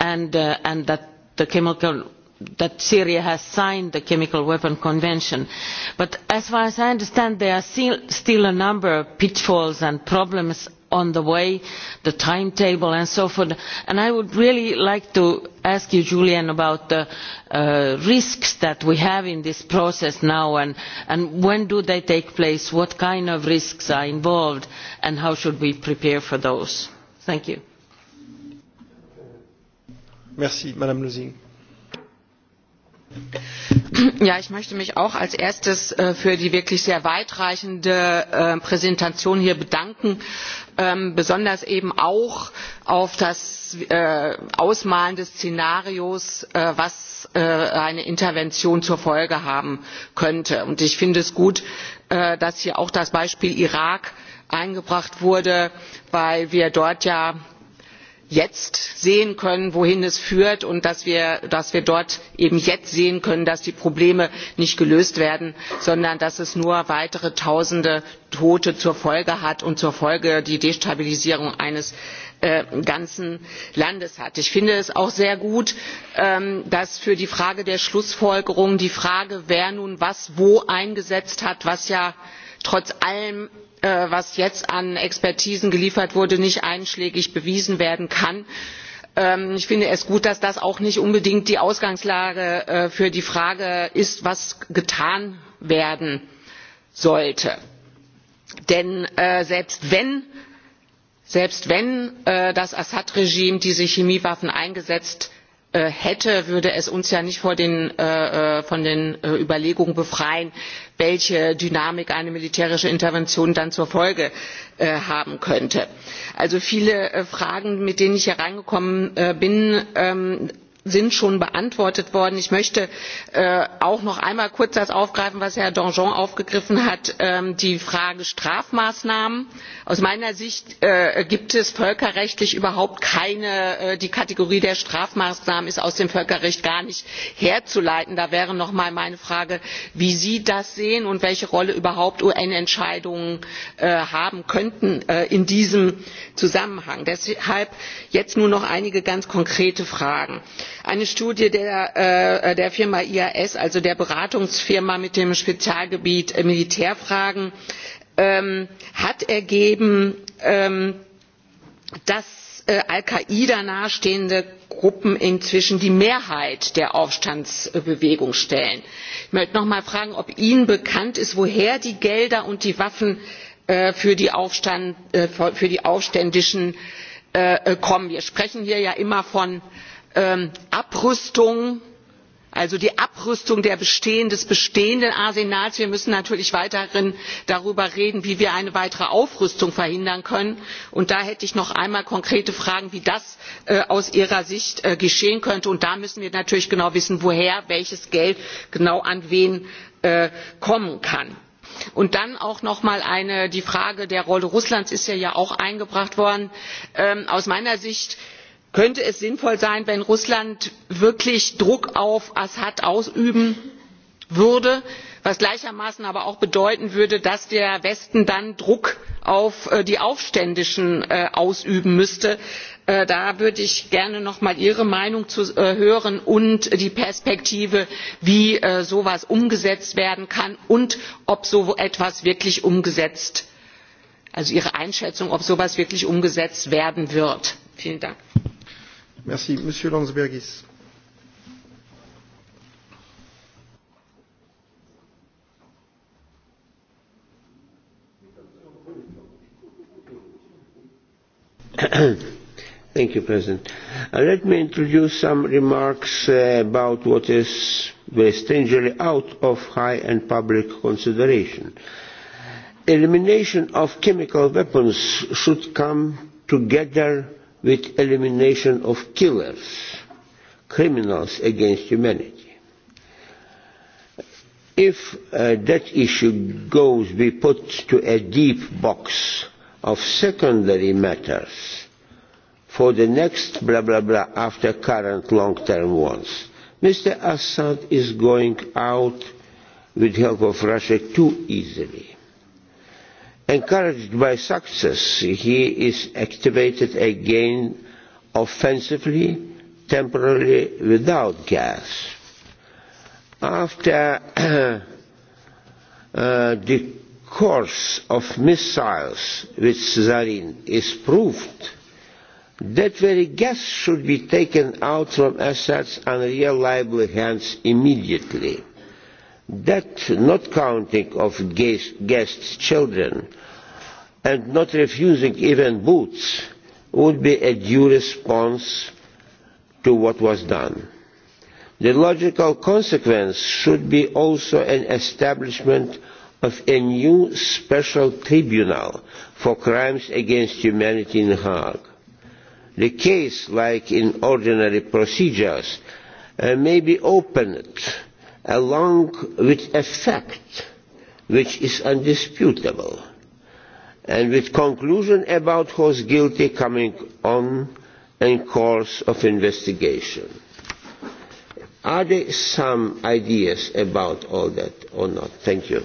and, uh, and that the chemical that Syria has signed the Chemical Weapon Convention. But as far as I understand, there are still a number of pitfalls and problems on the way, the timetable and so forth. And I would really like to ask you, Julian, about the uh, risks that we have in this process now and, and when do they take place, what kind of risks are involved and how should we prepare for those. Thank you. Merci, Madame Lusing. Ja, ich möchte mich auch als erstes äh, für die wirklich sehr weitreichende äh, Präsentation hier bedanken, ähm, besonders eben auch auf das äh, Ausmalen des Szenarios, was eine Intervention zur Folge haben könnte. Und ich finde es gut, dass hier auch das Beispiel Irak eingebracht wurde, weil wir dort ja jetzt sehen können, wohin es führt und dass wir, dort eben jetzt sehen können, dass die Probleme nicht gelöst werden, sondern dass es nur weitere Tausende Tote zur Folge hat und zur Folge die Destabilisierung eines äh, ganzen Landes hat. Ich finde es auch sehr gut, ähm, dass für die Frage der Schlussfolgerung die Frage, wer nun was wo eingesetzt hat, was ja trotz allem äh, was jetzt an Expertisen geliefert wurde, nicht einschlägig bewiesen werden kann. Ähm, ich finde es gut, dass das auch nicht unbedingt die Ausgangslage äh, für die Frage ist, was getan werden sollte. Denn äh, selbst wenn, das Assad-Regime diese Chemiewaffen eingesetzt Äh, hätte, würde es uns ja nicht vor den, äh, äh, von den Überlegungen befreien, welche Dynamik eine militärische Intervention dann zur Folge haben könnte. Also viele Fragen, mit denen ich hereingekommen bin, ähm, sind schon beantwortet worden. Ich möchte äh, auch noch einmal kurz das aufgreifen, was Herr Danjean aufgegriffen hat, ähm, die Frage Strafmaßnahmen. Aus meiner Sicht äh, gibt es völkerrechtlich überhaupt keine, äh, die Kategorie der Strafmaßnahmen ist aus dem Völkerrecht gar nicht herzuleiten. Da wäre noch einmal meine Frage, wie Sie das sehen und welche Rolle überhaupt UN-Entscheidungen haben könnten in diesem Zusammenhang. Deshalb jetzt nur noch einige ganz konkrete Fragen. Fragen eine studie der, äh, der firma ias also der beratungsfirma mit dem spezialgebiet äh, militärfragen ähm, hat ergeben ähm, dass äh, al qaida nahestehende gruppen inzwischen die mehrheit der aufstandsbewegung stellen. ich möchte noch einmal fragen ob ihnen bekannt ist woher die gelder und die waffen für, die Aufstand, für die aufständischen kommen. wir sprechen hier ja immer von Ähm, Abrüstung, also die Abrüstung des bestehenden Arsenals. Wir müssen natürlich weiterhin darüber reden, wie wir eine weitere Aufrüstung verhindern können. Und da hätte ich noch einmal konkrete Fragen, wie das äh, aus Ihrer Sicht äh, geschehen könnte. Und da müssen wir natürlich genau wissen, woher welches Geld genau an wen äh, kommen kann. Und dann auch noch mal eine, die Frage der Rolle Russlands ist ja, ja auch eingebracht worden. Ähm, aus meiner Sicht könnte es sinnvoll sein, wenn Russland wirklich Druck auf Assad ausüben würde, was gleichermaßen aber auch bedeuten würde, dass der Westen dann Druck auf äh, die Aufständischen äh, ausüben müsste. Äh, da würde ich gerne noch einmal Ihre Meinung hören und die Perspektive, wie so etwas umgesetzt werden kann und ob so etwas wirklich umgesetzt, also Ihre Einschätzung, ob so etwas wirklich umgesetzt werden wird. Vielen Dank. Merci. Monsieur Lansbergis. Thank you, President. Uh, let me introduce some remarks uh, about what is very strangely out of high and public consideration. Elimination of chemical weapons should come together with elimination of killers, criminals against humanity. If uh, that issue goes be put to a deep box of secondary matters for the next blah blah blah after current long-term ones, Mr. Assad is going out with the help of Russia too easily. Encouraged by success, he is activated again offensively, temporarily without gas. After uh, the course of missiles with Cesarin is proved, that very gas should be taken out from Assad's unreliable hands immediately. That not counting of guest, guests' children and not refusing even boots would be a due response to what was done. The logical consequence should be also an establishment of a new special tribunal for crimes against humanity in Hague. The case, like in ordinary procedures, uh, may be opened along with a fact which is undisputable and with conclusion about who's guilty coming on in course of investigation. Are there some ideas about all that or not? Thank you.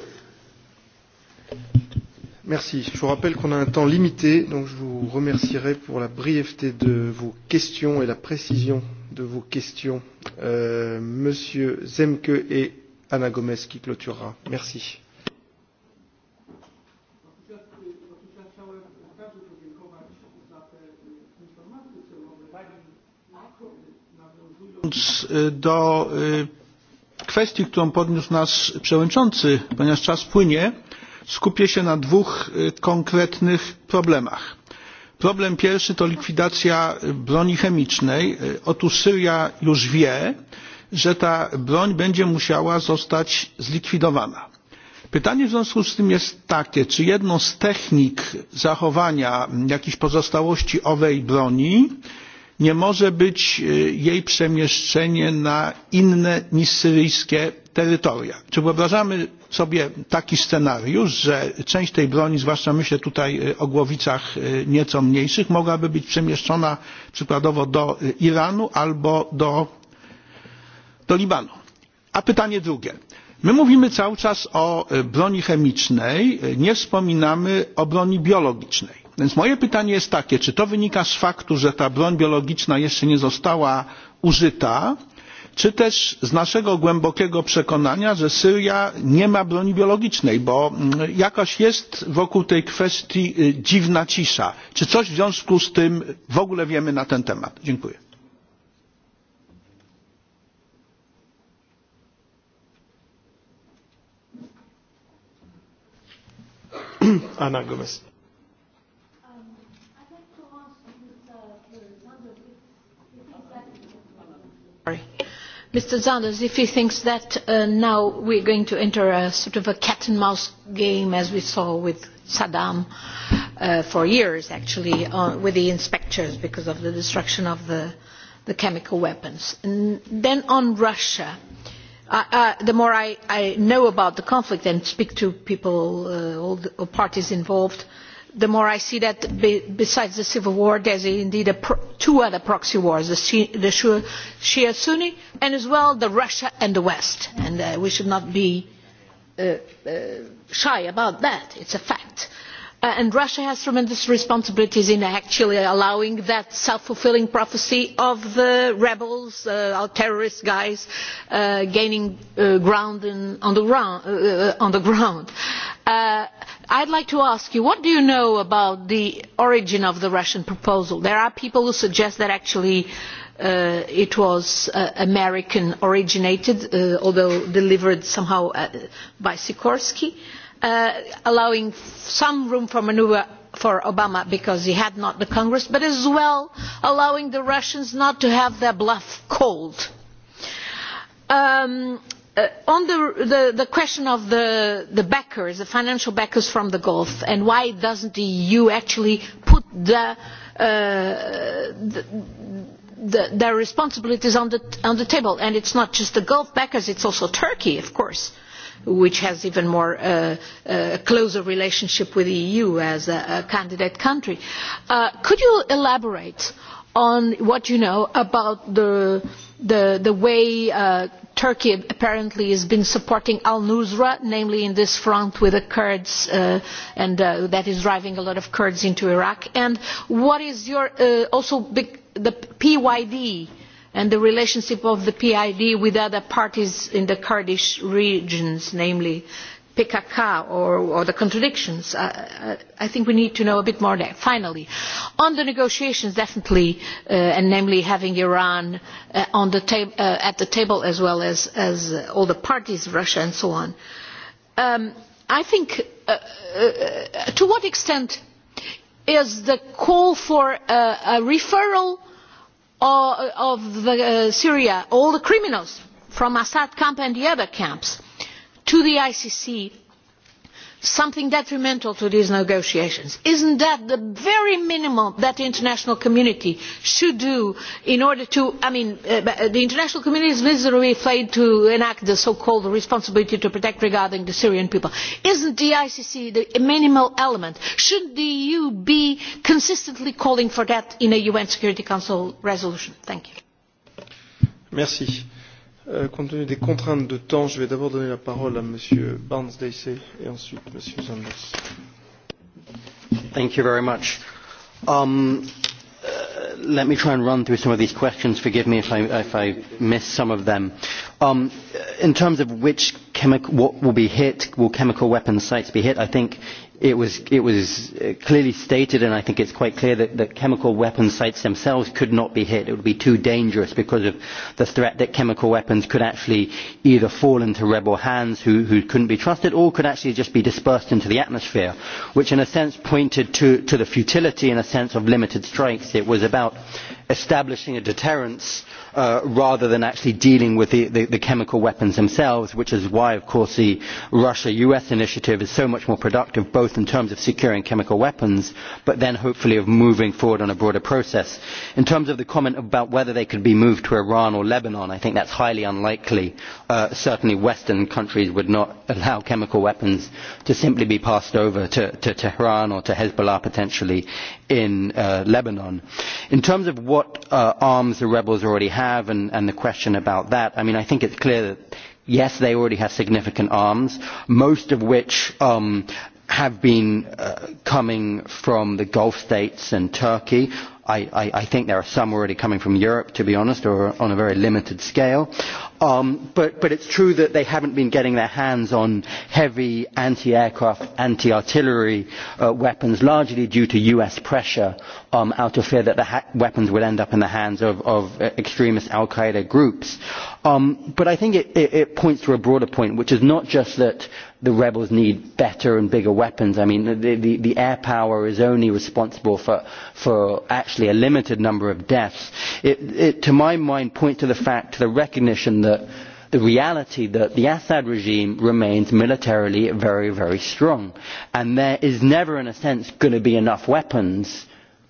Merci. Je vous rappelle qu'on a un temps limité, donc je vous remercierai pour la brièveté de vos questions et la précision de vos questions, euh, Monsieur Zemke et Anna Gomez qui clôturera. Merci. E, do e, kwestii, którą podniósł nasz przewodniczący, ponieważ czas płynie, skupię się na dwóch e, konkretnych problemach Problem pierwszy to likwidacja broni chemicznej. E, otóż Syria już wie, że ta broń będzie musiała zostać zlikwidowana. Pytanie w związku z tym jest takie, czy jedną z technik zachowania jakichś pozostałości owej broni nie może być e, jej przemieszczenie na inne niż syryjskie terytoria. Czy wyobrażamy sobie taki scenariusz, że część tej broni, zwłaszcza myślę tutaj o głowicach nieco mniejszych, mogłaby być przemieszczona przykładowo do Iranu albo do, do Libanu. A pytanie drugie. My mówimy cały czas o broni chemicznej, nie wspominamy o broni biologicznej. Więc moje pytanie jest takie, czy to wynika z faktu, że ta broń biologiczna jeszcze nie została użyta, czy też z naszego głębokiego przekonania, że Syria nie ma broni biologicznej, bo mm, jakoś jest wokół tej kwestii dziwna cisza. Czy coś w związku z tym w ogóle wiemy na ten temat? Dziękuję. Ana Gomez. Mr. Zanders, if he thinks that uh, now we're going to enter a sort of a cat and mouse game as we saw with Saddam uh, for years actually uh, with the inspectors because of the destruction of the, the chemical weapons. And then on Russia, uh, uh, the more I, I know about the conflict and speak to people, uh, all the all parties involved, uh, the more I see that besides the civil war, there is indeed two other proxy wars, the, Shia Sunni and as well the Russia and the West. And uh, we should not be uh, uh, shy about that. It's a fact. Uh, and Russia has tremendous responsibilities in actually allowing that self-fulfilling prophecy of the rebels, uh, our terrorist guys, uh, gaining ground in, on the ground. On the ground. I would like to ask you, what do you know about the origin of the Russian proposal? There are people who suggest that actually uh, it was uh, American originated, uh, although delivered somehow uh, by Sikorsky, uh, allowing some room for maneuver for Obama because he had not the Congress, but as well allowing the Russians not to have their bluff called. Um, Uh, on the, the, the question of the, the backers, the financial backers from the Gulf, and why doesn't the EU actually put their uh, responsibilities on the, table? And it's not just the Gulf backers, it's also Turkey, of course, which has even more uh, closer relationship with the EU as a, candidate country. could you elaborate on what you know about the the, the way uh, Turkey apparently has been supporting al-Nusra, namely in this front with the Kurds, uh, and uh, that is driving a lot of Kurds into Iraq. And what is your, uh, also big, the PYD and the relationship of the PID with other parties in the Kurdish regions, namely PKK or, or the contradictions. Uh, uh, I think we need to know a bit more there. Finally, on the negotiations, definitely, uh, and namely having Iran uh, on the tab uh, at the table as well as, as uh, all the parties, Russia and so on. Um, I think, uh, uh, to what extent is the call for uh, a referral of, of the, uh, Syria, all the criminals from Assad camp and the other camps, to the ICC something detrimental to these negotiations. Isn't that the very minimum that the international community should do in order to, I mean, uh, uh the international community is miserably failed to enact the so-called responsibility to protect regarding the Syrian people. Isn't the ICC the minimal element? Should the EU be consistently calling for that in a UN Security Council resolution? Thank you. Merci. Euh, compte tenu des contraintes de temps, je vais d'abord donner la parole à M. Barnes Daisy et ensuite M. Sanders. Thank you very much. Um, uh, let me try and run through some of these questions. Forgive me if I, if I miss some of them. Um, in terms of which chemical, what will be hit, will chemical weapons sites be hit, I think it was, it was uh, clearly stated, and I think it's quite clear that, that chemical weapon sites themselves could not be hit. It would be too dangerous because of the threat that chemical weapons could actually either fall into rebel hands who, who couldn't be trusted or could actually just be dispersed into the atmosphere, which in a sense pointed to, to the futility, in a sense, of limited strikes. It was about establishing a deterrence uh, rather than actually dealing with the, the, the chemical weapons themselves, which is why, of course, the Russia-US initiative is so much more productive, both in terms of securing chemical weapons, but then hopefully of moving forward on a broader process. In terms of the comment about whether they could be moved to Iran or Lebanon, I think that's highly unlikely. Uh, certainly Western countries would not allow chemical weapons to simply be passed over to, to Tehran or to Hezbollah potentially in uh, Lebanon. In terms of what uh, arms the rebels already have, have and, and the question about that, I mean, I think it's clear that, yes, they already have significant arms, most of which um, have been uh, coming from the Gulf states and Turkey I, I, I think there are some already coming from Europe, to be honest, or on a very limited scale. Um, but, but it's true that they haven't been getting their hands on heavy anti-aircraft, anti-artillery uh, weapons, largely due to US pressure um, out of fear that the ha weapons will end up in the hands of, of uh, extremist al-Qaeda groups. Um, but I think it, it, it points to a broader point, which is not just that the rebels need better and bigger weapons. I mean, the, the, the air power is only responsible for, for actually a limited number of deaths. It, it, to my mind, points to the fact, to the recognition that the reality that the Assad regime remains militarily very, very strong. And there is never, in a sense, going to be enough weapons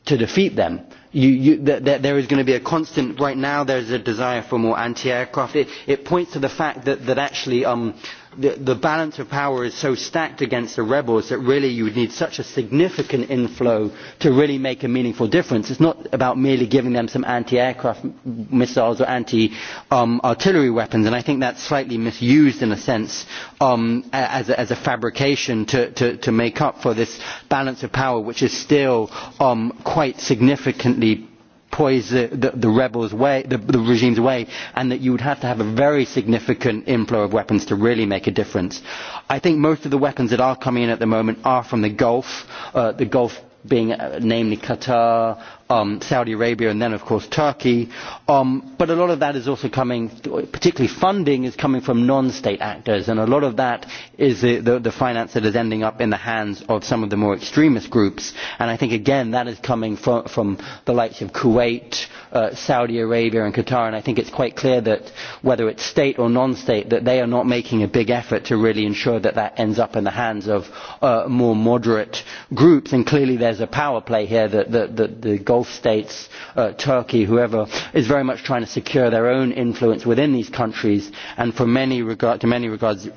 to defeat them you, you, th th there is going to be a constant, right now there's a desire for more anti-aircraft. It, it points to the fact that, that actually um, the, the balance of power is so stacked against the rebels that really you would need such a significant inflow to really make a meaningful difference. It's not about merely giving them some anti-aircraft missiles or anti-artillery um, weapons, and I think that's slightly misused in a sense um, as, a, as a fabrication to, to, to make up for this balance of power, which is still um, quite significantly poise the, the, the rebels' way, the, the regime's way, and that you would have to have a very significant inflow of weapons to really make a difference. I think most of the weapons that are coming in at the moment are from the Gulf, uh, the Gulf being uh, namely Qatar, um, Saudi Arabia and then of course Turkey. Um, but a lot of that is also coming, particularly funding is coming from non-state actors and a lot of that is the, the, the finance that is ending up in the hands of some of the more extremist groups. And I think again that is coming from, from the likes of Kuwait, uh, Saudi Arabia and Qatar and I think it's quite clear that whether it's state or non-state that they are not making a big effort to really ensure that that ends up in the hands of uh, more moderate groups and clearly there's a power play here that, that, that the Gulf states, uh, Turkey, whoever, is very much trying to secure their own influence within these countries and for many regard, to many regards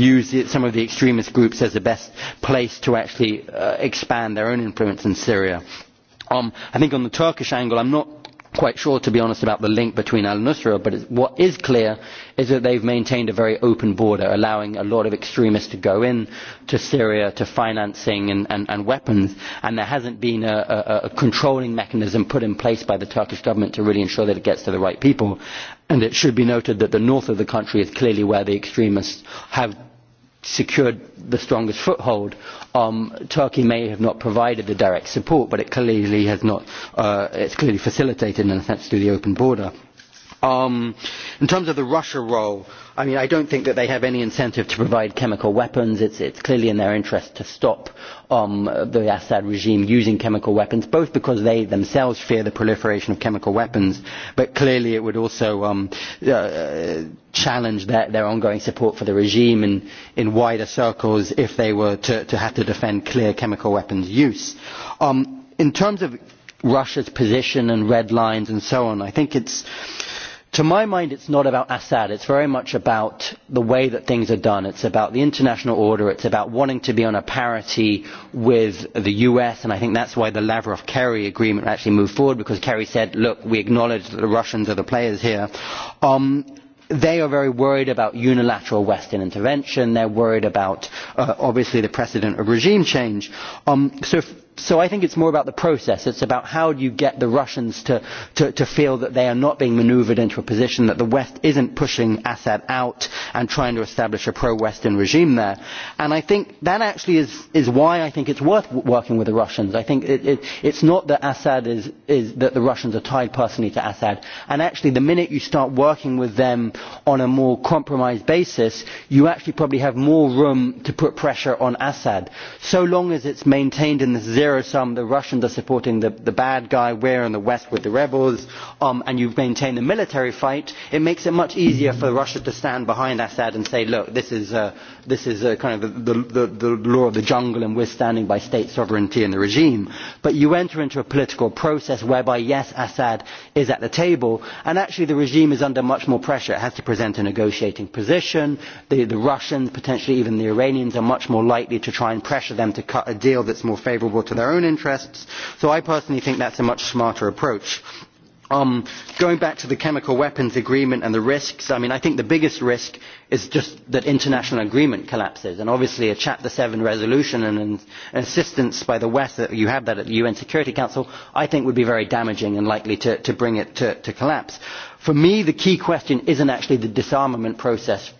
views some of the extremist groups as the best place to actually uh, expand their own influence in Syria. Um, I think on the Turkish angle, I'm not quite sure, to be honest, about the link between al-Nusra, but what is clear is that they've maintained a very open border, allowing a lot of extremists to go in to Syria, to financing and, and, and weapons, and there hasn't been a, a, a controlling mechanism put in place by the Turkish government to really ensure that it gets to the right people. And it should be noted that the north of the country is clearly where the extremists have secured the strongest foothold, um, Turkey may have not provided the direct support, but it clearly has not, uh, it's clearly facilitated in a sense through the open border. Um, in terms of the Russia role, I mean, I don't think that they have any incentive to provide chemical weapons. It's, it's clearly in their interest to stop um, the Assad regime using chemical weapons, both because they themselves fear the proliferation of chemical weapons, but clearly it would also um, uh, challenge their, their ongoing support for the regime in, in wider circles if they were to, to have to defend clear chemical weapons use. Um, in terms of Russia's position and red lines and so on, I think it's to my mind, it's not about Assad. It's very much about the way that things are done. It's about the international order. It's about wanting to be on a parity with the US. And I think that's why the Lavrov-Kerry agreement actually moved forward, because Kerry said, look, we acknowledge that the Russians are the players here. Um, they are very worried about unilateral Western intervention. They're worried about, uh, obviously, the precedent of regime change. Um, so so I think it's more about the process. It's about how do you get the Russians to, to, to feel that they are not being maneuvered into a position that the West isn't pushing Assad out and trying to establish a pro-Western regime there. And I think that actually is, is why I think it's worth working with the Russians. I think it, it, it's not that Assad is, is that the Russians are tied personally to Assad. And actually the minute you start working with them on a more compromised basis, you actually probably have more room to put pressure on Assad. So long as it's maintained in this zero There are some the Russians are supporting the, the bad guy, we're in the West with the rebels, um, and you maintain the military fight, it makes it much easier for Russia to stand behind Assad and say, look, this is, uh, this is uh, kind of the, the, the law of the jungle and we're standing by state sovereignty and the regime. But you enter into a political process whereby, yes, Assad is at the table, and actually the regime is under much more pressure. It has to present a negotiating position. The, the Russians, potentially even the Iranians, are much more likely to try and pressure them to cut a deal that's more favourable. to for their own interests. So I personally think that's a much smarter approach. Um, going back to the chemical weapons agreement and the risks, I mean, I think the biggest risk is just that international agreement collapses. And obviously a Chapter 7 resolution and an assistance by the West, that you have that at the UN Security Council, I think would be very damaging and likely to, to bring it to, to collapse. For me, the key question isn't actually the disarmament process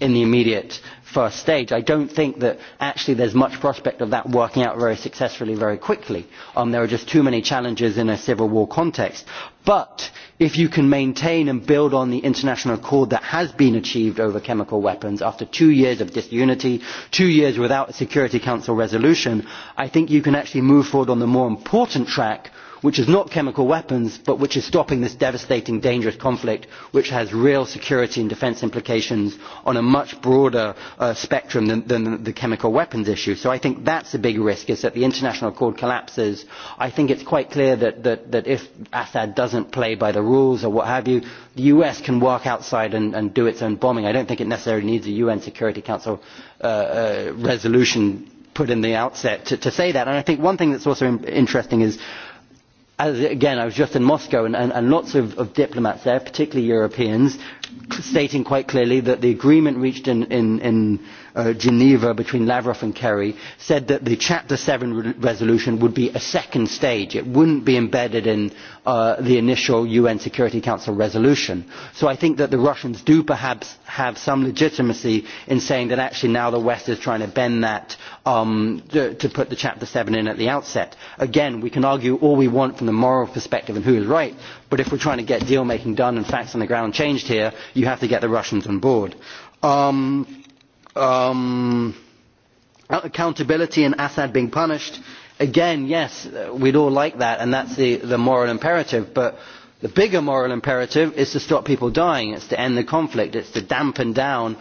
in the immediate first stage, I don't think that actually there's much prospect of that working out very successfully very quickly. Um, there are just too many challenges in a civil war context. But if you can maintain and build on the international accord that has been achieved over chemical weapons after two years of disunity, two years without a Security Council resolution, I think you can actually move forward on the more important track which is not chemical weapons, but which is stopping this devastating, dangerous conflict, which has real security and defence implications on a much broader uh, spectrum than, than the chemical weapons issue. So I think that's a big risk, is that the international accord collapses. I think it's quite clear that, that, that if Assad doesn't play by the rules or what have you, the US can work outside and, and do its own bombing. I don't think it necessarily needs a UN Security Council uh, uh, resolution put in the outset to, to say that. And I think one thing that's also in, interesting is as, again, I was just in Moscow and, and, and lots of, of diplomats there, particularly Europeans, stating quite clearly that the agreement reached in, in, in Uh, Geneva between Lavrov and Kerry said that the Chapter 7 re resolution would be a second stage. It wouldn't be embedded in uh, the initial UN Security Council resolution. So I think that the Russians do perhaps have some legitimacy in saying that actually now the West is trying to bend that um, to, to put the Chapter 7 in at the outset. Again, we can argue all we want from the moral perspective and who is right, but if we're trying to get deal making done and facts on the ground changed here, you have to get the Russians on board. Um, Um, accountability and Assad being punished. Again, yes, we'd all like that, and that's the, the moral imperative. But the bigger moral imperative is to stop people dying. It's to end the conflict. It's to dampen down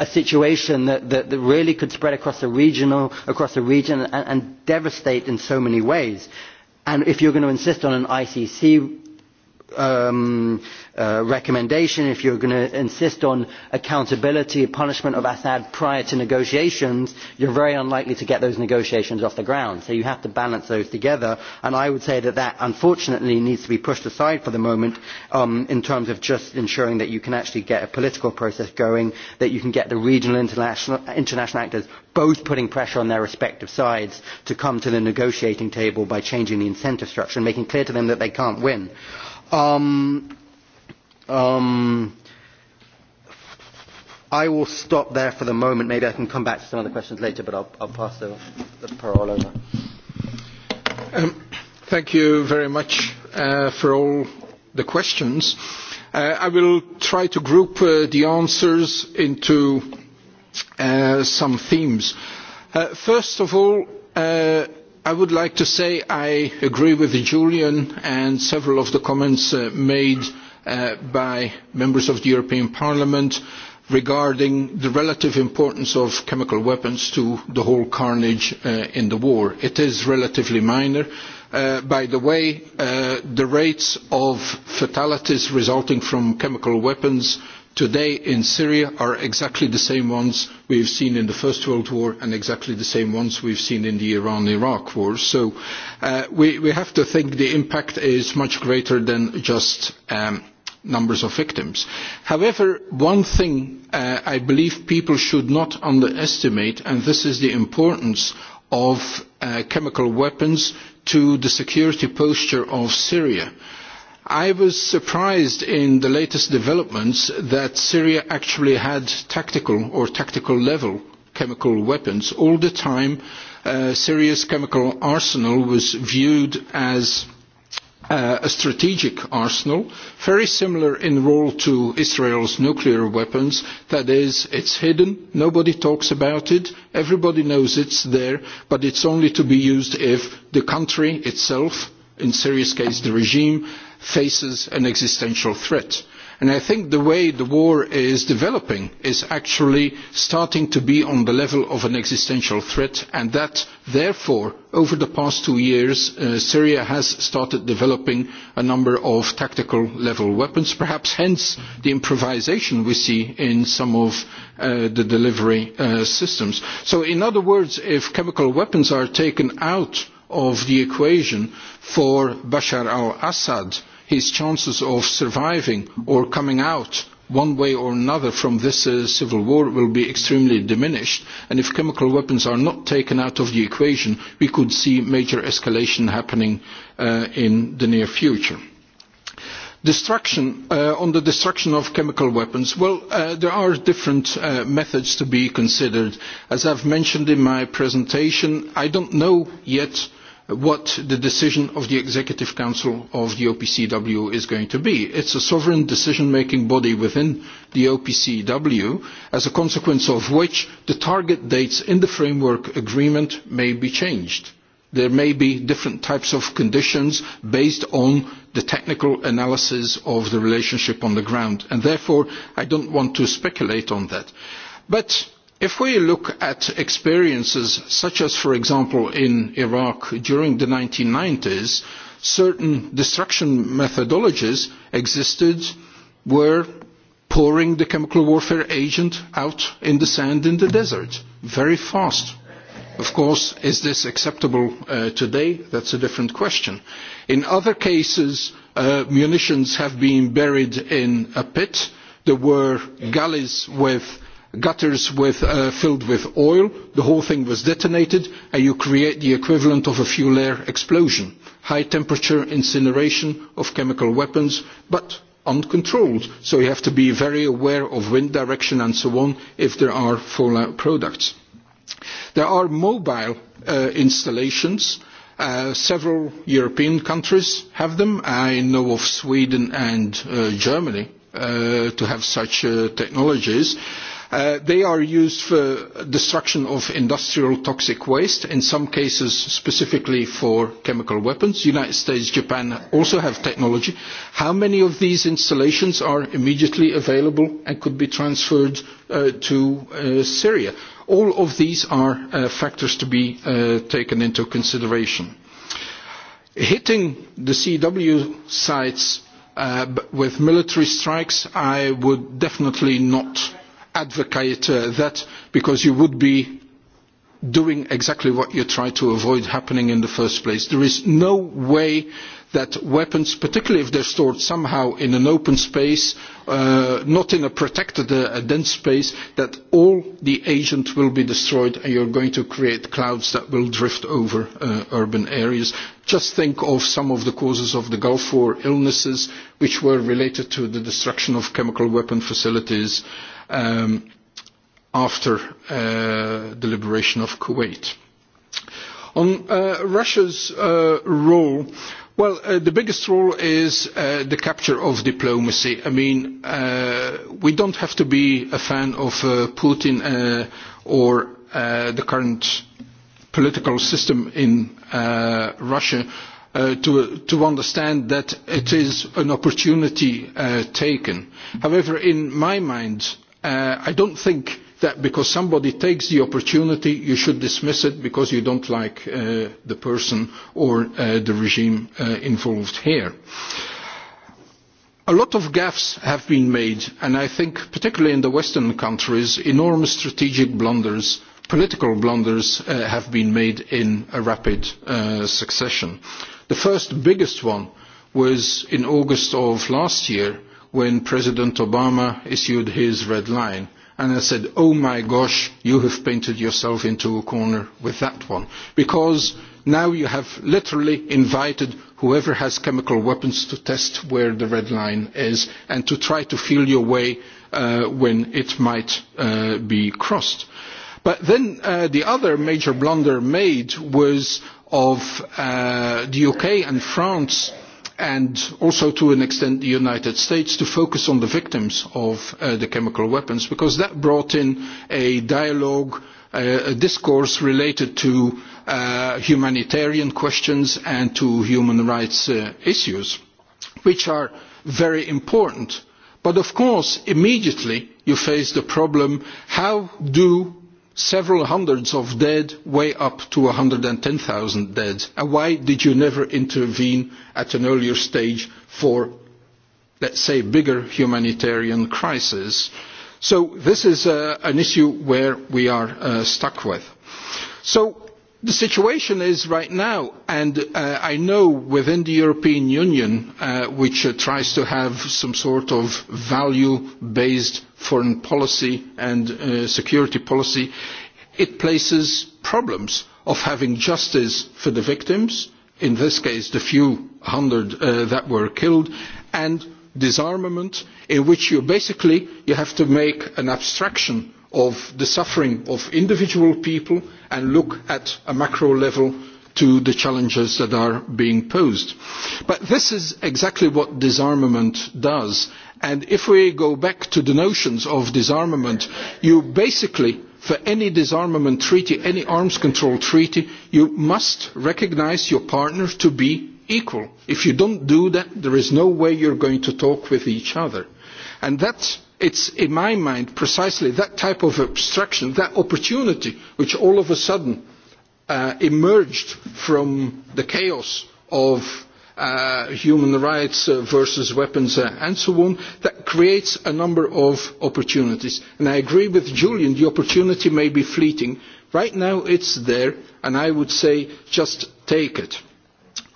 a situation that, that, that really could spread across the, regional, across the region and, and devastate in so many ways. And if you're going to insist on an ICC um, uh, recommendation, if you're going to insist on accountability, punishment of Assad prior to negotiations, you're very unlikely to get those negotiations off the ground. So you have to balance those together. And I would say that that, unfortunately, needs to be pushed aside for the moment um, in terms of just ensuring that you can actually get a political process going, that you can get the regional international, international actors both putting pressure on their respective sides to come to the negotiating table by changing the incentive structure and making clear to them that they can't win. Um, um, I will stop there for the moment. Maybe I can come back to some other questions later, but I'll, I'll pass the, the parole over. Um, thank you very much uh, for all the questions. Uh, I will try to group uh, the answers into uh, some themes. Uh, first of all, uh, I would like to say I agree with Julian and several of the comments uh, made uh, by members of the European Parliament regarding the relative importance of chemical weapons to the whole carnage uh, in the war. It is relatively minor. Uh, by the way, uh, the rates of fatalities resulting from chemical weapons uh, today in Syria are exactly the same ones we have seen in the First World War and exactly the same ones we have seen in the Iran-Iraq war. So uh, we, we have to think the impact is much greater than just um, numbers of victims. However, one thing uh, I believe people should not underestimate, and this is the importance of uh, chemical weapons to the security posture of Syria. Uh, I was surprised in the latest developments that Syria actually had tactical or tactical level chemical weapons. All the time, uh, Syria's chemical arsenal was viewed as uh, a strategic arsenal, very similar in role to Israel's nuclear weapons. That is, it's hidden, nobody talks about it, everybody knows it's there, but it's only to be used if the country itself, in Syria's case the regime, faces an existential threat. And I think the way the war is developing is actually starting to be on the level of an existential threat and that therefore over the past two years uh, Syria has started developing a number of tactical level weapons, perhaps hence the improvisation we see in some of uh, the delivery uh, systems. So in other words, if chemical weapons are taken out of the equation for Bashar al-Assad, his chances of surviving or coming out one way or another from this uh, civil war will be extremely diminished. And if chemical weapons are not taken out of the equation, we could see major escalation happening uh, in the near future. Destruction, uh, on the destruction of chemical weapons, well, uh, there are different uh, methods to be considered. As I've mentioned in my presentation, I don't know yet what the decision of the Executive Council of the OPCW is going to be. It's a sovereign decision-making body within the OPCW, as a consequence of which the target dates in the framework agreement may be changed. There may be different types of conditions based on the technical analysis of the relationship on the ground, and therefore I don't want to speculate on that. But If we look at experiences such as, for example, in Iraq during the 1990s, certain destruction methodologies existed were pouring the chemical warfare agent out in the sand in the desert very fast. Of course, is this acceptable uh, today? That's a different question. In other cases, uh, munitions have been buried in a pit. There were galleys with gutters with, uh, filled with oil, the whole thing was detonated, and you create the equivalent of a fuel air explosion. High temperature incineration of chemical weapons, but uncontrolled. So you have to be very aware of wind direction and so on if there are fallout products. There are mobile uh, installations. Uh, several European countries have them. I know of Sweden and uh, Germany uh, to have such uh, technologies. Uh, they are used for destruction of industrial toxic waste, in some cases specifically for chemical weapons. The United States, Japan also have technology. How many of these installations are immediately available and could be transferred uh, to uh, Syria? All of these are uh, factors to be uh, taken into consideration. Hitting the CW sites uh, with military strikes, I would definitely not advocate uh, that because you would be doing exactly what you try to avoid happening in the first place. There is no way that weapons, particularly if they are stored somehow in an open space, uh, not in a protected, uh, dense space, that all the agent will be destroyed and you are going to create clouds that will drift over uh, urban areas. Just think of some of the causes of the Gulf War illnesses, which were related to the destruction of chemical weapon facilities, um, after uh, the liberation of Kuwait. On uh, Russia's uh, role, well, uh, the biggest role is uh, the capture of diplomacy. I mean, uh, we don't have to be a fan of uh, Putin uh, or uh, the current political system in uh, Russia uh, to, to understand that it is an opportunity uh, taken. However, in my mind, Uh, I don't think that because somebody takes the opportunity, you should dismiss it because you don't like uh, the person or uh, the regime uh, involved here. A lot of gaffes have been made, and I think particularly in the Western countries, enormous strategic blunders, political blunders uh, have been made in a rapid uh, succession. The first biggest one was in August of last year when President Obama issued his red line. And I said, oh my gosh, you have painted yourself into a corner with that one. Because now you have literally invited whoever has chemical weapons to test where the red line is and to try to feel your way uh, when it might uh, be crossed. But then uh, the other major blunder made was of uh, the UK and France and also to an extent the United States to focus on the victims of uh, the chemical weapons because that brought in a dialogue, uh, a discourse related to uh, humanitarian questions and to human rights uh, issues, which are very important. But of course, immediately you face the problem, how do several hundreds of dead, way up to 110,000 dead? And why did you never intervene at an earlier stage for, let's say, bigger humanitarian crises? So this is uh, an issue where we are uh, stuck with. So The situation is right now, and uh, I know within the European Union, uh, which uh, tries to have some sort of value-based foreign policy and uh, security policy, it places problems of having justice for the victims, in this case the few hundred uh, that were killed, and disarmament, in which you basically you have to make an abstraction of the suffering of individual people and look at a macro level to the challenges that are being posed. But this is exactly what disarmament does. And if we go back to the notions of disarmament, you basically, for any disarmament treaty, any arms control treaty, you must recognize your partner to be equal. If you don't do that, there is no way you're going to talk with each other. And that It's, in my mind, precisely that type of obstruction, that opportunity which all of a sudden uh, emerged from the chaos of uh, human rights uh, versus weapons uh, and so on, that creates a number of opportunities. And I agree with Julian, the opportunity may be fleeting. Right now it's there, and I would say just take it.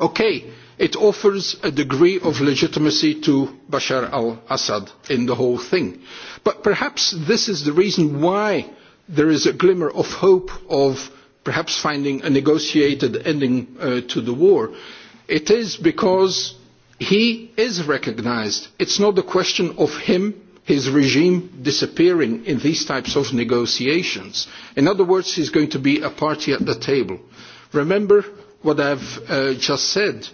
Okay, It offers a degree of legitimacy to Bashar al-Assad in the whole thing. But perhaps this is the reason why there is a glimmer of hope of perhaps finding a negotiated ending uh, to the war. It is because he is recognized. It's not a question of him, his regime disappearing in these types of negotiations. In other words, he's going to be a party at the table. Remember what I've uh, just said.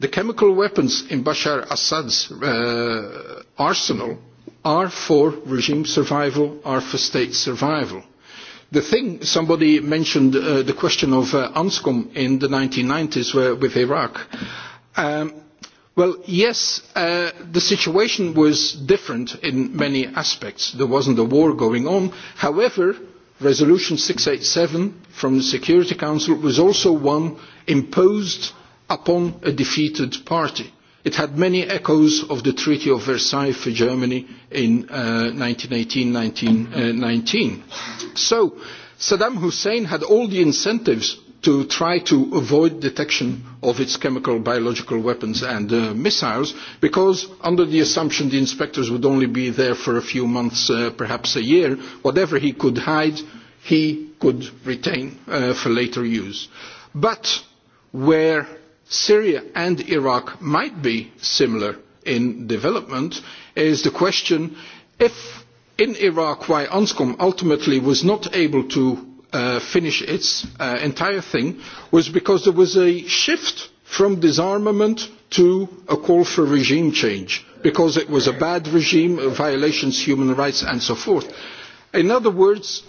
The chemical weapons in Bashar Assad's uh, arsenal are for regime survival, are for state survival. The thing, somebody mentioned uh, the question of uh, ANSCOM in the 1990s where, with Iraq. Um, well, yes, uh, the situation was different in many aspects. There wasn't a war going on. However, Resolution 687 from the Security Council was also one imposed upon a defeated party. It had many echoes of the Treaty of Versailles for Germany in 1918-1919. Uh, uh so Saddam Hussein had all the incentives to try to avoid detection of its chemical, biological weapons and uh, missiles, because under the assumption the inspectors would only be there for a few months, uh, perhaps a year, whatever he could hide, he could retain uh, for later use. But where Syria and Iraq might be similar in development is the question if in Iraq why ONSCOM ultimately was not able to uh, finish its uh, entire thing was because there was a shift from disarmament to a call for regime change because it was a bad regime, violations human rights and so forth. In other words,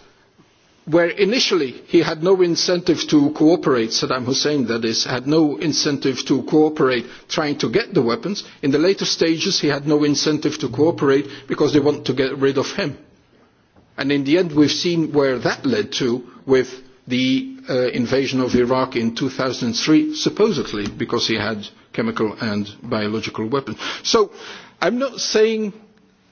where initially he had no incentive to cooperate, Saddam Hussein that is, had no incentive to cooperate trying to get the weapons, in the later stages he had no incentive to cooperate because they want to get rid of him. And in the end we've seen where that led to with the uh, invasion of Iraq in two thousand three, supposedly because he had chemical and biological weapons. So I'm not saying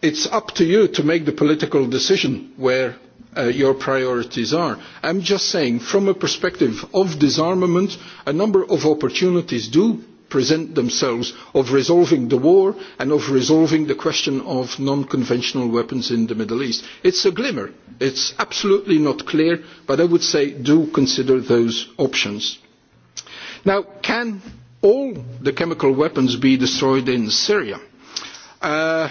it's up to you to make the political decision where uh, your priorities are. I'm just saying, from a perspective of disarmament, a number of opportunities do present themselves of resolving the war and of resolving the question of non-conventional weapons in the Middle East. It's a glimmer. It's absolutely not clear, but I would say do consider those options. Now, can all the chemical weapons be destroyed in Syria? Uh,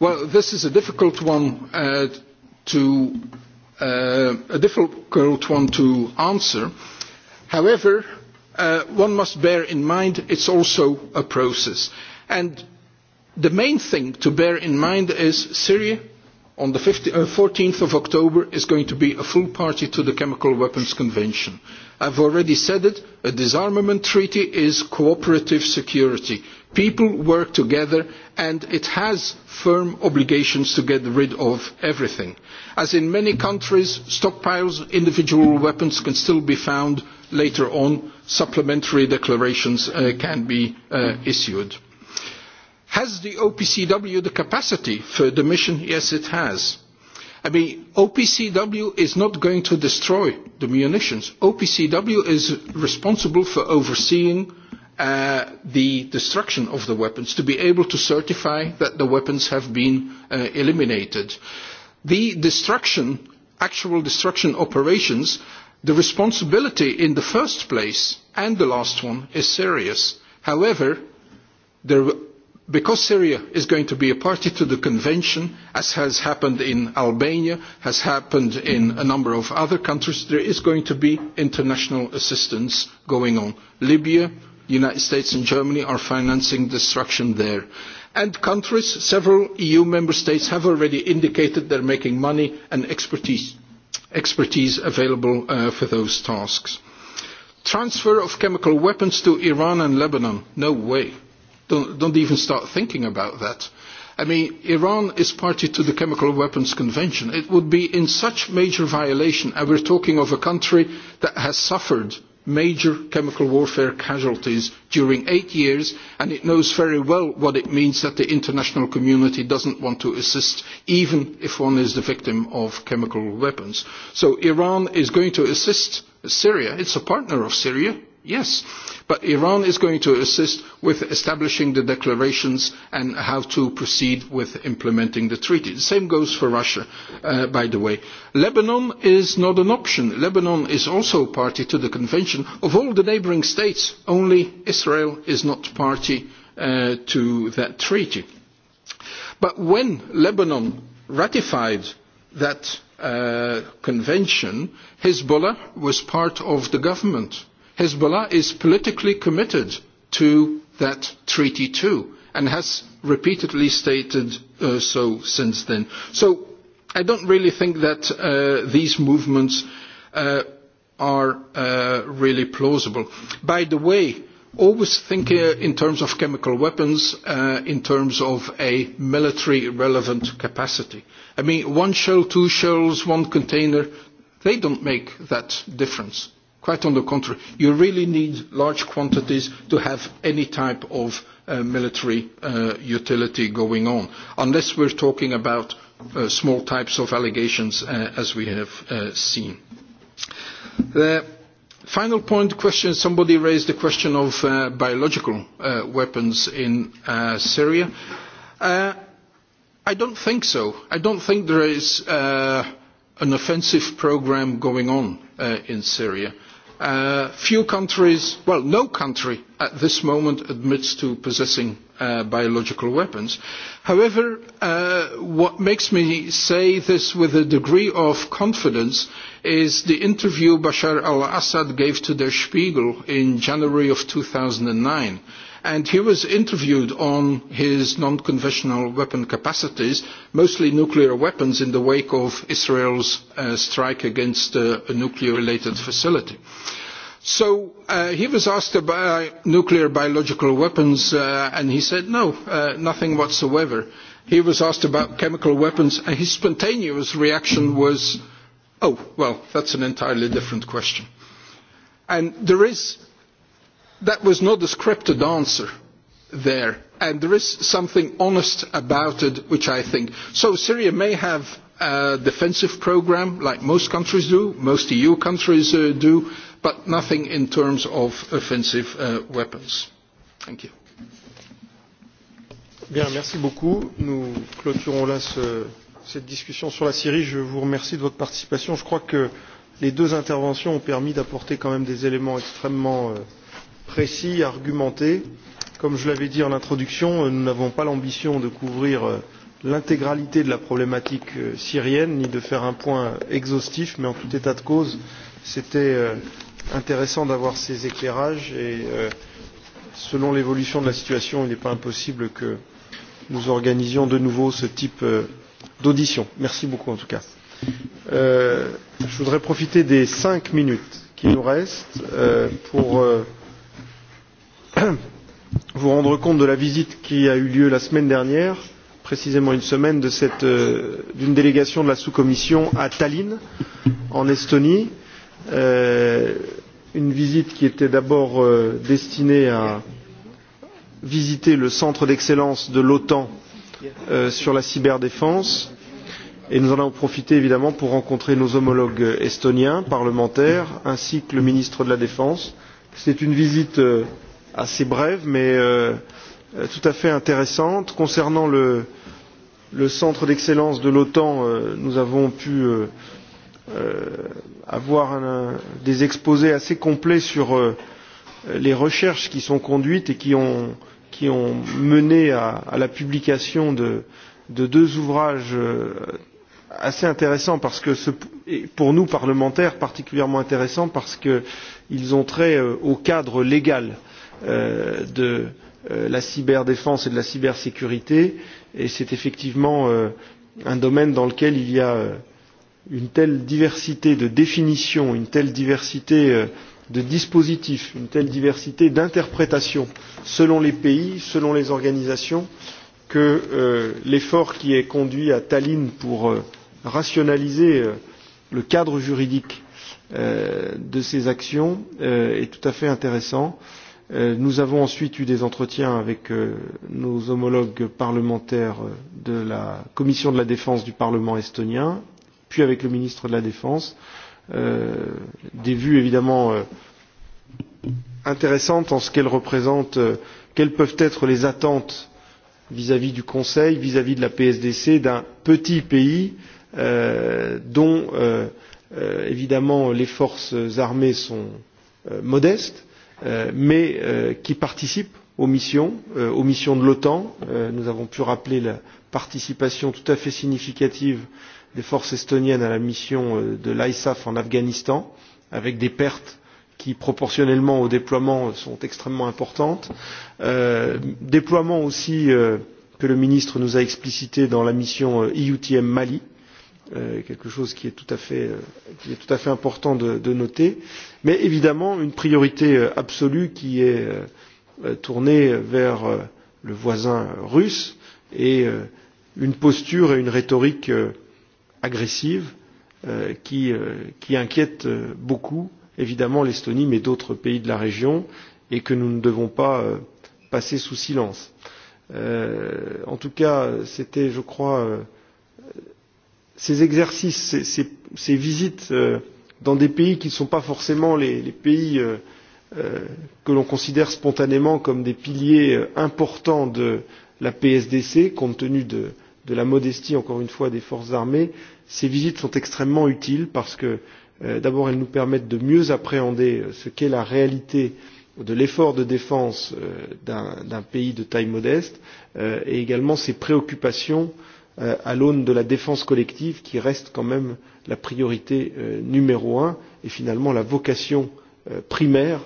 well, this is a difficult one uh, to uh, a difficult one to answer. However, uh, one must bear in mind it's also a process. And the main thing to bear in mind is Syria on the 15, uh, 14th of October is going to be a full party to the Chemical Weapons Convention. I've already said it, a disarmament treaty is cooperative security. People work together and it has firm obligations to get rid of everything. As in many countries, stockpiles of individual weapons can still be found later on. Supplementary declarations uh, can be uh, issued. Has the OPCW the capacity for the mission? Yes, it has. I mean, OPCW is not going to destroy the munitions. OPCW is responsible for overseeing uh, the destruction of the weapons to be able to certify that the weapons have been uh, eliminated. The destruction, actual destruction operations, the responsibility in the first place and the last one is serious. However, there, because Syria is going to be a party to the convention, as has happened in Albania, has happened in a number of other countries, there is going to be international assistance going on. Libya, United States and Germany are financing destruction there. And countries, several EU member states have already indicated they're making money and expertise, expertise available uh, for those tasks. Transfer of chemical weapons to Iran and Lebanon, no way. Don't, don't even start thinking about that. I mean, Iran is party to the Chemical Weapons Convention. It would be in such major violation, and we're talking of a country that has suffered major chemical warfare casualties during eight years, and it knows very well what it means that the international community does not want to assist, even if one is the victim of chemical weapons. So Iran is going to assist Syria. It is a partner of Syria. Yes, but Iran is going to assist with establishing the declarations and how to proceed with implementing the treaty. The same goes for Russia, uh, by the way. Lebanon is not an option. Lebanon is also party to the convention. Of all the neighbouring states, only Israel is not party uh, to that treaty. But when Lebanon ratified that uh, convention, Hezbollah was part of the government Hezbollah is politically committed to that treaty too and has repeatedly stated uh, so since then. So I don't really think that uh, these movements uh, are uh, really plausible. By the way, always think uh, in terms of chemical weapons, uh, in terms of a military relevant capacity. I mean, one shell, two shells, one container, they don't make that difference. Quite on the contrary, you really need large quantities to have any type of uh, military uh, utility going on, unless we're talking about uh, small types of allegations uh, as we have uh, seen. The final point question, somebody raised the question of uh, biological uh, weapons in uh, Syria. Uh, I don't think so. I don't think there is uh, an offensive program going on uh, in Syria. Uh, few countries, well, no country at this moment admits to possessing uh, biological weapons. However, uh, what makes me say this with a degree of confidence is the interview Bashar al-Assad gave to Der Spiegel in January of 2009 and he was interviewed on his non-conventional weapon capacities, mostly nuclear weapons in the wake of Israel's uh, strike against uh, a nuclear-related facility. So uh, he was asked about nuclear biological weapons, uh, and he said no, uh, nothing whatsoever. He was asked about chemical weapons, and his spontaneous reaction was, oh, well, that's an entirely different question. And there is That was not a scripted answer there, and there is something honest about it, which I think. So Syria may have a defensive program, like most countries do, most EU countries uh, do, but nothing in terms of offensive uh, weapons. Thank you. Bien, merci beaucoup. Nous clôturons là ce, cette discussion sur la Syrie. Je vous remercie de votre participation. Je crois que les deux interventions ont permis d'apporter quand même des éléments extrêmement euh, précis, argumenté. Comme je l'avais dit en introduction, euh, nous n'avons pas l'ambition de couvrir euh, l'intégralité de la problématique euh, syrienne, ni de faire un point exhaustif, mais en tout état de cause, c'était intéressant d'avoir ces éclairages et selon l'évolution de la situation, il n'est pas impossible que nous organisions de nouveau ce type d'audition. Merci beaucoup en tout cas. Euh, je voudrais profiter des cinq minutes qui nous restent euh, pour euh, vous rendre compte de la visite qui a eu lieu la semaine dernière, précisément une semaine, euh, d'une euh, délégation de la sous-commission à Tallinn, en Estonie. Euh, une visite qui était d'abord euh, destinée à visiter le centre d'excellence de l'OTAN euh, sur la cyberdéfense. Et nous en avons profité évidemment pour rencontrer nos homologues estoniens, parlementaires, ainsi que le ministre de la Défense. C'est une visite euh, assez brève mais euh, euh, tout à fait intéressante. Concernant le, le centre d'excellence de l'OTAN, euh, nous avons pu euh, euh, avoir un, un, des exposés assez complets sur euh, les recherches qui sont conduites et qui ont, qui ont mené à, à la publication de, de deux ouvrages euh, assez intéressants parce que ce, pour nous parlementaires particulièrement intéressants parce qu'ils ont trait euh, au cadre légal euh, de euh, la cyberdéfense et de la cybersécurité, et c'est effectivement euh, un domaine dans lequel il y a euh, une telle diversité de définitions, une telle diversité euh, de dispositifs, une telle diversité d'interprétations selon les pays, selon les organisations, que euh, l'effort qui est conduit à Tallinn pour euh, rationaliser euh, le cadre juridique euh, de ces actions euh, est tout à fait intéressant Euh, nous avons ensuite eu des entretiens avec euh, nos homologues parlementaires euh, de la Commission de la Défense du Parlement estonien, puis avec le ministre de la Défense. Des vues évidemment intéressantes en ce qu'elles représentent, quelles peuvent être les attentes vis-à-vis du Conseil, vis-à-vis de la PSDC, d'un petit pays dont évidemment les forces armées sont modestes, Euh, mais euh, qui participent aux missions, euh, aux missions de l'OTAN. nous avons pu rappeler la participation tout à fait significative des forces estoniennes à la mission de l'ISAF en Afghanistan, avec des pertes qui proportionnellement au déploiement sont extrêmement importantes. Euh, déploiement aussi euh, que le ministre nous a explicité dans la mission EUTM e Mali, euh, quelque chose qui est tout à fait, euh, qui est tout à fait important de, de noter, mais évidemment une priorité euh, absolue qui est euh, euh, tournée vers euh, le voisin russe et euh, une posture et une rhétorique euh, agressive euh, qui, euh, qui inquiète euh, beaucoup évidemment l'Estonie mais d'autres pays de la région et que nous ne devons pas euh, passer sous silence. Euh, en tout cas, c'était, je crois, euh, ces exercices, ces, ces, ces visites euh, dans des pays qui ne sont pas forcément les, les pays euh, euh, que l'on considère spontanément comme des piliers euh, importants de la PSDC, compte tenu de, de la modestie, encore une fois, des forces armées, ces visites sont extrêmement utiles parce que, euh, d'abord, elles nous permettent de mieux appréhender euh, ce qu'est la réalité de l'effort de défense euh, d'un pays de taille modeste euh, et également ses préoccupations euh, Euh, à l'aune de la défense collective qui reste quand même la priorité euh, numéro un et finalement la vocation euh, primaire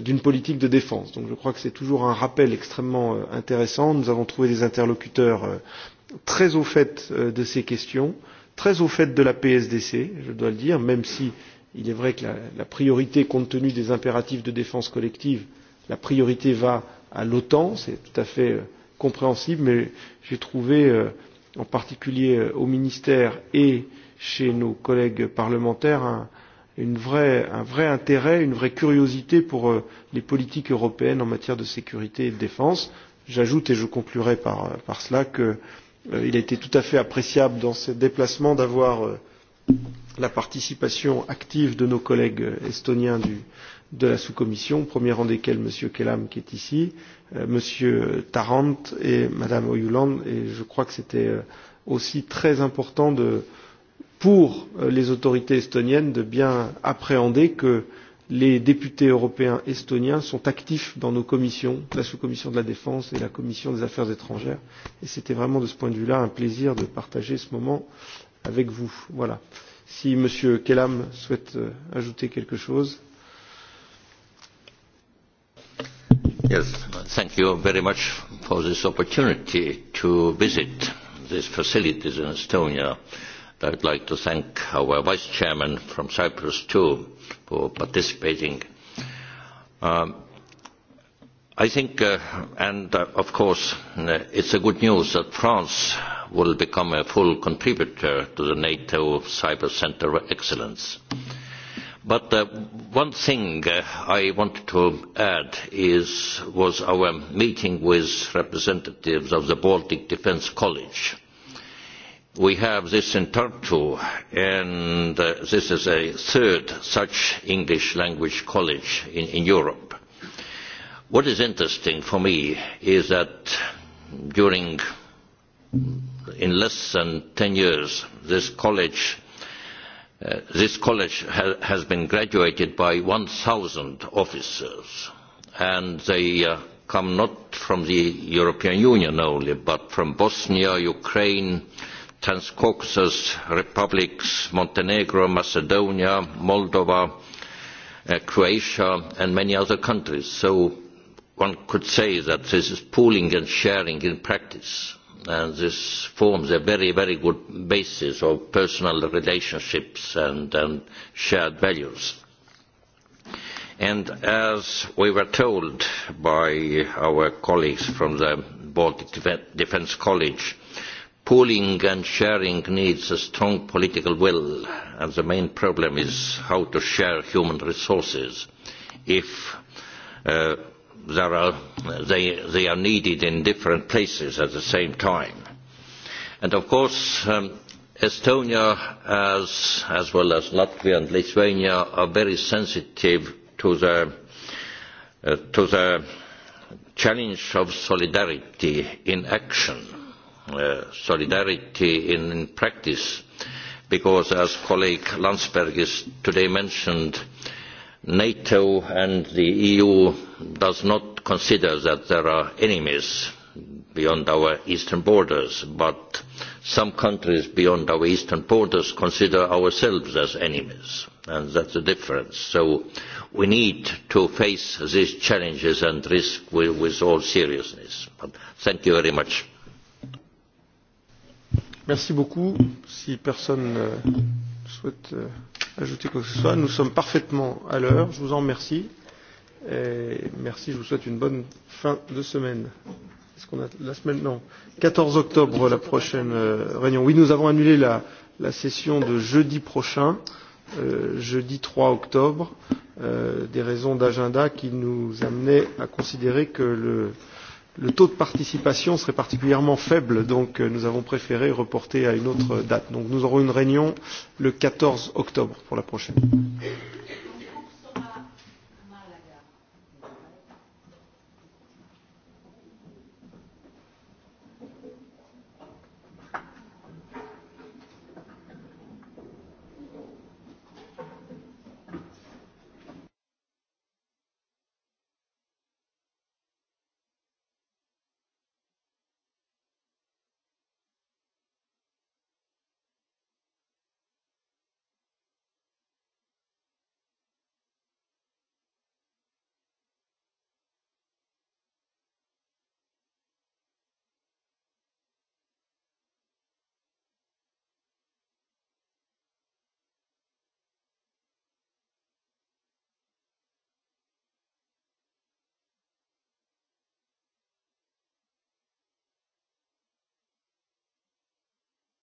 d'une politique de défense. Donc je crois que c'est toujours un rappel extrêmement intéressant. Nous avons trouvé des interlocuteurs très au fait de ces questions, très au fait de la PSDC, je dois le dire, même si il est vrai que la, la priorité, compte tenu des impératifs de défense collective, la priorité va à l'OTAN, c'est tout à fait euh, compréhensible, mais j'ai trouvé euh, en particulier euh, au ministère et chez nos collègues parlementaires, un, une vraie, un vrai intérêt, une vraie curiosité pour euh, les politiques européennes en matière de sécurité et de défense. J'ajoute, et je conclurai par, euh, par cela, qu'il euh, a été tout à fait appréciable dans ce déplacement d'avoir euh, la participation active de nos collègues estoniens du, de la sous-commission, au premier rang desquels M. Kellam qui est ici, euh, M. Tarant et Mme Oyuland, et je crois que c'était euh, aussi très important de, pour euh, les autorités estoniennes de bien appréhender que les députés européens estoniens sont actifs dans nos commissions, la sous-commission de la défense et la commission des affaires étrangères, et c'était vraiment de ce point de vue-là un plaisir de partager ce moment avec vous. Voilà. Si M. Kellam souhaite euh, ajouter quelque chose. Yes. Thank you very much for this opportunity to visit these facilities in Estonia. I would like to thank our Vice Chairman from Cyprus too for participating. Um, I think, uh, and uh, of course, uh, it's a good news that France will become a full contributor to the NATO Cyber Center Excellence. Uh, But uh, one thing uh, I wanted to add is, was our meeting with representatives of the Baltic Defence College. We have this in Tartu, and uh, this is a third such English language college in, in Europe. What is interesting for me is that during, in less than 10 years, this college Uh, this college ha has been graduated by 1,000 officers, and they uh, come not from the European Union only, but from Bosnia, Ukraine, Transcaucasus republics, Montenegro, Macedonia, Moldova, uh, Croatia, and many other countries. So one could say that this is pooling and sharing in practice and this forms a very, very good basis of personal relationships and, and shared values. And as we were told by our colleagues from the Baltic Defence College, pooling and sharing needs a strong political will, and the main problem is how to share human resources if uh, there are, they, they are needed in different places at the same time. And of course, um, Estonia, as, as well as Latvia and Lithuania, are very sensitive to the, uh, to the challenge of solidarity in action, uh, solidarity in, in practice, because as colleague Landsberg is today mentioned, NATO and the EU does not consider that there are enemies beyond our eastern borders, but some countries beyond our eastern borders consider ourselves as enemies, and that's the difference. So we need to face these challenges and risks with, with all seriousness. But thank you very much. Merci beaucoup. Si personne euh, souhaite. Euh ajouter quoi que ce soit. Nous sommes parfaitement à l'heure. Je vous en remercie. Et merci, je vous souhaite une bonne fin de semaine. Est-ce qu'on a la semaine Non. 14 octobre, la prochaine euh, réunion. Oui, nous avons annulé la, la session de jeudi prochain, euh, jeudi 3 octobre, euh, des raisons d'agenda qui nous amenaient à considérer que le le taux de participation serait particulièrement faible, donc euh, nous avons préféré reporter à une autre date. Donc nous aurons une réunion le 14 octobre pour la prochaine.